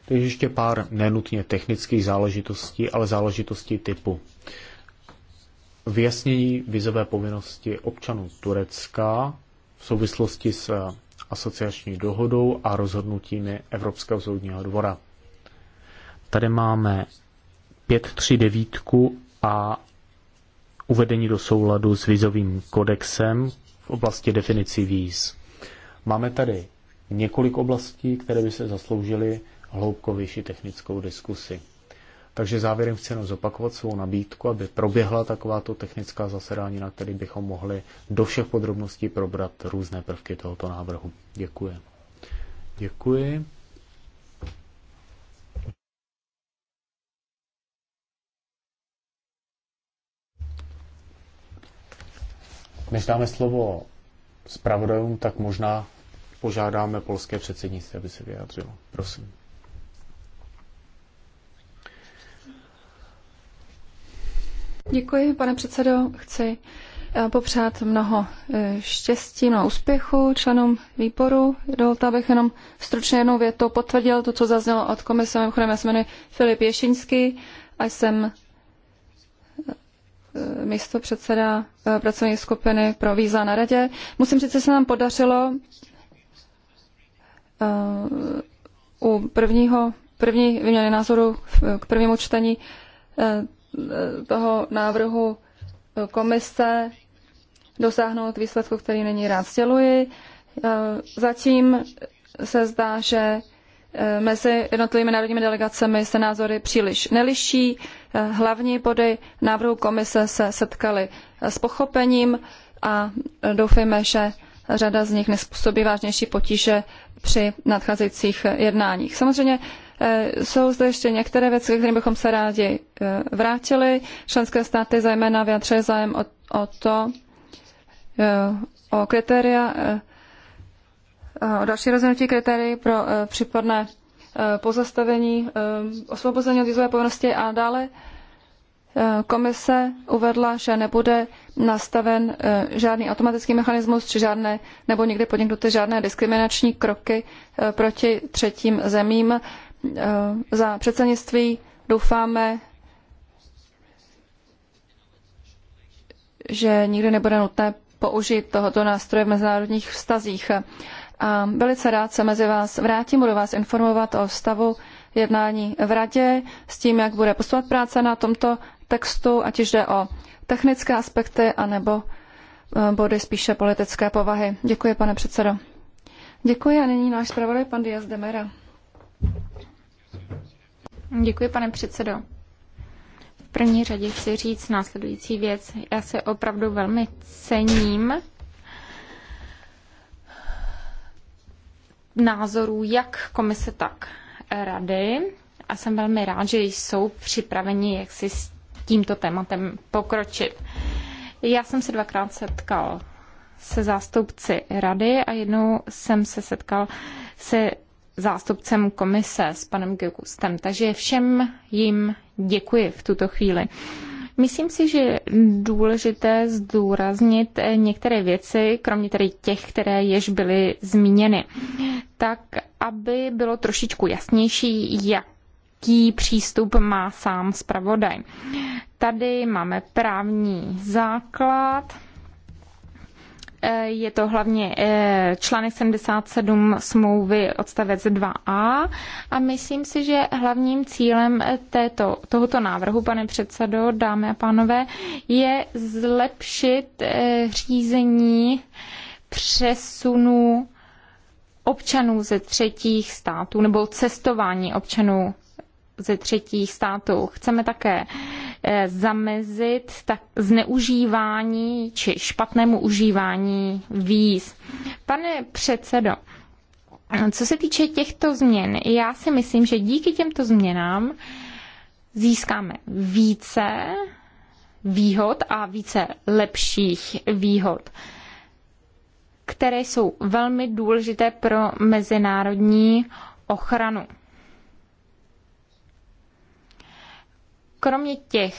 [SPEAKER 1] Takže ještě pár nenutně technických záležitostí, ale záležitostí typu vyjasnění vizové povinnosti občanů Turecka v souvislosti s eh, asociační dohodou a rozhodnutími Evropského soudního dvora. Tady máme 539 a uvedení do souladu s vizovým kodexem v oblasti definicí víz. Máme tady několik oblastí, které by se zasloužily hloubkovější technickou diskusi. Takže závěrem chci jenom zopakovat svou nabídku, aby proběhla takováto technická zasedání, na které bychom mohli do všech podrobností probrat různé prvky tohoto návrhu. Děkuji. Děkuji. Než dáme slovo zpravodajům, tak možná požádáme polské předsednictví, aby se vyjádřilo. Prosím.
[SPEAKER 2] Děkuji, pane předsedo. Chci eh, popřát mnoho eh, štěstí, mnoho úspěchu členům výboru. Dovolte, abych jenom stručně jednou větou potvrdil to, co zaznělo od komise. Mimochodem, já se jmenuji Filip Ješinský a jsem eh, místo předseda pracovní skupiny pro víza na radě. Musím říct, že se nám podařilo u prvního, první výměny názoru k prvnímu čtení toho návrhu komise dosáhnout výsledku, který není rád sděluji. E, zatím se zdá, že e, mezi jednotlivými národními delegacemi se názory příliš neliší. E, hlavní body návrhu komise se setkaly s pochopením a doufejme, že řada z nich nespůsobí vážnější potíže při nadcházejících jednáních. Samozřejmě Eh, jsou zde ještě některé věci, kterým bychom se rádi eh, vrátili. Členské státy zejména vyjadřuje zájem o, o to, eh, o kritéria, o další rozhodnutí kritérií pro případné pozastavení osvobození od vízové povinnosti a dále komise uvedla, že nebude nastaven žádný automatický mechanismus, či žádné, nebo nikdy podniknuty žádné diskriminační kroky proti třetím zemím Eh, za předsednictví doufáme, že nikdy nebude nutné použít tohoto nástroje v mezinárodních vztazích. A velice rád se mezi vás vrátím, budu vás informovat o stavu jednání v radě s tím, jak bude postupovat práce na tomto textu, ať už jde o technické aspekty, anebo eh, body spíše politické povahy. Děkuji, pane předsedo. Děkuji a nyní náš zpravodaj pan Diaz de
[SPEAKER 3] Mera. Děkuji, pane předsedo. V první řadě chci říct následující věc. Já se opravdu velmi cením názorů jak komise, tak rady a jsem velmi rád, že jsou připraveni jak si s tímto tématem pokročit. Já jsem se dvakrát setkal se zástupci rady a jednou jsem se setkal se zástupcem komise, s panem Gekustem, takže všem jim děkuji v tuto chvíli. Myslím si, že je důležité zdůraznit některé věci, kromě tedy těch, které jež byly zmíněny, tak aby bylo trošičku jasnější, jak jaký přístup má sám zpravodaj. Tady máme právní základ, E, je to hlavně e, článek 77 smlouvy odstavec 2a a myslím si, že hlavním cílem e, této, tohoto návrhu, pane předsedo, dámy a pánové, je zlepšit řízení přesunu občanů ze třetích států nebo cestování občanů ze třetích států. Chceme také eh, zamezit tak zneužívání či špatnému užívání víz. Pane předsedo, co se týče těchto změn, já si myslím, že díky těmto změnám získáme více výhod a více lepších výhod, které jsou velmi důležité pro mezinárodní ochranu. Kromě těch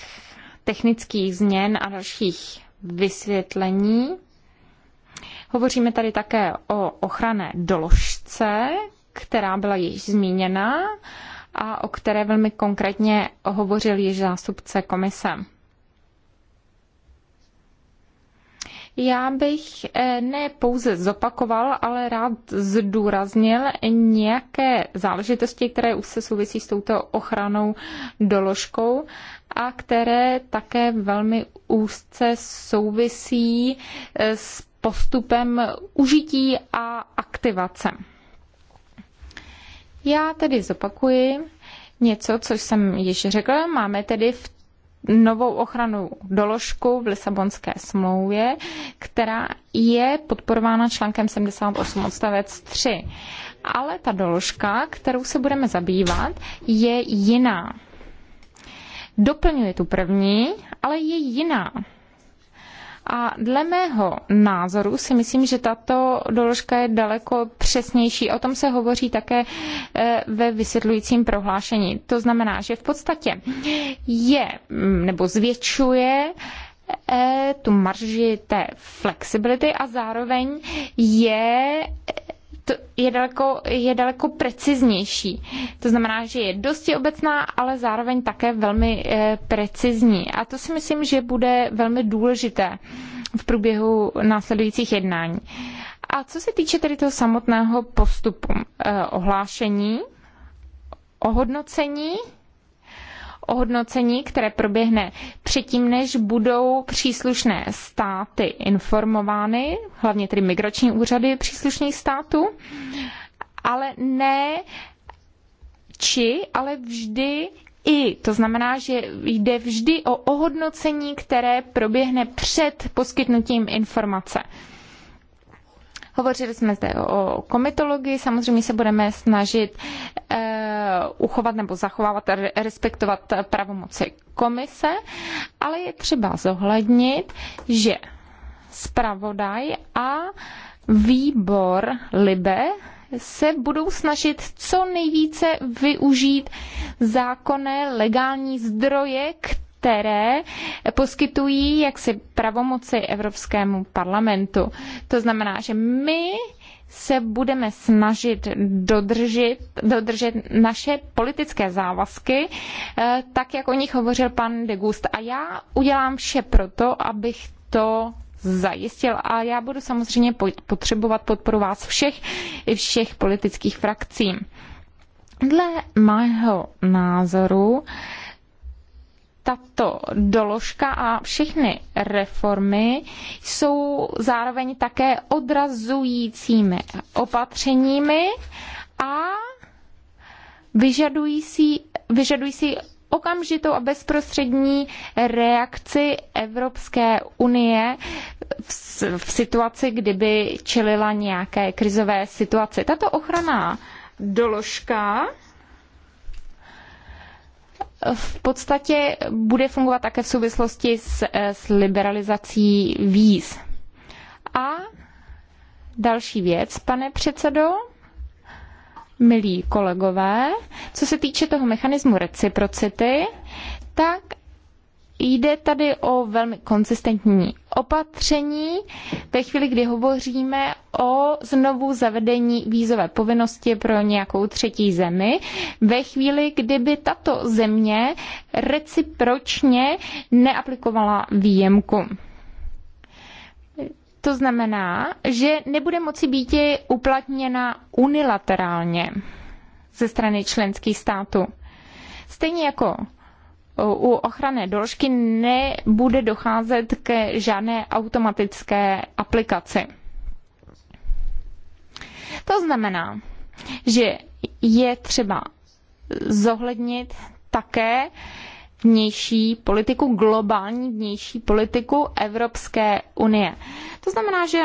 [SPEAKER 3] technických změn a dalších vysvětlení, hovoříme tady také o ochranné doložce, která byla již zmíněna a o které velmi konkrétně hovořil již zástupce komise. Já bych eh, ne pouze zopakoval, ale rád zdůraznil nějaké záležitosti, které už se souvisí s touto ochranou doložkou a které také velmi úzce souvisí eh, s postupem užití a aktivace. Já tedy zopakuji něco, co jsem již řekla. Máme tedy v novou ochranu doložku v Lisabonské smlouvě, která je podporována článkem 78 odstavec 3. Ale ta doložka, kterou se budeme zabývat, je jiná. Doplňuje tu první, ale je jiná. A dle mého názoru si myslím, že tato doložka je daleko přesnější. O tom se hovoří také eh, ve vysvětlujícím prohlášení. To znamená, že v podstatě je mm, nebo zvětšuje eh, tu marži té flexibility a zároveň je eh, to je daleko, je daleko preciznější. To znamená, že je dosti obecná, ale zároveň také velmi eh, precizní. A to si myslím, že bude velmi důležité v průběhu následujících jednání. A co se týče tedy toho samotného postupu eh, ohlášení, ohodnocení ohodnocení, které proběhne předtím, než budou příslušné státy informovány, hlavně tedy migrační úřady příslušných států, ale ne či, ale vždy i. To znamená, že jde vždy o ohodnocení, které proběhne před poskytnutím informace. Hovořili jsme zde o komitologii, samozřejmě se budeme snažit eh, uchovat nebo zachovávat, respektovat pravomoci komise, ale je třeba zohlednit, že zpravodaj a výbor Libe se budou snažit co nejvíce využít zákonné legální zdroje, které které poskytují jaksi pravomoci Evropskému parlamentu. To znamená, že my se budeme snažit dodržet, dodržet naše politické závazky, eh, tak jak o nich hovořil pan de Gust. A já udělám vše proto, abych to zajistil a já budu samozřejmě potřebovat podporu vás všech, i všech politických frakcí. Dle mého názoru tato doložka a všechny reformy jsou zároveň také odrazujícími opatřeními a vyžadují si, vyžadují si okamžitou a bezprostřední reakci Evropské unie v, v situaci, kdyby čelila nějaké krizové situaci. Tato ochrana doložka v podstatě bude fungovat také v souvislosti s, eh, s liberalizací víz. A další věc, pane předsedo, milí kolegové, co se týče toho mechanismu reciprocity, tak Jde tady o velmi konsistentní opatření ve chvíli, kdy hovoříme o znovu zavedení vízové povinnosti pro nějakou třetí zemi, ve chvíli, kdyby tato země recipročně neaplikovala výjemku. To znamená, že nebude moci být uplatněna unilaterálně ze strany členských států. Stejně jako u ochranné doložky nebude docházet ke žádné automatické aplikaci. To znamená, že je třeba zohlednit také vnější politiku, globální vnější politiku Evropské unie. To znamená, že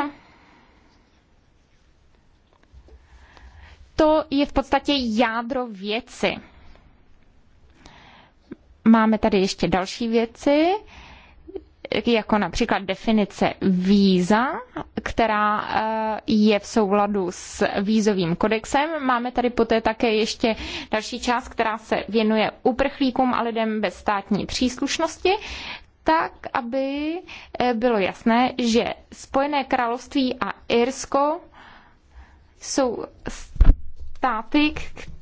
[SPEAKER 3] to je v podstatě jádro věci. Máme tady ještě další věci, jako například definice víza, která eh, je v souladu s vízovým kodexem. Máme tady poté také ještě další část, která se věnuje uprchlíkům a lidem bez státní příslušnosti tak, aby eh, bylo jasné, že Spojené království a Irsko jsou státy, které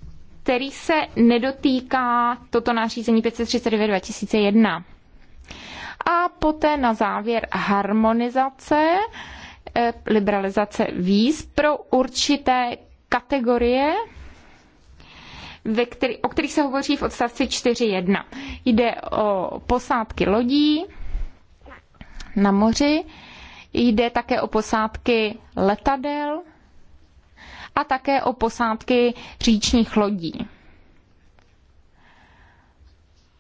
[SPEAKER 3] který se nedotýká toto nařízení 539 2001. A poté na závěr harmonizace, eh, liberalizace víz pro určité kategorie ve který, o kterých se hovoří v odstavci 4.1. Jde o posádky lodí na moři, jde také o posádky letadel, a také o posádky říčních lodí.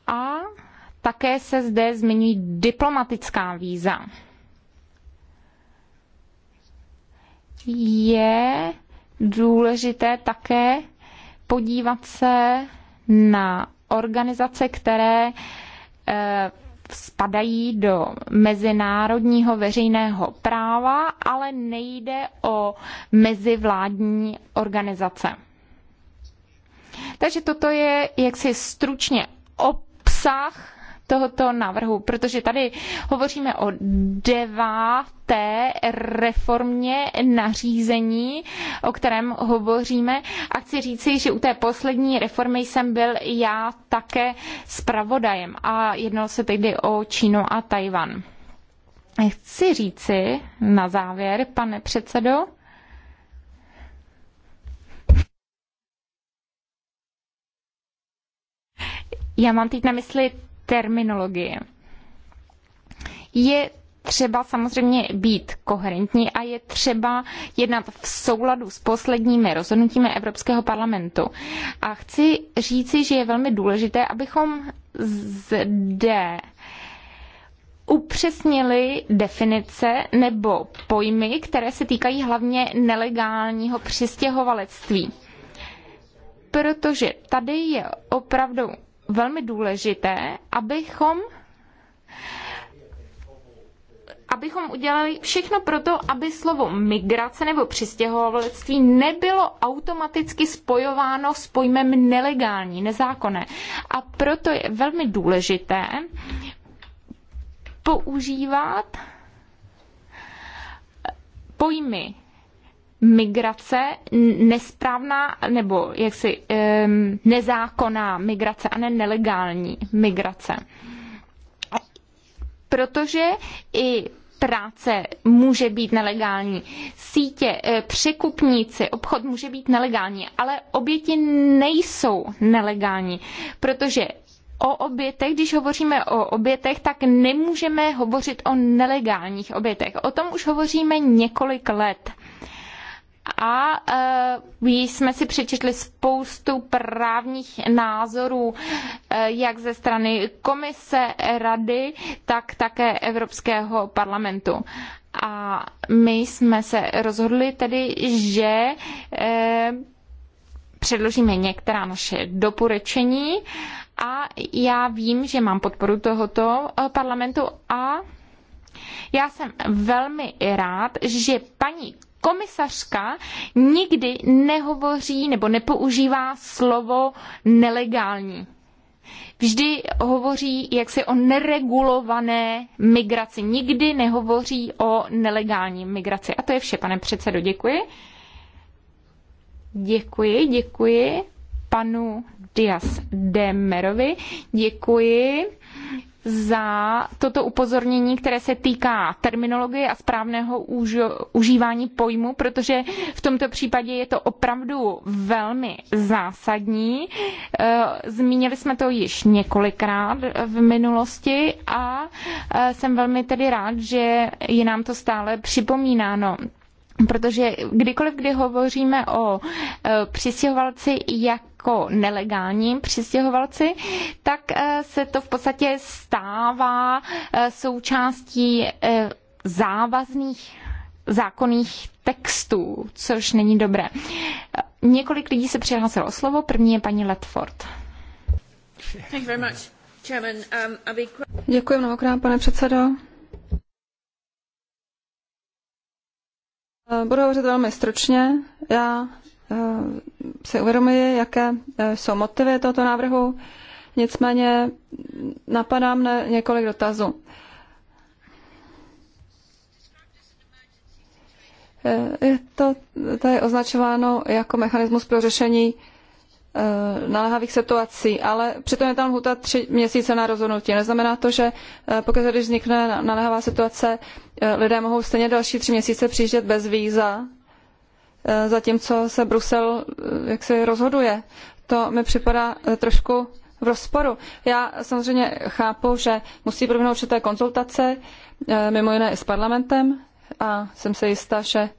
[SPEAKER 3] A také se zde zmiňují diplomatická víza. Je důležité také podívat se na organizace, které eh, spadají do mezinárodního veřejného práva, ale nejde o mezivládní organizace. Takže toto je jaksi stručně obsah tohoto návrhu, protože tady hovoříme o deváté reformě nařízení, o kterém hovoříme a chci říci, že u té poslední reformy jsem byl já také zpravodajem a jednalo se tedy o Čínu a Tajvan. Chci říci na závěr, pane předsedo, Já mám teď na mysli Terminologie Je třeba samozřejmě být koherentní a je třeba jednat v souladu s posledními rozhodnutími Evropského parlamentu. A chci říci, že je velmi důležité, abychom zde upřesnili definice nebo pojmy, které se týkají hlavně nelegálního přistěhovalectví. Protože tady je opravdu velmi důležité, abychom abychom udělali všechno pro to, aby slovo migrace nebo přistěhovalectví nebylo automaticky spojováno s pojmem nelegální, nezákonné. A proto je velmi důležité používat pojmy migrace nesprávná nebo jaksi um, nezákonná migrace a ne nelegální migrace. Protože i práce může být nelegální, sítě, e, překupníci, obchod může být nelegální, ale oběti nejsou nelegální, protože o obětech, když hovoříme o obětech, tak nemůžeme hovořit o nelegálních obětech. O tom už hovoříme několik let a uh, jsme si přečetli spoustu právních názorů, eh, jak ze strany komise, rady, tak také Evropského parlamentu. A my jsme se rozhodli tedy, že eh, předložíme některá naše doporučení a já vím, že mám podporu tohoto parlamentu a já jsem velmi rád, že paní komisařka nikdy nehovoří nebo nepoužívá slovo nelegální. Vždy hovoří jaksi o neregulované migraci. Nikdy nehovoří o nelegální migraci. A to je vše, pane předsedo. Děkuji. Děkuji, děkuji panu Dias Demerovi. Děkuji za toto upozornění, které se týká terminologie a správného užívání pojmu, protože v tomto případě je to opravdu velmi zásadní. Eh, zmínili jsme to již několikrát v minulosti a eh, jsem velmi tedy rád, že je nám to stále připomínáno. Protože kdykoliv, kdy hovoříme o e, přistěhovalci, jak jako nelegální přistěhovalci, tak eh, se to v podstatě stává eh, součástí eh, závazných zákonných textů, což není dobré. Několik lidí se přihlásilo o slovo, první je paní Letford.
[SPEAKER 2] Um, Děkuji mnohokrát, pane předsedo. Budu hovořit velmi stručně. Já si uvědomuji, jaké e, jsou motivy tohoto návrhu, nicméně napadám na několik dotazů. E, je to tady označováno jako mechanismus pro řešení e, naléhavých situací, ale přitom je tam lhuta tři měsíce na rozhodnutí. Neznamená to, že pokud když vznikne naléhavá situace, lidé mohou stejně další tři měsíce přijíždět bez víza Eh, zatímco se Brusel eh, jaksi rozhoduje. To mi připadá eh, trošku v rozporu. Já samozřejmě chápu, že musí proběhnout určité konzultace, mimo jiné i s parlamentem, a jsem se jistá, že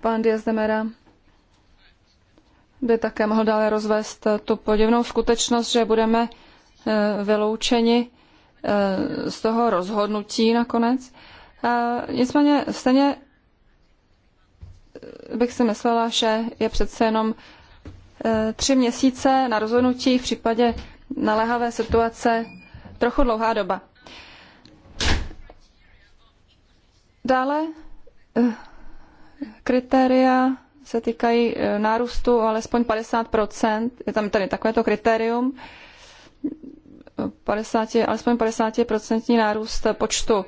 [SPEAKER 2] pan Diaz de Mera by také mohl dále rozvést tu podivnou skutečnost, že budeme vyloučeni z toho rozhodnutí nakonec. Nicméně stejně bych si myslela, že je přece jenom e, tři měsíce na rozhodnutí v případě naléhavé situace trochu dlouhá doba. Dále e, kritéria se týkají e, nárůstu alespoň 50 je tam tedy takovéto kritérium, 50, alespoň 50 nárůst počtu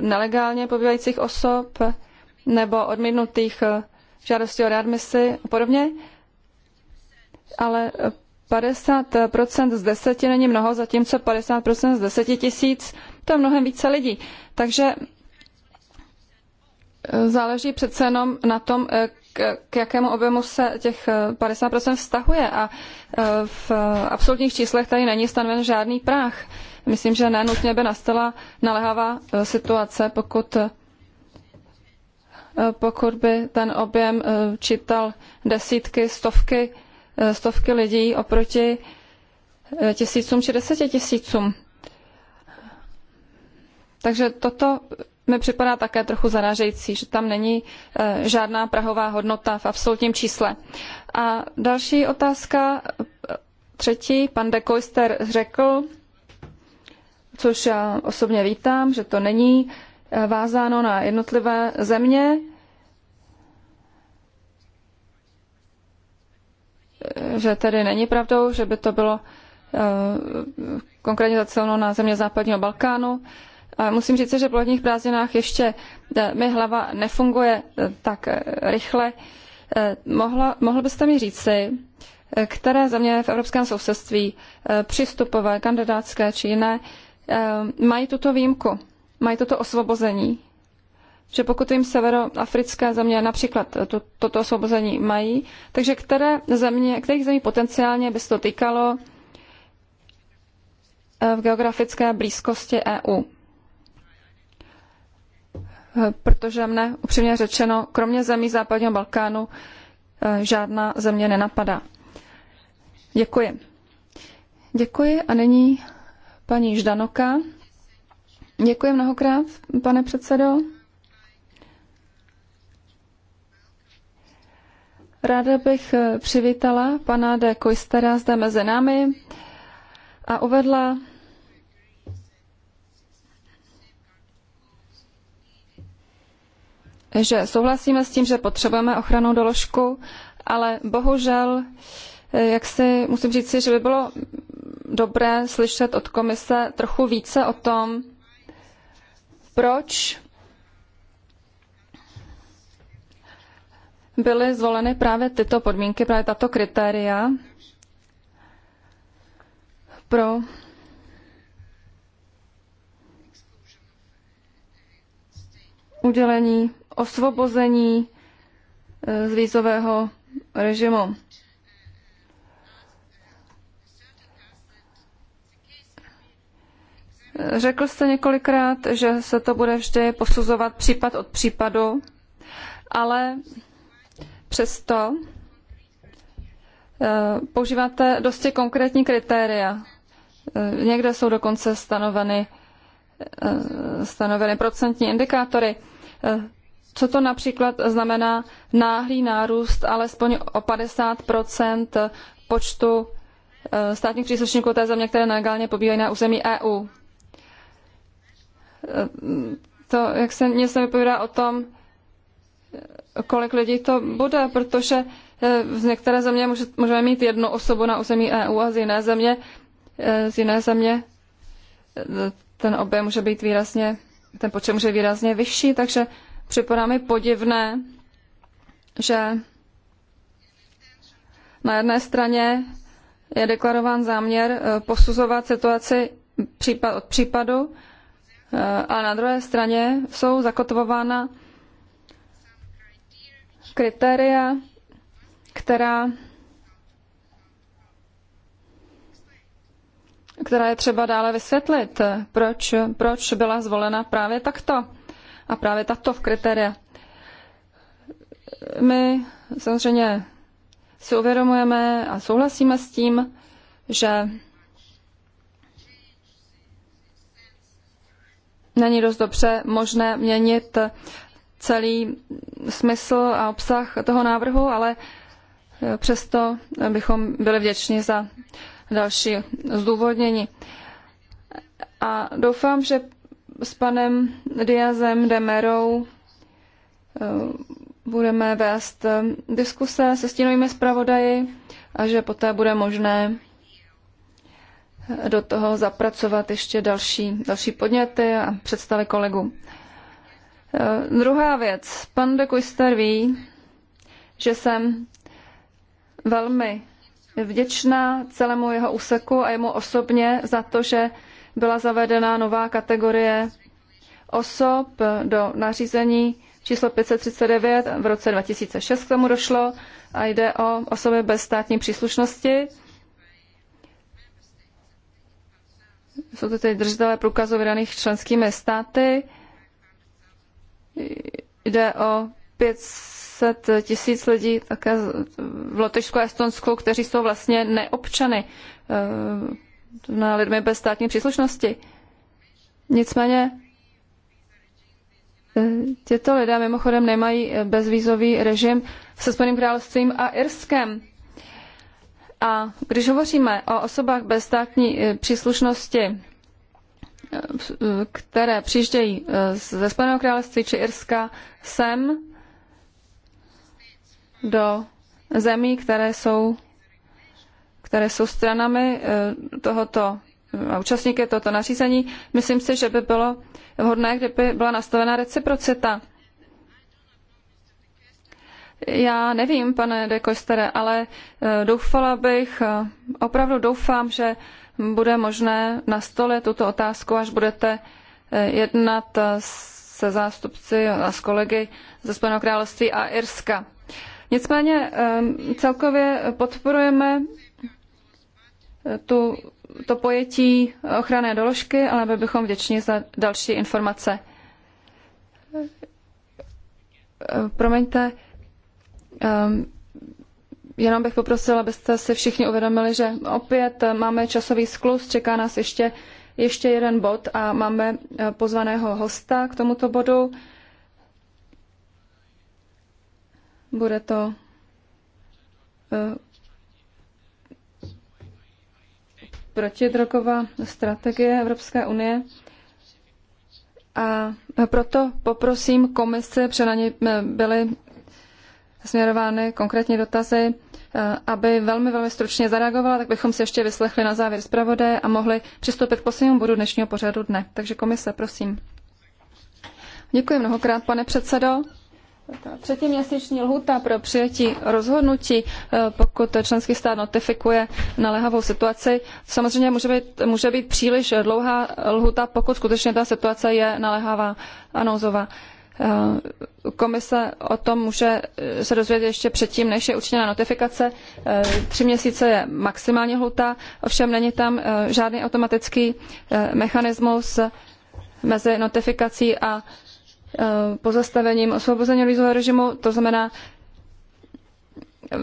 [SPEAKER 2] nelegálně pobývajících osob, nebo odmítnutých eh, žádostí o readmisi a podobně. Ale 50% z deseti není mnoho, zatímco 50% z deseti tisíc to je mnohem více lidí. Takže eh, záleží přece jenom na tom, eh, k jakému objemu se těch 50% vztahuje a v absolutních číslech tady není stanoven žádný práh. Myslím, že nenutně by nastala naléhavá situace, pokud Eh, pokud by ten objem eh, čítal desítky, stovky, eh, stovky lidí oproti tisícům či desetitisícům. Takže toto mi připadá také trochu zarážející, že tam není žádná prahová hodnota v absolutním čísle. A další otázka, třetí, pan de Koister řekl, což já osobně vítám, že to není vázáno na jednotlivé země, že tedy není pravdou, že by to bylo eh, konkrétně zaceleno na země západního Balkánu. Musím říct, že v letních prázdninách ještě eh, mi hlava nefunguje eh, tak rychle. Mohla, mohl byste mi říci, které země v evropském sousedství přistupové, kandidátské či jiné, mají tuto výjimku, mají toto osvobození že pokud jim severoafrické země například to, toto osvobození mají, takže které země, kterých zemí potenciálně by se to týkalo eh, v geografické blízkosti EU? Eh, protože mne, upřímně řečeno, kromě zemí západního Balkánu eh, žádná země nenapadá. Děkuji. Děkuji a nyní paní Ždanoka. Děkuji mnohokrát, pane předsedo. Ráda bych eh, přivítala pana de Koistera zde mezi námi a uvedla že souhlasíme s tím, že potřebujeme ochranou doložku, ale bohužel, eh, jak si musím říct, si, že by bylo dobré slyšet od komise trochu více o tom, proč byly zvoleny právě tyto podmínky, právě tato kritéria pro udělení osvobození eh, z vízového režimu. Řekl jste několikrát, že se to bude vždy posuzovat případ od případu, ale Přesto eh, používáte dosti konkrétní kritéria. Eh, někde jsou dokonce stanoveny, eh, stanoveny procentní indikátory. Co to například znamená náhlý nárůst alespoň o 50 počtu státních příslušníků té země, které nelegálně pobývají na území EU? To, jak se mně se vypovídá o tom, kolik lidí to bude, protože eh, z některé země můžeme mít jednu osobu na území EU a z jiné země, eh, z jiné země eh, ten objem může být výrazně, ten počet může být výrazně vyšší, takže připadá mi podivné, že na jedné straně je deklarován záměr posuzovat situaci případ od případu, a na druhé straně jsou zakotvována kritéria, která která je třeba dále vysvětlit, proč, proč byla zvolena právě takto a právě tato v kritéria. My samozřejmě si uvědomujeme a souhlasíme s tím, že není dost dobře možné měnit celý smysl a obsah toho návrhu, ale eh, přesto bychom byli vděční za další zdůvodnění. A doufám, že s panem Diazem Demerou eh, budeme vést eh, diskuse se stínovými zpravodaji a že poté bude možné do toho zapracovat ještě další, další podněty a představy kolegů. Eh, druhá věc. Pan de Kuster ví, že jsem velmi vděčná celému jeho úseku a jemu osobně za to, že byla zavedena nová kategorie osob do nařízení číslo 539 v roce 2006 k tomu došlo a jde o osoby bez státní příslušnosti. Jsou to tedy držitelé průkazu vydaných členskými státy Jde o 500 tisíc lidí také v Lotyšsku a Estonsku, kteří jsou vlastně neobčany, eh, na lidmi bez státní příslušnosti. Nicméně eh, Těto lidé mimochodem nemají eh, bezvízový režim se Spojeným královstvím a Irskem. A když hovoříme o osobách bez státní příslušnosti, které přijíždějí eh, ze Spojeného království či Irska sem do zemí, které jsou, které jsou stranami eh, tohoto eh, účastníky tohoto nařízení. Myslím si, že by bylo vhodné, kdyby byla nastavena reciprocita. Já nevím, pane de Kostere, ale doufala bych, opravdu doufám, že bude možné nastolit tuto otázku, až budete eh, jednat eh, se zástupci a s kolegy ze Spojeného království a Irska. Nicméně ehm, celkově podporujeme eh, tu, to pojetí ochranné doložky, ale by bychom vděční za další informace. Promiňte, ehm, Jenom bych poprosila, abyste si všichni uvědomili, že opět máme časový sklus, čeká nás ještě, ještě jeden bod a máme eh, pozvaného hosta k tomuto bodu. Bude to eh, protidrogová strategie Evropské unie. A eh, proto poprosím komise, protože na ně byly směrovány konkrétní dotazy, Eh, aby velmi, velmi stručně zareagovala, tak bychom si ještě vyslechli na závěr zpravodaje a mohli přistoupit k poslednímu bodu dnešního pořadu dne. Takže komise, prosím. Děkuji mnohokrát, pane předsedo. Ta třetiměsíční lhuta pro přijetí rozhodnutí, eh, pokud členský stát notifikuje naléhavou situaci, samozřejmě může být, může být příliš dlouhá lhuta, pokud skutečně ta situace je naléhavá a nouzová. Eh, komise o tom může eh, se dozvědět ještě předtím, než je učiněna notifikace. Eh, tři měsíce je maximální hluta, ovšem není tam žádný automatický mechanismus mezi notifikací a pozastavením osvobození vízového režimu. To znamená,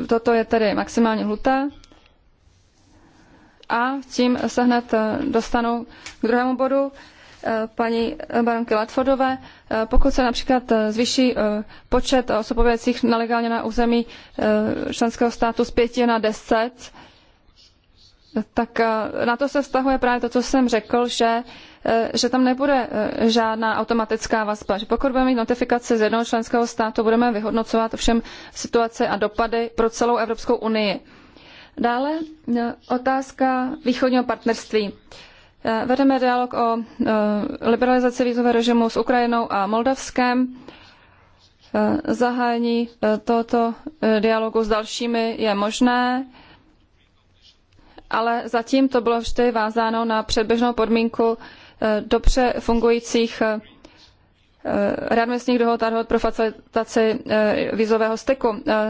[SPEAKER 2] toto je tedy maximální hluta a tím se hned dostanu k druhému bodu, Eh, paní eh, baronky Latfordové. Eh, pokud se například zvýší počet osobověcích nelegálně na území členského státu z pěti na deset, tak na to se vztahuje právě to, co jsem řekl, že, že tam nebude žádná automatická vazba. Že pokud budeme mít notifikaci z jednoho členského státu, budeme vyhodnocovat všem situace a dopady pro celou Evropskou unii. Dále otázka východního partnerství. Uh, Eh, vedeme dialog o eh, liberalizaci vízového režimu s Ukrajinou a Moldavskem. Eh, zahájení tohoto dialogu s dalšími je možné, ale zatím to bylo vždy vázáno na předběžnou podmínku dobře fungujících readmisních dohod a dohod pro facilitaci vízového styku.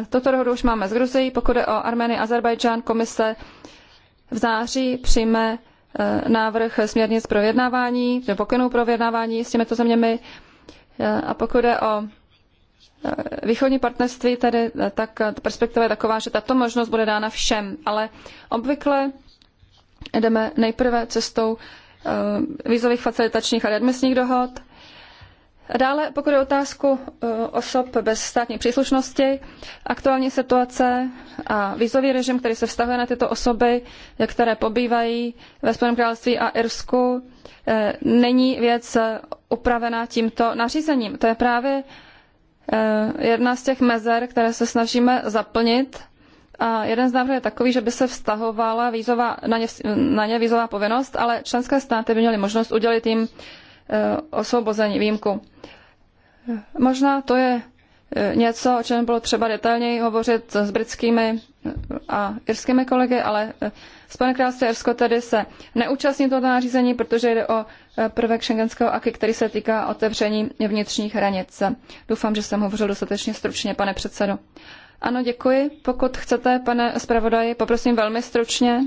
[SPEAKER 2] Toto dohodu už máme s Gruzií. Pokud je o Armenii a Azerbajdžán, komise v září přijme Eh, návrh směrnic pro vyjednávání, pokynů pro vyjednávání s těmito zeměmi. Eh, a pokud jde o eh, východní partnerství, tedy, tak perspektiva je taková, že tato možnost bude dána všem, ale obvykle jdeme nejprve cestou vízových facilitačních a readmisních dohod Dále, pokud je otázku e, osob bez státní příslušnosti, aktuální situace a vízový režim, který se vztahuje na tyto osoby, které pobývají ve Spojeném království a Irsku, e, není věc upravená tímto nařízením. To je právě e, jedna z těch mezer, které se snažíme zaplnit. A jeden z návrhů je takový, že by se vztahovala vízová, na, ně, na ně vízová povinnost, ale členské státy by měly možnost udělit jim Eh, osvobození výjimku. Možná to je eh, něco, o čem bylo třeba detailněji hovořit s britskými eh, a irskými kolegy, ale Spojené království Irsko tedy se neúčastní tohoto nařízení, protože jde o prvek šengenského aky, který se týká otevření vnitřních hranic. Doufám, že jsem hovořil dostatečně stručně, pane předsedo. Ano, děkuji. Pokud chcete, pane zpravodaji, poprosím velmi stručně.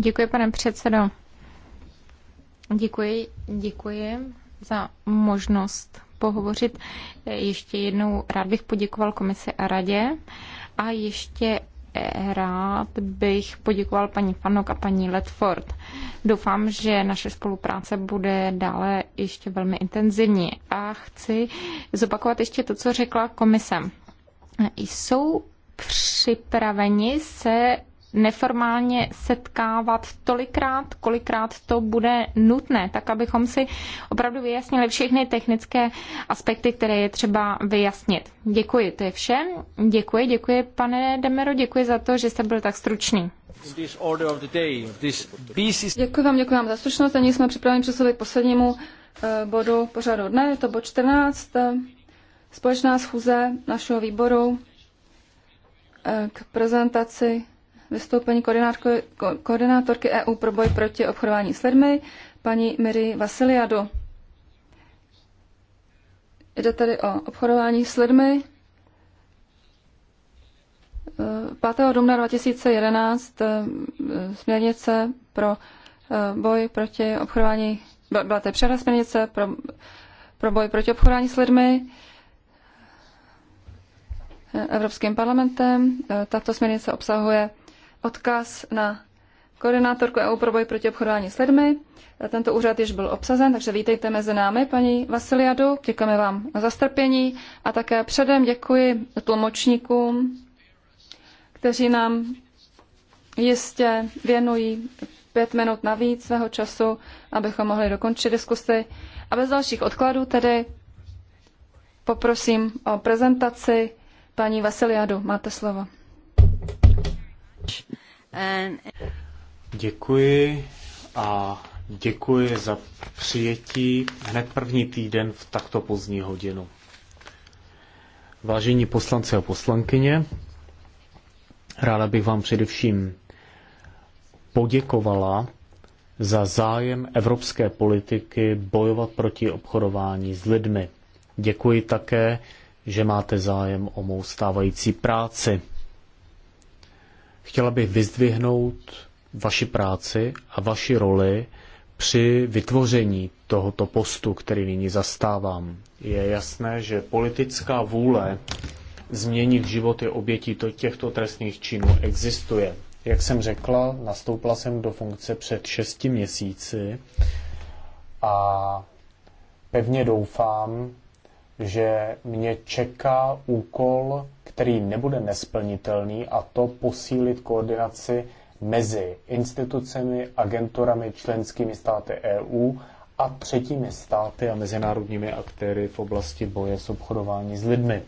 [SPEAKER 3] Děkuji, pane předsedo. Děkuji, děkuji za možnost pohovořit. Ještě jednou rád bych poděkoval komisi a radě a ještě rád bych poděkoval paní Fanok a paní Ledford. Doufám, že naše spolupráce bude dále ještě velmi intenzivní a chci zopakovat ještě to, co řekla komise. Jsou připraveni se neformálně setkávat tolikrát, kolikrát to bude nutné, tak abychom si opravdu vyjasnili všechny technické aspekty, které je třeba vyjasnit. Děkuji, to je vše. Děkuji, děkuji, pane Demero, děkuji za to, že jste byl tak stručný. Děkuji vám, děkuji vám za
[SPEAKER 2] stručnost. Nyní jsme připraveni přesouvat k poslednímu eh, bodu pořadu dne, je to bod 14, eh, společná schůze našeho výboru eh, k prezentaci vystoupení koordinátorky EU pro boj proti obchodování s lidmi, paní Miri Vasiliadu. Jde tedy o obchodování s lidmi. 5. Eh, dubna 2011 eh, směrnice pro eh, boj proti obchodování, byla to přehra směrnice pro, pro boj proti obchodování s lidmi Evropským parlamentem. Tato směrnice obsahuje odkaz na koordinátorku EU pro boj proti obchodování s lidmi. Tento úřad již byl obsazen, takže vítejte mezi námi, paní Vasiliadu. Děkujeme vám za strpění a také předem děkuji tlumočníkům, kteří nám jistě věnují pět minut navíc svého času, abychom mohli dokončit diskusy. A bez dalších odkladů tedy poprosím o prezentaci paní Vasiliadu. Máte slovo.
[SPEAKER 1] Děkuji a děkuji za přijetí hned první týden v takto pozdní hodinu. Vážení poslanci a poslankyně, ráda bych vám především poděkovala za zájem evropské politiky bojovat proti obchodování s lidmi. Děkuji také, že máte zájem o mou stávající práci. Chtěla bych vyzdvihnout vaši práci a vaši roli při vytvoření tohoto postu, který nyní zastávám. Je jasné, že politická vůle změnit životy obětí těchto trestných činů existuje. Jak jsem řekla, nastoupila jsem do funkce před šesti měsíci a pevně doufám, že mě čeká úkol, který nebude nesplnitelný, a to posílit koordinaci mezi institucemi, agenturami, členskými státy EU a třetími státy a mezinárodními aktéry v oblasti boje s obchodování s lidmi.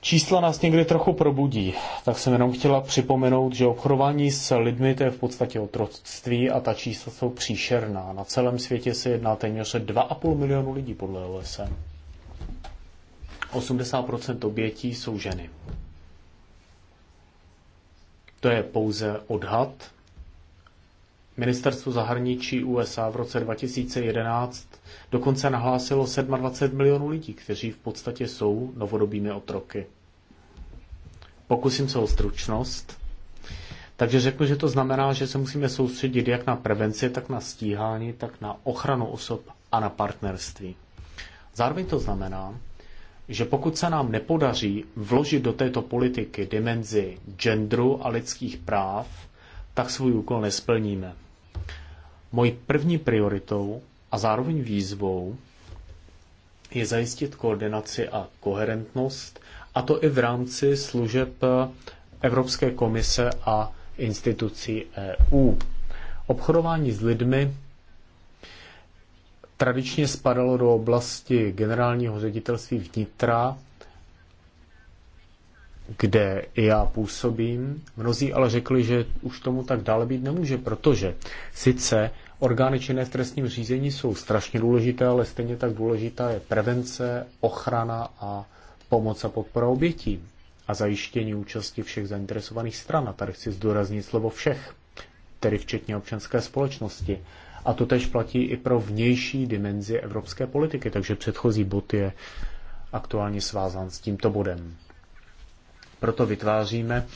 [SPEAKER 1] Čísla nás někdy trochu probudí, tak jsem jenom chtěla připomenout, že obchodování s lidmi to je v podstatě otroctví a ta čísla jsou příšerná. Na celém světě se jedná téměř 2,5 milionu lidí podle OSN. 80% obětí jsou ženy. To je pouze odhad, Ministerstvo zahraničí USA v roce 2011 dokonce nahlásilo 27 milionů lidí, kteří v podstatě jsou novodobými otroky. Pokusím se o stručnost. Takže řeknu, že to znamená, že se musíme soustředit jak na prevenci, tak na stíhání, tak na ochranu osob a na partnerství. Zároveň to znamená, že pokud se nám nepodaří vložit do této politiky dimenzi genderu a lidských práv, tak svůj úkol nesplníme. Mojí první prioritou a zároveň výzvou je zajistit koordinaci a koherentnost, a to i v rámci služeb eh, Evropské komise a institucí EU. Obchodování s lidmi tradičně spadalo do oblasti generálního ředitelství vnitra kde i já působím. Mnozí ale řekli, že už tomu tak dále být nemůže, protože sice orgány činné v trestním řízení jsou strašně důležité, ale stejně tak důležitá je prevence, ochrana a pomoc a podpora obětí a zajištění účasti všech zainteresovaných stran. A tady chci zdůraznit slovo všech, tedy včetně občanské společnosti. A to tež platí i pro vnější dimenzi evropské politiky, takže předchozí bod je aktuálně svázán s tímto bodem. Proto vytváříme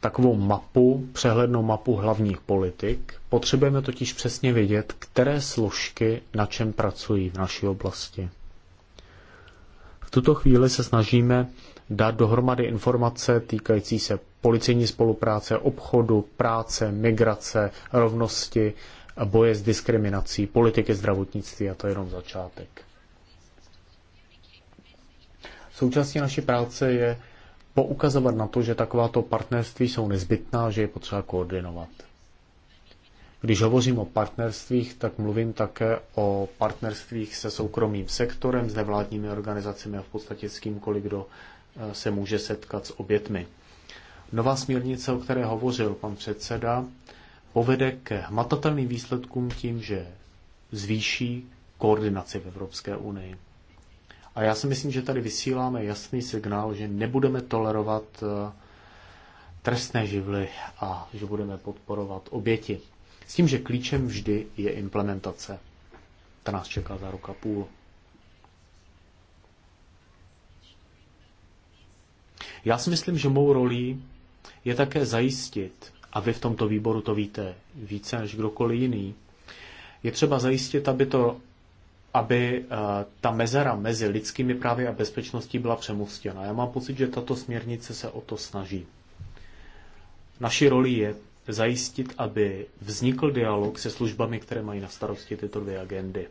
[SPEAKER 1] takovou mapu, přehlednou mapu hlavních politik. Potřebujeme totiž přesně vědět, které složky na čem pracují v naší oblasti. V tuto chvíli se snažíme dát dohromady informace týkající se policejní spolupráce, obchodu, práce, migrace, rovnosti, boje s diskriminací, politiky zdravotnictví a to je jenom začátek. Součástí naší práce je poukazovat na to, že takováto partnerství jsou nezbytná, že je potřeba koordinovat. Když hovořím o partnerstvích, tak mluvím také o partnerstvích se soukromým sektorem, s nevládními organizacemi a v podstatě s kýmkoliv, kdo eh, se může setkat s obětmi. Nová směrnice, o které hovořil pan předseda, povede k hmatatelným výsledkům tím, že zvýší koordinaci v Evropské unii. A já si myslím, že tady vysíláme jasný signál, že nebudeme tolerovat eh, trestné živly a že budeme podporovat oběti. S tím, že klíčem vždy je implementace. Ta nás čeká za rok a půl. Já si myslím, že mou rolí je také zajistit, a vy v tomto výboru to víte více než kdokoliv jiný, je třeba zajistit, aby to aby eh, ta mezera mezi lidskými právy a bezpečností byla přemostěna. Já mám pocit, že tato směrnice se o to snaží. Naší roli je zajistit, aby vznikl dialog se službami, které mají na starosti tyto dvě agendy.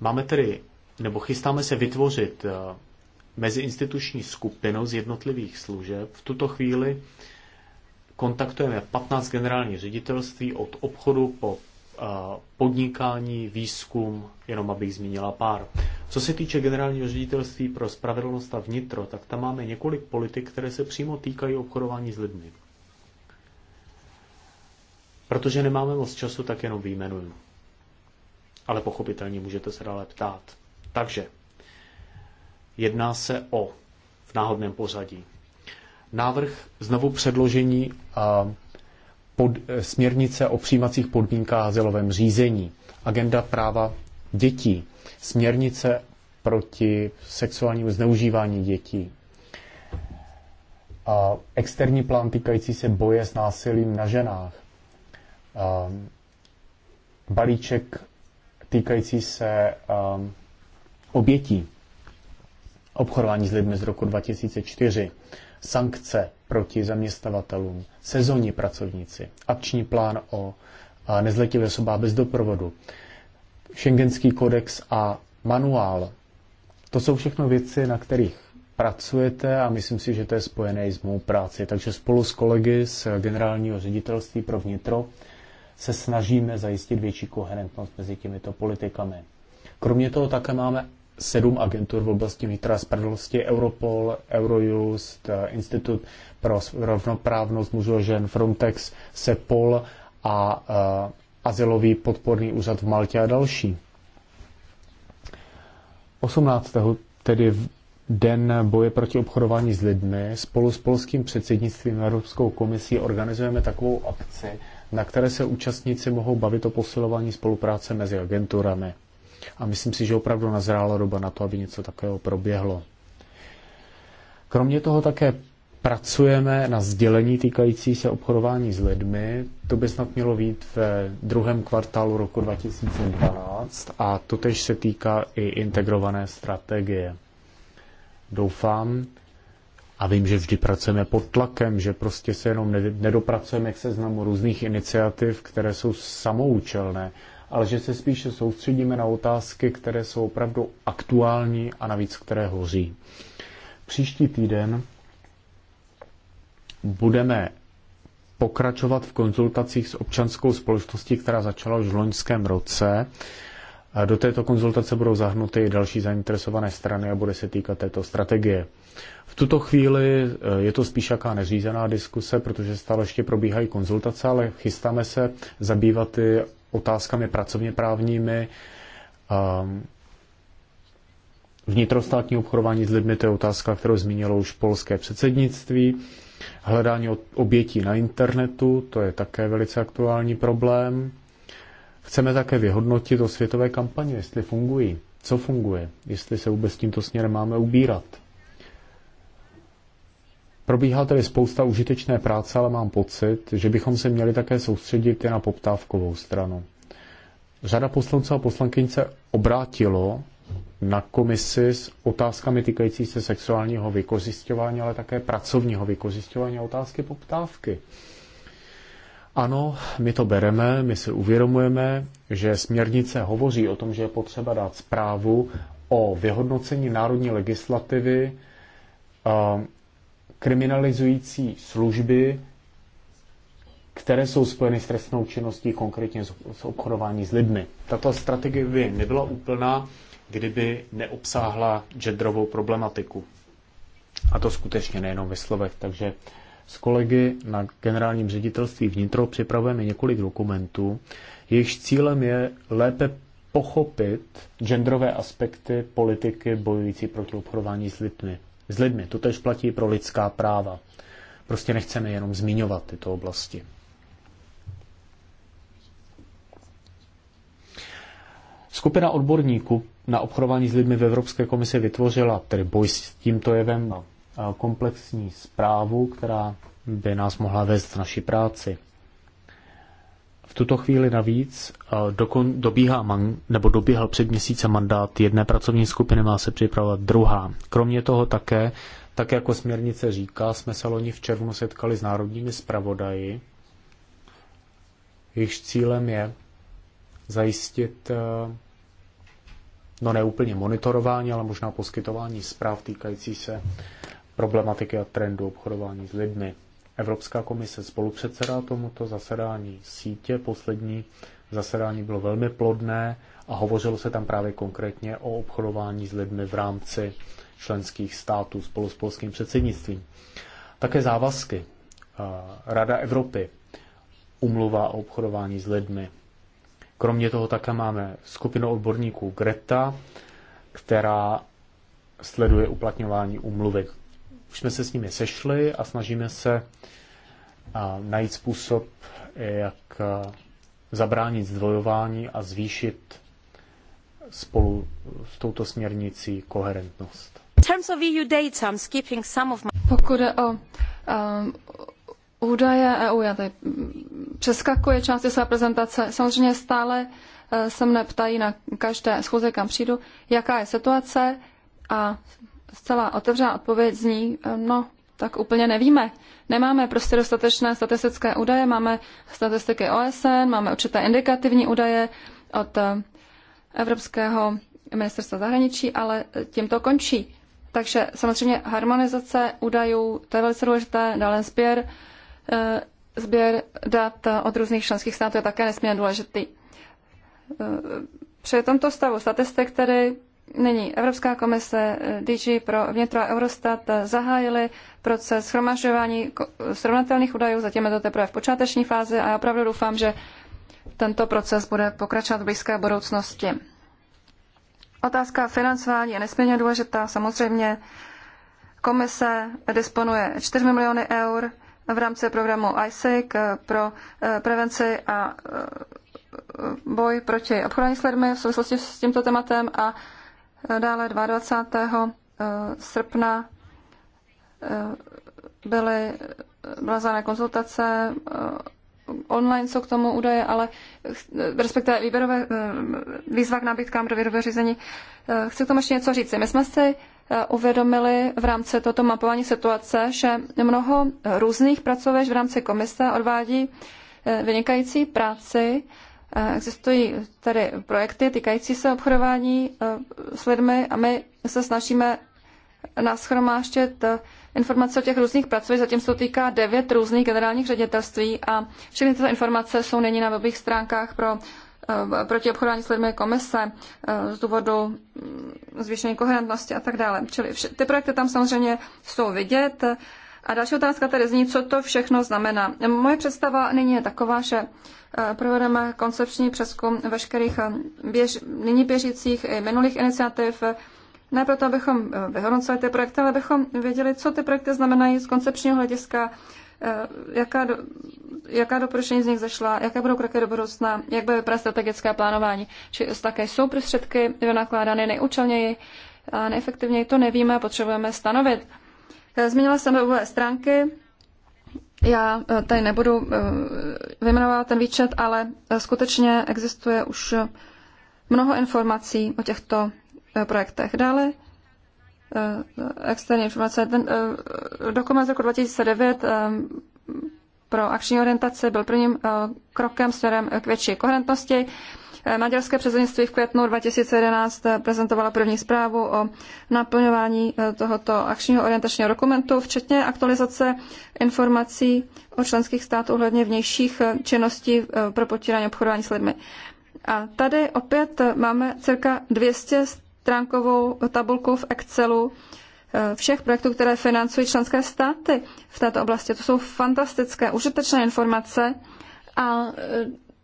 [SPEAKER 1] Máme tedy, nebo chystáme se vytvořit eh, meziinstituční skupinu z jednotlivých služeb. V tuto chvíli kontaktujeme 15 generální ředitelství od obchodu po podnikání, výzkum, jenom abych zmínila pár. Co se týče generálního ředitelství pro spravedlnost a vnitro, tak tam máme několik politik, které se přímo týkají obchodování s lidmi. Protože nemáme moc času, tak jenom výjmenuju. Ale pochopitelně můžete se dále ptát. Takže, jedná se o, v náhodném pořadí, návrh znovu předložení pod, směrnice o přijímacích podmínkách a azylovém řízení, agenda práva dětí, směrnice proti sexuálnímu zneužívání dětí, a externí plán týkající se boje s násilím na ženách, a balíček týkající se obětí obchodování s lidmi z roku 2004, sankce proti zaměstnavatelům, sezónní pracovníci, akční plán o nezletilé osobách bez doprovodu, šengenský kodex a manuál. To jsou všechno věci, na kterých pracujete a myslím si, že to je spojené i s mou práci. Takže spolu s kolegy z generálního ředitelství pro vnitro se snažíme zajistit větší koherentnost mezi těmito politikami. Kromě toho také máme sedm agentur v oblasti vnitra spravedlnosti, Europol, Eurojust, eh, Institut pro rovnoprávnost mužů a žen, Frontex, Sepol a uh, Azylový podporný úřad v Maltě a další. 18. tedy v Den boje proti obchodování s lidmi spolu s polským předsednictvím Evropskou komisí organizujeme takovou akci, na které se účastníci mohou bavit o posilování spolupráce mezi agenturami. A myslím si, že opravdu nazrála doba na to, aby něco takového proběhlo. Kromě toho také pracujeme na sdělení týkající se obchodování s lidmi. To by snad mělo být ve druhém kvartálu roku 2012 a to tež se týká i integrované strategie. Doufám a vím, že vždy pracujeme pod tlakem, že prostě se jenom nedopracujeme k seznamu různých iniciativ, které jsou samoučelné, ale že se spíše soustředíme na otázky, které jsou opravdu aktuální a navíc které hoří. Příští týden budeme pokračovat v konzultacích s občanskou společností, která začala už v loňském roce. Do této konzultace budou zahrnuty i další zainteresované strany a bude se týkat této strategie. V tuto chvíli eh, je to spíš jaká neřízená diskuse, protože stále ještě probíhají konzultace, ale chystáme se zabývat i otázkami pracovně právními. Ehm, vnitrostátní obchodování s lidmi, to je otázka, kterou zmínilo už polské předsednictví. Hledání obětí na internetu, to je také velice aktuální problém. Chceme také vyhodnotit o světové kampaně, jestli fungují, co funguje, jestli se vůbec tímto směrem máme ubírat. Probíhá tedy spousta užitečné práce, ale mám pocit, že bychom se měli také soustředit i na poptávkovou stranu. Řada poslanců a poslankyň se obrátilo na komisi s otázkami týkající se sexuálního vykořišťování, ale také pracovního vykořišťování a otázky poptávky. Ano, my to bereme, my si uvědomujeme, že směrnice hovoří o tom, že je potřeba dát zprávu o vyhodnocení národní legislativy kriminalizující služby, které jsou spojeny s trestnou činností, konkrétně s obchodování s lidmi. Tato strategie by nebyla úplná, kdyby neobsáhla genderovou problematiku. A to skutečně nejenom ve slovech. Takže s kolegy na generálním ředitelství vnitro připravujeme několik dokumentů, jejichž cílem je lépe pochopit genderové aspekty politiky bojující proti obchodování s lidmi s lidmi. To tež platí pro lidská práva. Prostě nechceme jenom zmiňovat tyto oblasti. Skupina odborníků na obchodování s lidmi v Evropské komisi vytvořila, tedy boj s tímto jevem, komplexní zprávu, která by nás mohla vést v naší práci. V tuto chvíli navíc eh, dokon, dobíhá man, nebo dobíhal před měsíce mandát jedné pracovní skupiny, má se připravovat druhá. Kromě toho také, tak jako směrnice říká, jsme se loni v červnu setkali s národními zpravodaji. Jejich cílem je zajistit eh, no neúplně monitorování, ale možná poskytování zpráv týkající se problematiky a trendu obchodování s lidmi. Evropská komise spolupředsedá tomuto zasedání sítě. Poslední zasedání bylo velmi plodné a hovořilo se tam právě konkrétně o obchodování s lidmi v rámci členských států spolu s polským předsednictvím. Také závazky. Rada Evropy umluva o obchodování s lidmi. Kromě toho také máme skupinu odborníků Greta, která sleduje uplatňování umluvy. Už jsme se s nimi sešli a snažíme se najít způsob, jak zabránit zdvojování a zvýšit spolu s touto směrnicí koherentnost.
[SPEAKER 3] E
[SPEAKER 2] Pokud je o um, údaje EU, já tady přeskakuje části své prezentace. Samozřejmě stále eh, se mne ptají na každé schůze, kam přijdu, jaká je situace a zcela otevřená odpověď zní, eh, no, tak úplně nevíme. Nemáme prostě dostatečné statistické údaje, máme statistiky OSN, máme určité indikativní údaje od eh, Evropského ministerstva zahraničí, ale eh, tím to končí. Takže samozřejmě harmonizace údajů, to je velice důležité, dále sběr, sběr dat od různých členských států je také nesmírně důležitý. Při tomto stavu statistik tedy Nyní Evropská komise, eh, DG pro vnitro a Eurostat eh, zahájili proces schromažďování srovnatelných údajů, zatím je to teprve v počáteční fázi a já opravdu doufám, že tento proces bude pokračovat v blízké budoucnosti. Otázka financování je nesmírně důležitá. Samozřejmě komise disponuje 4 miliony eur v rámci programu ISIC e eh, pro prevenci a boj proti obchodování s lidmi v souvislosti s tímto tématem a Dále 22. Eh, srpna eh, byly, byla zána konzultace, eh, online jsou k tomu údaje, ale respektive výběrové, výzva k nabídkám pro výběrové řízení. Chci k tomu ještě něco říct. My jsme si uvědomili v rámci tohoto mapování situace, že mnoho různých pracovišť v rámci komise odvádí vynikající práci Eh, existují tady projekty týkající se obchodování eh, s lidmi a my se snažíme naschromáštět eh, informace o těch různých pracovích. Zatím se to týká devět různých generálních ředitelství a všechny tyto informace jsou nyní na webových stránkách pro proti obchodování s lidmi komise z důvodu mm, zvýšení koherentnosti a tak dále. Čili ty projekty tam samozřejmě jsou vidět. A další otázka tedy zní, co to všechno znamená. Moje představa nyní je taková, že Eh, provedeme koncepční přeskum veškerých eh, běž, nyní běžících i minulých iniciativ, ne proto, abychom eh, vyhodnocovali ty projekty, ale abychom věděli, co ty projekty znamenají z koncepčního hlediska, jaká, do, jaká doporučení z nich zašla, jaké budou kroky do budoucna, jak bude vypadat strategické plánování. Či také jsou prostředky vynakládány nejúčelněji a neefektivněji, to nevíme, potřebujeme stanovit. Zmínila jsem webové stránky, já eh, tady nebudu eh, vyjmenovat ten výčet, ale eh, skutečně existuje už mnoho informací o těchto projektech. Dále externí informace. Ten dokument z roku 2009 pro akční orientaci byl prvním krokem směrem k větší koherentnosti. Eh, maďarské předsednictví v květnu 2011 eh, prezentovalo první zprávu o naplňování eh, tohoto akčního orientačního dokumentu, včetně aktualizace informací o členských států ohledně vnějších činností pro potírání obchodování s lidmi. A tady opět máme cirka 200 stránkovou tabulku v Excelu všech projektů, které financují členské státy v této oblasti. To jsou fantastické, užitečné informace a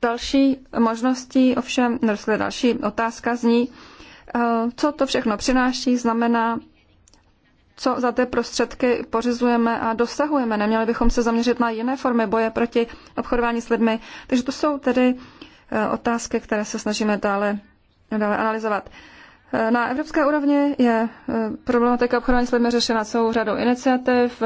[SPEAKER 2] Další možností ovšem, nebo další otázka zní, eh, co to všechno přináší, znamená, co za ty prostředky pořizujeme a dosahujeme. Neměli bychom se zaměřit na jiné formy boje proti obchodování s lidmi. Takže to jsou tedy eh, otázky, které se snažíme dále, dále analyzovat. Eh, na evropské úrovni je problematika obchodování s lidmi řešena celou řadou iniciativ.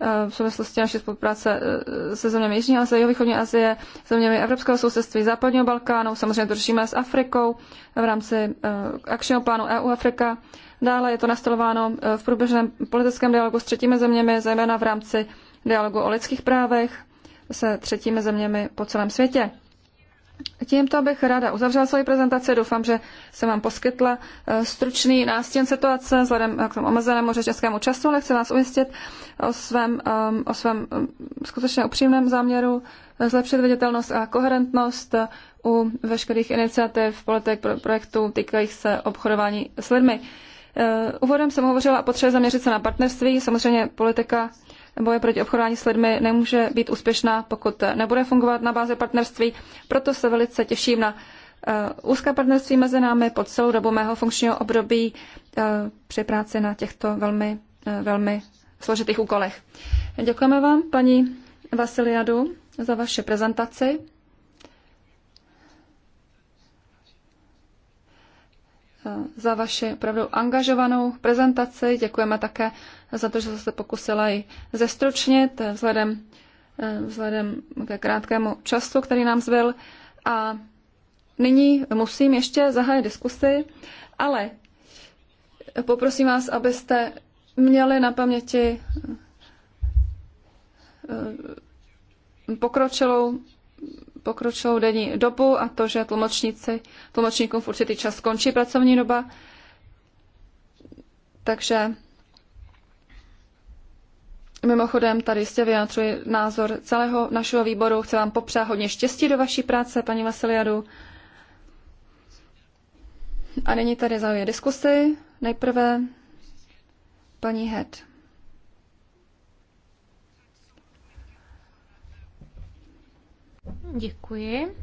[SPEAKER 2] Eh, v souvislosti naší spolupráce eh, se zeměmi Jižní Asie, Jihovýchodní Asie, zeměmi Evropského sousedství, Západního Balkánu, samozřejmě držíme s Afrikou v rámci eh, akčního plánu EU Afrika. Dále je to nastolováno v průběžném politickém dialogu s třetími zeměmi, zejména v rámci dialogu o lidských právech se třetími zeměmi po celém světě. Tímto bych ráda uzavřela svoji prezentaci. Doufám, že jsem vám poskytla eh, stručný nástěn situace vzhledem eh, k tomu omezenému řečeskému času, ale chci vás ujistit o svém, ehm, o svém ehm, skutečně upřímném záměru eh, zlepšit viditelnost a koherentnost u veškerých iniciativ, politik, projektů týkajících se obchodování s lidmi. Úvodem jsem hovořila o potřebě zaměřit se na partnerství. Samozřejmě politika boje proti obchodování s lidmi nemůže být úspěšná, pokud nebude fungovat na bázi partnerství. Proto se velice těším na eh, úzké partnerství mezi námi po celou dobu mého funkčního období eh, při práci na těchto velmi, eh, velmi složitých úkolech. Děkujeme vám, paní Vasiliadu, za vaše prezentaci. za vaši opravdu angažovanou prezentaci. Děkujeme také za to, že se pokusila ji zestručnit eh, vzhledem, eh, vzhledem ke krátkému času, který nám zbyl. A nyní musím ještě zahájit diskusi, ale poprosím vás, abyste měli na paměti eh, pokročilou pokročilou denní dobu a to, že tlumočníci, tlumočníkům v určitý čas skončí pracovní doba. Takže Mimochodem, tady jistě vyjádřuji názor celého našeho výboru. Chci vám popřát hodně štěstí do vaší práce, paní Vasiliadu. A nyní tady zahuje diskusy. Nejprve paní Head.
[SPEAKER 3] Děkuji.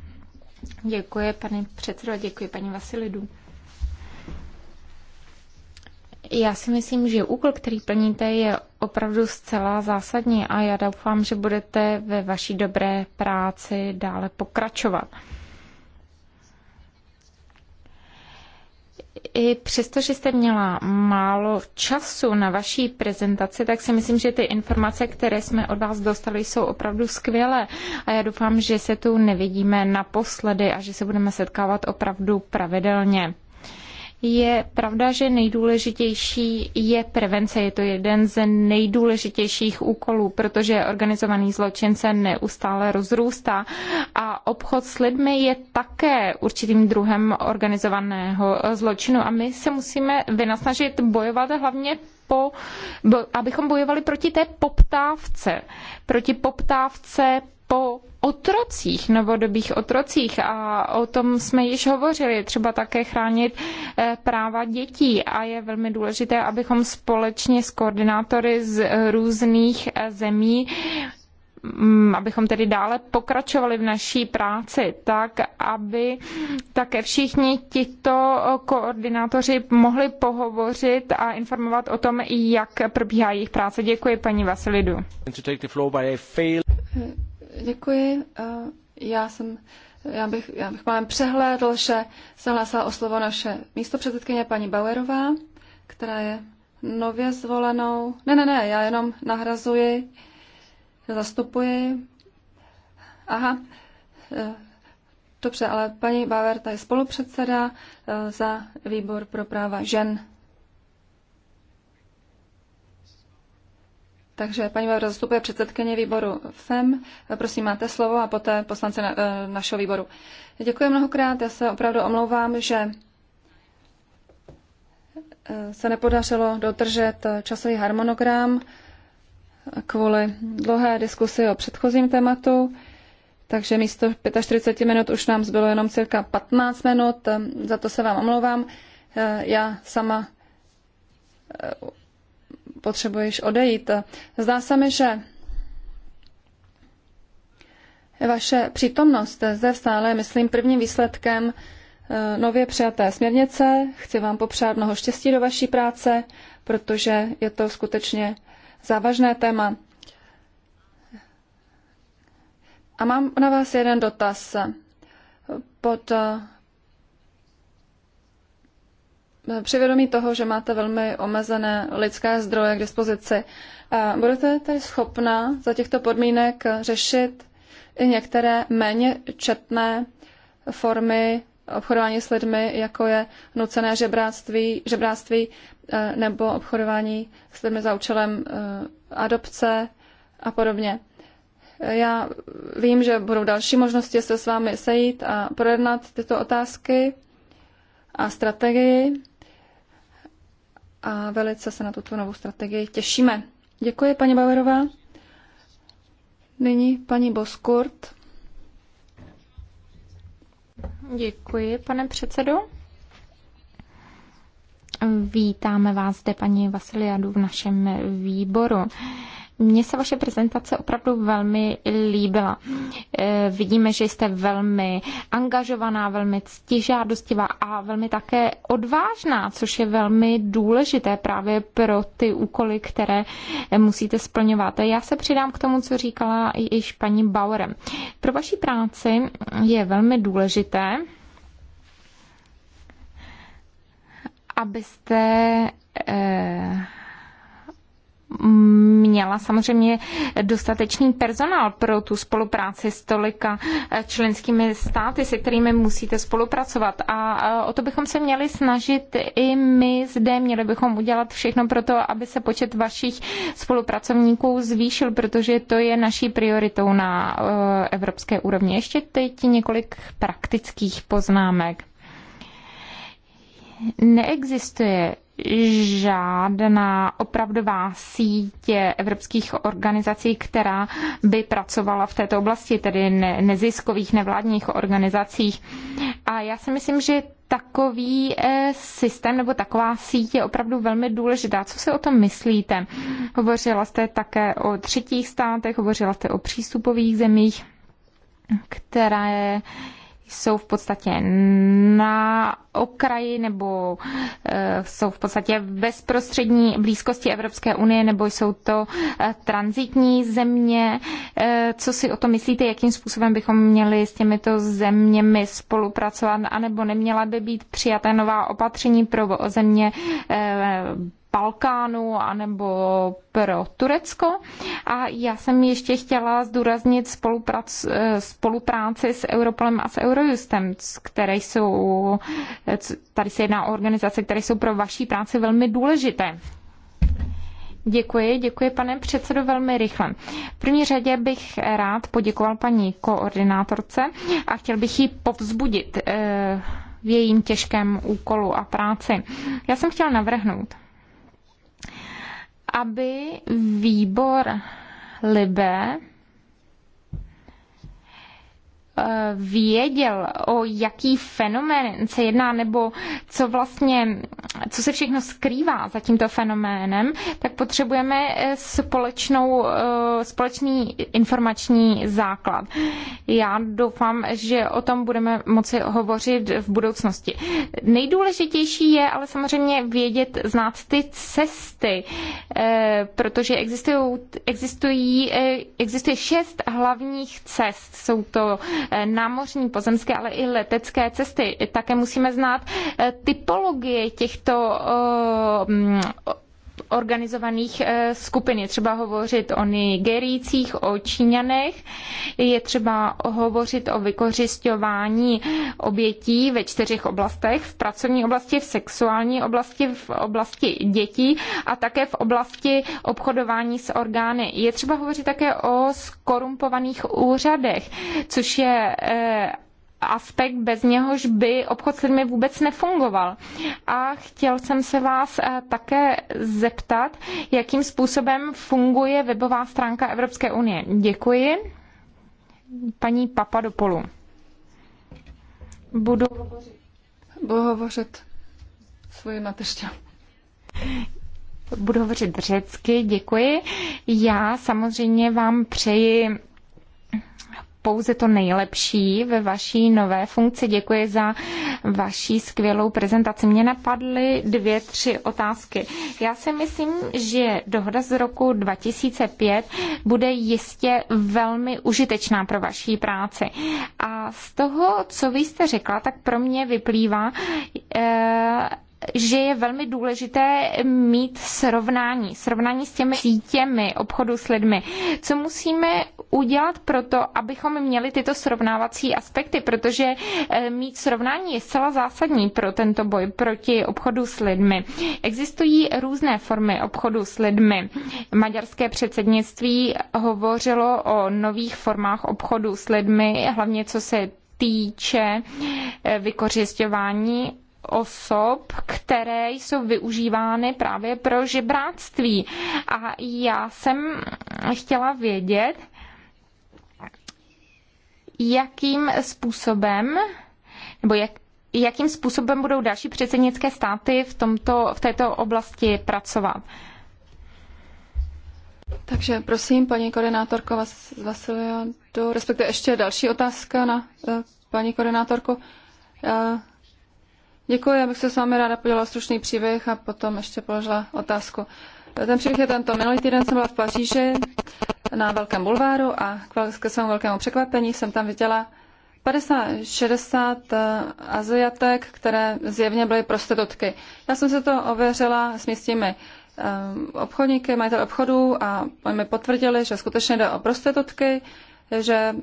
[SPEAKER 3] Děkuji, pane předsedo, děkuji paní Vasilidu. Já si myslím, že úkol, který plníte, je opravdu zcela zásadní a já doufám, že budete ve vaší dobré práci dále pokračovat. I přesto, že jste měla málo času na vaší prezentaci, tak si myslím, že ty informace, které jsme od vás dostali, jsou opravdu skvělé. A já doufám, že se tu nevidíme naposledy a že se budeme setkávat opravdu pravidelně. Je pravda, že nejdůležitější je prevence. Je to jeden z nejdůležitějších úkolů, protože organizovaný zločin se neustále rozrůstá a obchod s lidmi je také určitým druhem organizovaného zločinu a my se musíme vynasnažit bojovat hlavně po, abychom bojovali proti té poptávce, proti poptávce po otrocích, novodobých otrocích a o tom jsme již hovořili, třeba také chránit eh, práva dětí a je velmi důležité, abychom společně s koordinátory z eh, různých eh, zemí mm, abychom tedy dále pokračovali v naší práci, tak aby také všichni tito koordinátoři mohli pohovořit a informovat o tom, jak probíhá jejich práce. Děkuji paní Vasilidu. Děkuji. Eh, já
[SPEAKER 2] jsem já bych, já bych málem přehlédl, že se hlásila o slovo naše místopředsedkyně paní Bauerová, která je nově zvolenou. Ne, ne, ne, já jenom nahrazuji, zastupuji. Aha, eh, dobře, ale paní Bauer, ta je spolupředseda eh, za výbor pro práva žen. Takže paní Vavra zastupuje předsedkyně výboru FEM. Prosím, máte slovo a poté poslance na, eh, našeho výboru. Děkuji mnohokrát. Já se opravdu omlouvám, že eh, se nepodařilo dotržet časový harmonogram kvůli dlouhé diskusi o předchozím tématu. Takže místo 45 minut už nám zbylo jenom cirka 15 minut. Za to se vám omlouvám. Eh, já sama potřebuje již odejít. Zdá se mi, že vaše přítomnost zde v sále myslím, prvním výsledkem eh, nově přijaté směrnice. Chci vám popřát mnoho štěstí do vaší práce, protože je to skutečně závažné téma. A mám na vás jeden dotaz. Pod eh, při vědomí toho, že máte velmi omezené lidské zdroje k dispozici, budete tedy schopna za těchto podmínek řešit i některé méně četné formy obchodování s lidmi, jako je nucené žebráctví, žebráctví e, nebo obchodování s lidmi za účelem e, adopce a podobně. Já vím, že budou další možnosti se s vámi sejít a projednat tyto otázky a strategii a velice se na tuto novou strategii těšíme. Děkuji, paní Bauerová. Nyní paní Boskurt.
[SPEAKER 3] Děkuji, pane předsedo. Vítáme vás zde, paní Vasiliadu, v našem výboru. Mně se vaše prezentace opravdu velmi líbila. Eh, vidíme, že jste velmi angažovaná, velmi ctižádostivá a velmi také odvážná, což je velmi důležité právě pro ty úkoly, které eh, musíte splňovat. Já se přidám k tomu, co říkala i paní Bauerem. Pro vaši práci je velmi důležité, abyste eh, měla samozřejmě dostatečný personál pro tu spolupráci s tolika eh, členskými státy, se kterými musíte spolupracovat. A eh, o to bychom se měli snažit i my zde. Měli bychom udělat všechno pro to, aby se počet vašich spolupracovníků zvýšil, protože to je naší prioritou na eh, evropské úrovni. Ještě teď několik praktických poznámek neexistuje žádná opravdová sítě evropských organizací, která by pracovala v této oblasti, tedy ne, neziskových nevládních organizacích. A já si myslím, že takový eh, systém nebo taková síť je opravdu velmi důležitá. Co si o tom myslíte? Hovořila jste také o třetích státech, hovořila jste o přístupových zemích, které jsou v podstatě na okraji nebo eh, jsou v podstatě v bezprostřední blízkosti Evropské unie nebo jsou to eh, transitní země. Eh, co si o to myslíte, jakým způsobem bychom měli s těmito zeměmi spolupracovat, anebo neměla by být přijata nová opatření pro země Balkánu anebo pro Turecko. A já jsem ještě chtěla zdůraznit spolupráci spolupráci s Europolem a s Eurojustem, které jsou, tady se jedná o organizace, které jsou pro vaší práci velmi důležité. Děkuji, děkuji pane předsedo velmi rychle. V první řadě bych rád poděkoval paní koordinátorce a chtěl bych ji povzbudit eh, v jejím těžkém úkolu a práci. Já jsem chtěl navrhnout, aby výbor Libe věděl, o jaký fenomén se jedná, nebo co vlastně, co se všechno skrývá za tímto fenoménem, tak potřebujeme eh, společnou, eh, společný informační základ. Já doufám, že o tom budeme moci hovořit v budoucnosti. Nejdůležitější je ale samozřejmě vědět, znát ty cesty, eh, protože existují, existují, existuje šest hlavních cest. Jsou to E, námořní, pozemské, ale i letecké cesty. Také musíme znát e, typologie těchto e, organizovaných eh, skupin. Je třeba hovořit o Nigerijcích, o Číňanech, je třeba hovořit o vykořišťování obětí ve čtyřech oblastech, v pracovní oblasti, v sexuální oblasti, v oblasti dětí a také v oblasti obchodování s orgány. Je třeba hovořit také o skorumpovaných úřadech, což je eh, aspekt, bez něhož by obchod s lidmi vůbec nefungoval. A chtěl jsem se vás eh, také zeptat, jakým způsobem funguje webová stránka Evropské unie. Děkuji. Paní do Budu Budu hovořit svoji mateřtě. Budu hovořit řecky, děkuji. Já samozřejmě vám přeji pouze to nejlepší ve vaší nové funkci. Děkuji za vaší skvělou prezentaci. Mě napadly dvě, tři otázky. Já si myslím, že dohoda z roku 2005 bude jistě velmi užitečná pro vaší práci. A z toho, co vy jste řekla, tak pro mě vyplývá, eh, že je velmi důležité mít srovnání, srovnání s těmi sítěmi obchodu s lidmi. Co musíme udělat pro to, abychom měli tyto srovnávací aspekty, protože eh, mít srovnání je zcela zásadní pro tento boj proti obchodu s lidmi. Existují různé formy obchodu s lidmi. Maďarské předsednictví hovořilo o nových formách obchodu s lidmi, hlavně co se týče eh, vykořišťování osob, které jsou využívány právě pro žebráctví. A já jsem chtěla vědět, jakým způsobem, nebo jak, jakým způsobem budou další předsednické státy v, tomto, v této oblasti pracovat. Takže
[SPEAKER 2] prosím, paní koordinátorko Vasilia, do respektive ještě další otázka na uh, paní koordinátorku. Uh, eh, Děkuji, já bych se s vámi ráda podělala stručný příběh a potom ještě položila otázku. Ten příběh je tento. Minulý týden jsem byla v Paříži na Velkém bulváru a k svému velkému překvapení jsem tam viděla 50-60 eh, aziatek, které zjevně byly prostitutky. Já jsem se to ověřila s místními eh, obchodníky, majitel obchodů a oni mi potvrdili, že skutečně jde o prostitutky, že,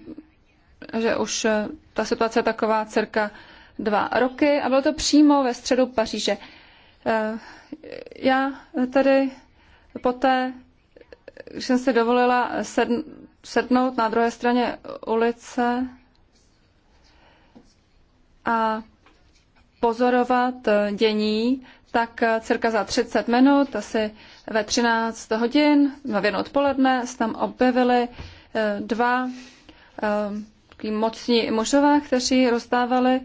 [SPEAKER 2] že už eh, ta situace je taková cirka dva roky a bylo to přímo ve středu Paříže. Eh, já tady poté, když jsem si dovolila sednout na druhé straně ulice a pozorovat eh, dění, tak eh, cirka za 30 minut, asi ve 13 hodin, no, v jedno odpoledne, se tam objevili dva mocní mužové, kteří rozdávali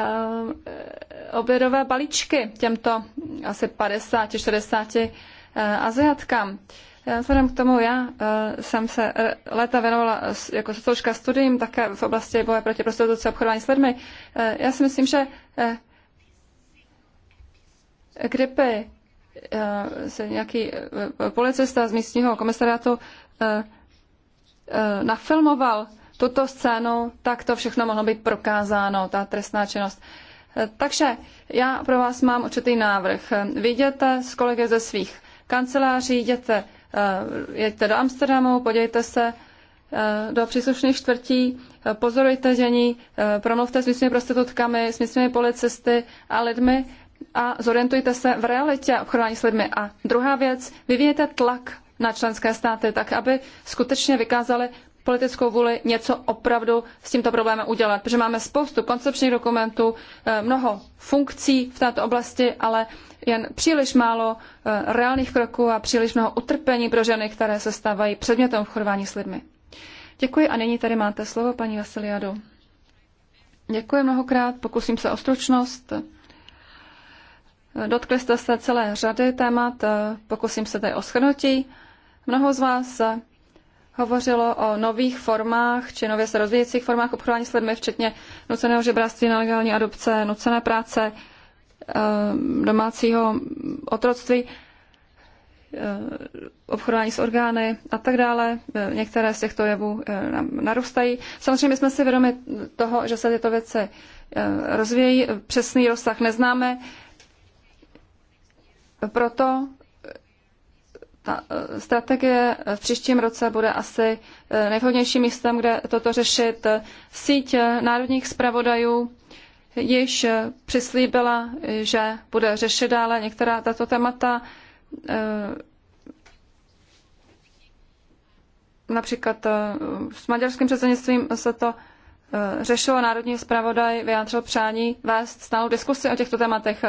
[SPEAKER 2] Eh, obědové balíčky těmto asi 50-40 eh, Aziatkám. Vzhledem k tomu, já eh, jsem se léta věnovala jako socioložka studiím, také v oblasti boje proti prostituci a obchodování s lidmi. Já si myslím, že kdyby se nějaký policista z místního komisariátu nafilmoval tuto scénu, tak to všechno mohlo být prokázáno, ta trestná činnost. Eh, takže já pro vás mám určitý návrh. Vyjděte s kolegy ze svých kanceláří, jděte, eh, jeďte do Amsterdamu, podívejte se eh, do příslušných čtvrtí, pozorujte žení, promluvte s místními prostitutkami, s místními policisty a lidmi a zorientujte se v realitě obchodování s lidmi. A druhá věc, vyvíjete tlak na členské státy, tak aby skutečně vykázali politickou vůli něco opravdu s tímto problémem udělat, protože máme spoustu koncepčních dokumentů, eh, mnoho funkcí v této oblasti, ale jen příliš málo eh, reálných kroků a příliš mnoho utrpení pro ženy, které se stávají předmětem obchodování s lidmi. Děkuji a nyní tady máte slovo, paní Vasiliadu. Děkuji mnohokrát, pokusím se o stručnost. Dotkli jste se celé řady témat, eh, pokusím se tady o shrnutí. Mnoho z vás hovořilo o nových formách či nově se rozvíjejících formách obchodování s lidmi, včetně nuceného žebráctví, nelegální adopce, nucené práce, eh, domácího otroctví, eh, obchodování s orgány a tak dále. Eh, některé z těchto jevů narůstají. Samozřejmě jsme si vědomi toho, že se tyto věci rozvíjí. Přesný rozsah neznáme. Proto ta e, strategie v příštím roce bude asi e, nejvhodnějším místem, kde toto řešit. Síť e, národních zpravodajů již přislíbila, že bude řešit dále některá tato témata, například s maďarským předsednictvím se to řešilo. Národní zpravodaj vyjádřil přání vést stálou diskusi o těchto tématech.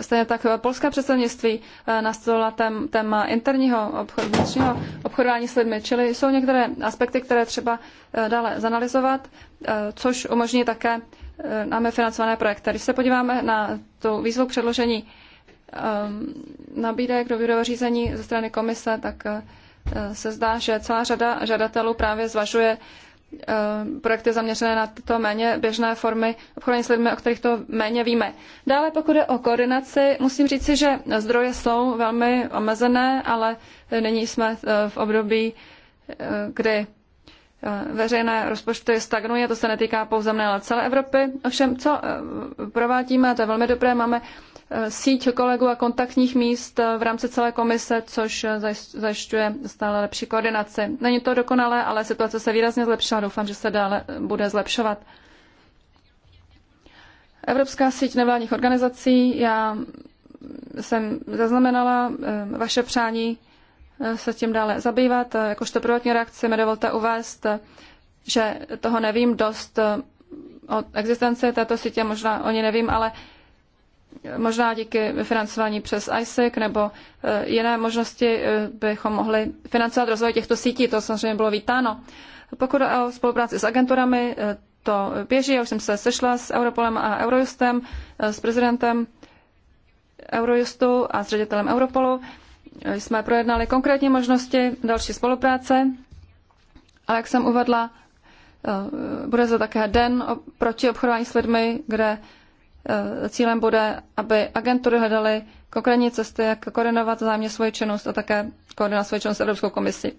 [SPEAKER 2] Stejně tak polské předsednictví eh, nastolila téma interního obchodu, vnitřního obchodování s lidmi, čili jsou některé aspekty, které třeba eh, dále zanalizovat, eh, což umožní také námi financované projekty. Když se podíváme na tu výzvu k předložení ehm, nabídek do výběrového řízení ze strany komise, tak se zdá, že celá řada žadatelů právě zvažuje Eh, projekty zaměřené na tyto méně běžné formy obchodování s lidmi, o kterých to méně víme. Dále, pokud je o koordinaci, musím říci, že zdroje jsou velmi omezené, ale nyní jsme eh, v období, eh, kdy Eh, veřejné rozpočty stagnují, to se netýká pouze mne, ale celé Evropy. Ovšem, co eh, provádíme, to je velmi dobré, máme eh, síť kolegů a kontaktních míst v rámci celé komise, což zajišťuje stále lepší koordinaci. Není to dokonalé, ale situace se výrazně zlepšila. Doufám, že se dále bude zlepšovat. Evropská síť nevládních organizací, já jsem zaznamenala vaše přání se tím dále zabývat. Jakožto prvotní reakci mi dovolte uvést, že toho nevím dost eh, o existenci této sítě, možná o ní nevím, ale možná díky financování přes ISIC e nebo eh, jiné možnosti eh, bychom mohli financovat rozvoj těchto sítí, to samozřejmě bylo vítáno. Pokud o spolupráci s agenturami, to běží, já už jsem se sešla s Europolem a Eurojustem, s prezidentem Eurojustu a s ředitelem Europolu jsme projednali konkrétní možnosti další spolupráce a jak jsem uvedla, eh, bude to také den proti obchodování s lidmi, kde eh, cílem bude, aby agentury hledaly konkrétní cesty, jak koordinovat zájemně svoji činnost a také koordinovat svoji činnost s Evropskou komisí.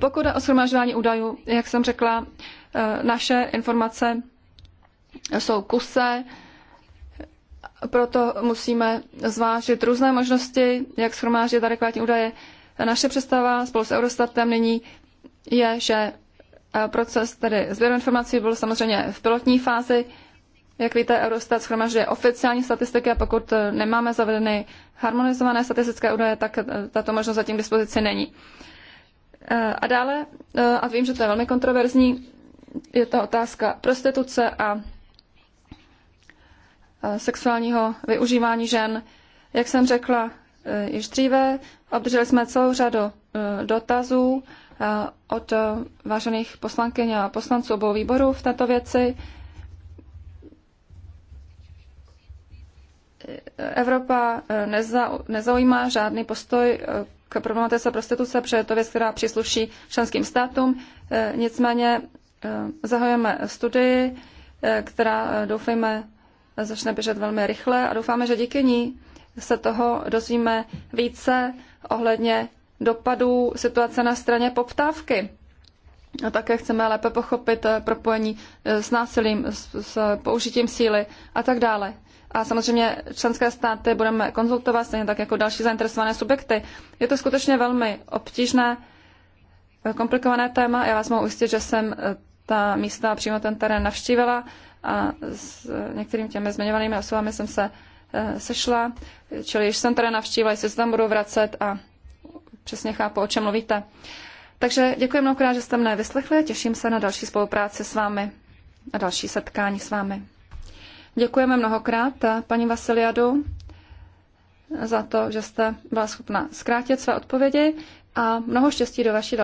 [SPEAKER 2] Pokud jde o shromažďování údajů, jak jsem řekla, eh, naše informace jsou kuse, proto musíme zvážit různé možnosti, jak schromáždit adekvátní údaje. Naše představa spolu s Eurostatem nyní je, že eh, proces tedy sběru informací byl samozřejmě v pilotní fázi. Jak víte, Eurostat schromažďuje oficiální statistiky a pokud eh, nemáme zavedeny harmonizované statistické údaje, tak eh, tato možnost zatím k dispozici není. A dále, a vím, že to je velmi kontroverzní, je to otázka prostituce a Eh, sexuálního využívání žen. Jak jsem řekla eh, již dříve, obdrželi jsme celou řadu eh, dotazů od vážených poslankyň a poslanců obou výborů v této věci. Evropa nezaujímá žádný postoj k problematice prostituce, protože je to věc, která přísluší členským státům. Nicméně zahajujeme studii, která doufejme začne běžet velmi rychle a doufáme, že díky ní se toho dozvíme více ohledně dopadů situace na straně poptávky. A také chceme lépe pochopit eh, propojení eh, s násilím, s, s použitím síly a tak dále. A samozřejmě členské státy budeme konzultovat, stejně tak jako další zainteresované subjekty. Je to skutečně velmi obtížné, eh, komplikované téma. Já vás mohu ujistit, že jsem ta místa přímo ten terén navštívila a s některými těmi zmiňovanými osobami jsem se eh, sešla, čili již jsem tady navštívila, jestli se tam budu vracet a přesně chápu, o čem mluvíte. Takže děkuji mnohokrát, že jste mne vyslechli těším se na další spolupráci s vámi a další setkání s vámi. Děkujeme mnohokrát, eh, paní Vasiliadu, za to, že jste byla schopna zkrátit své odpovědi a mnoho štěstí do vaší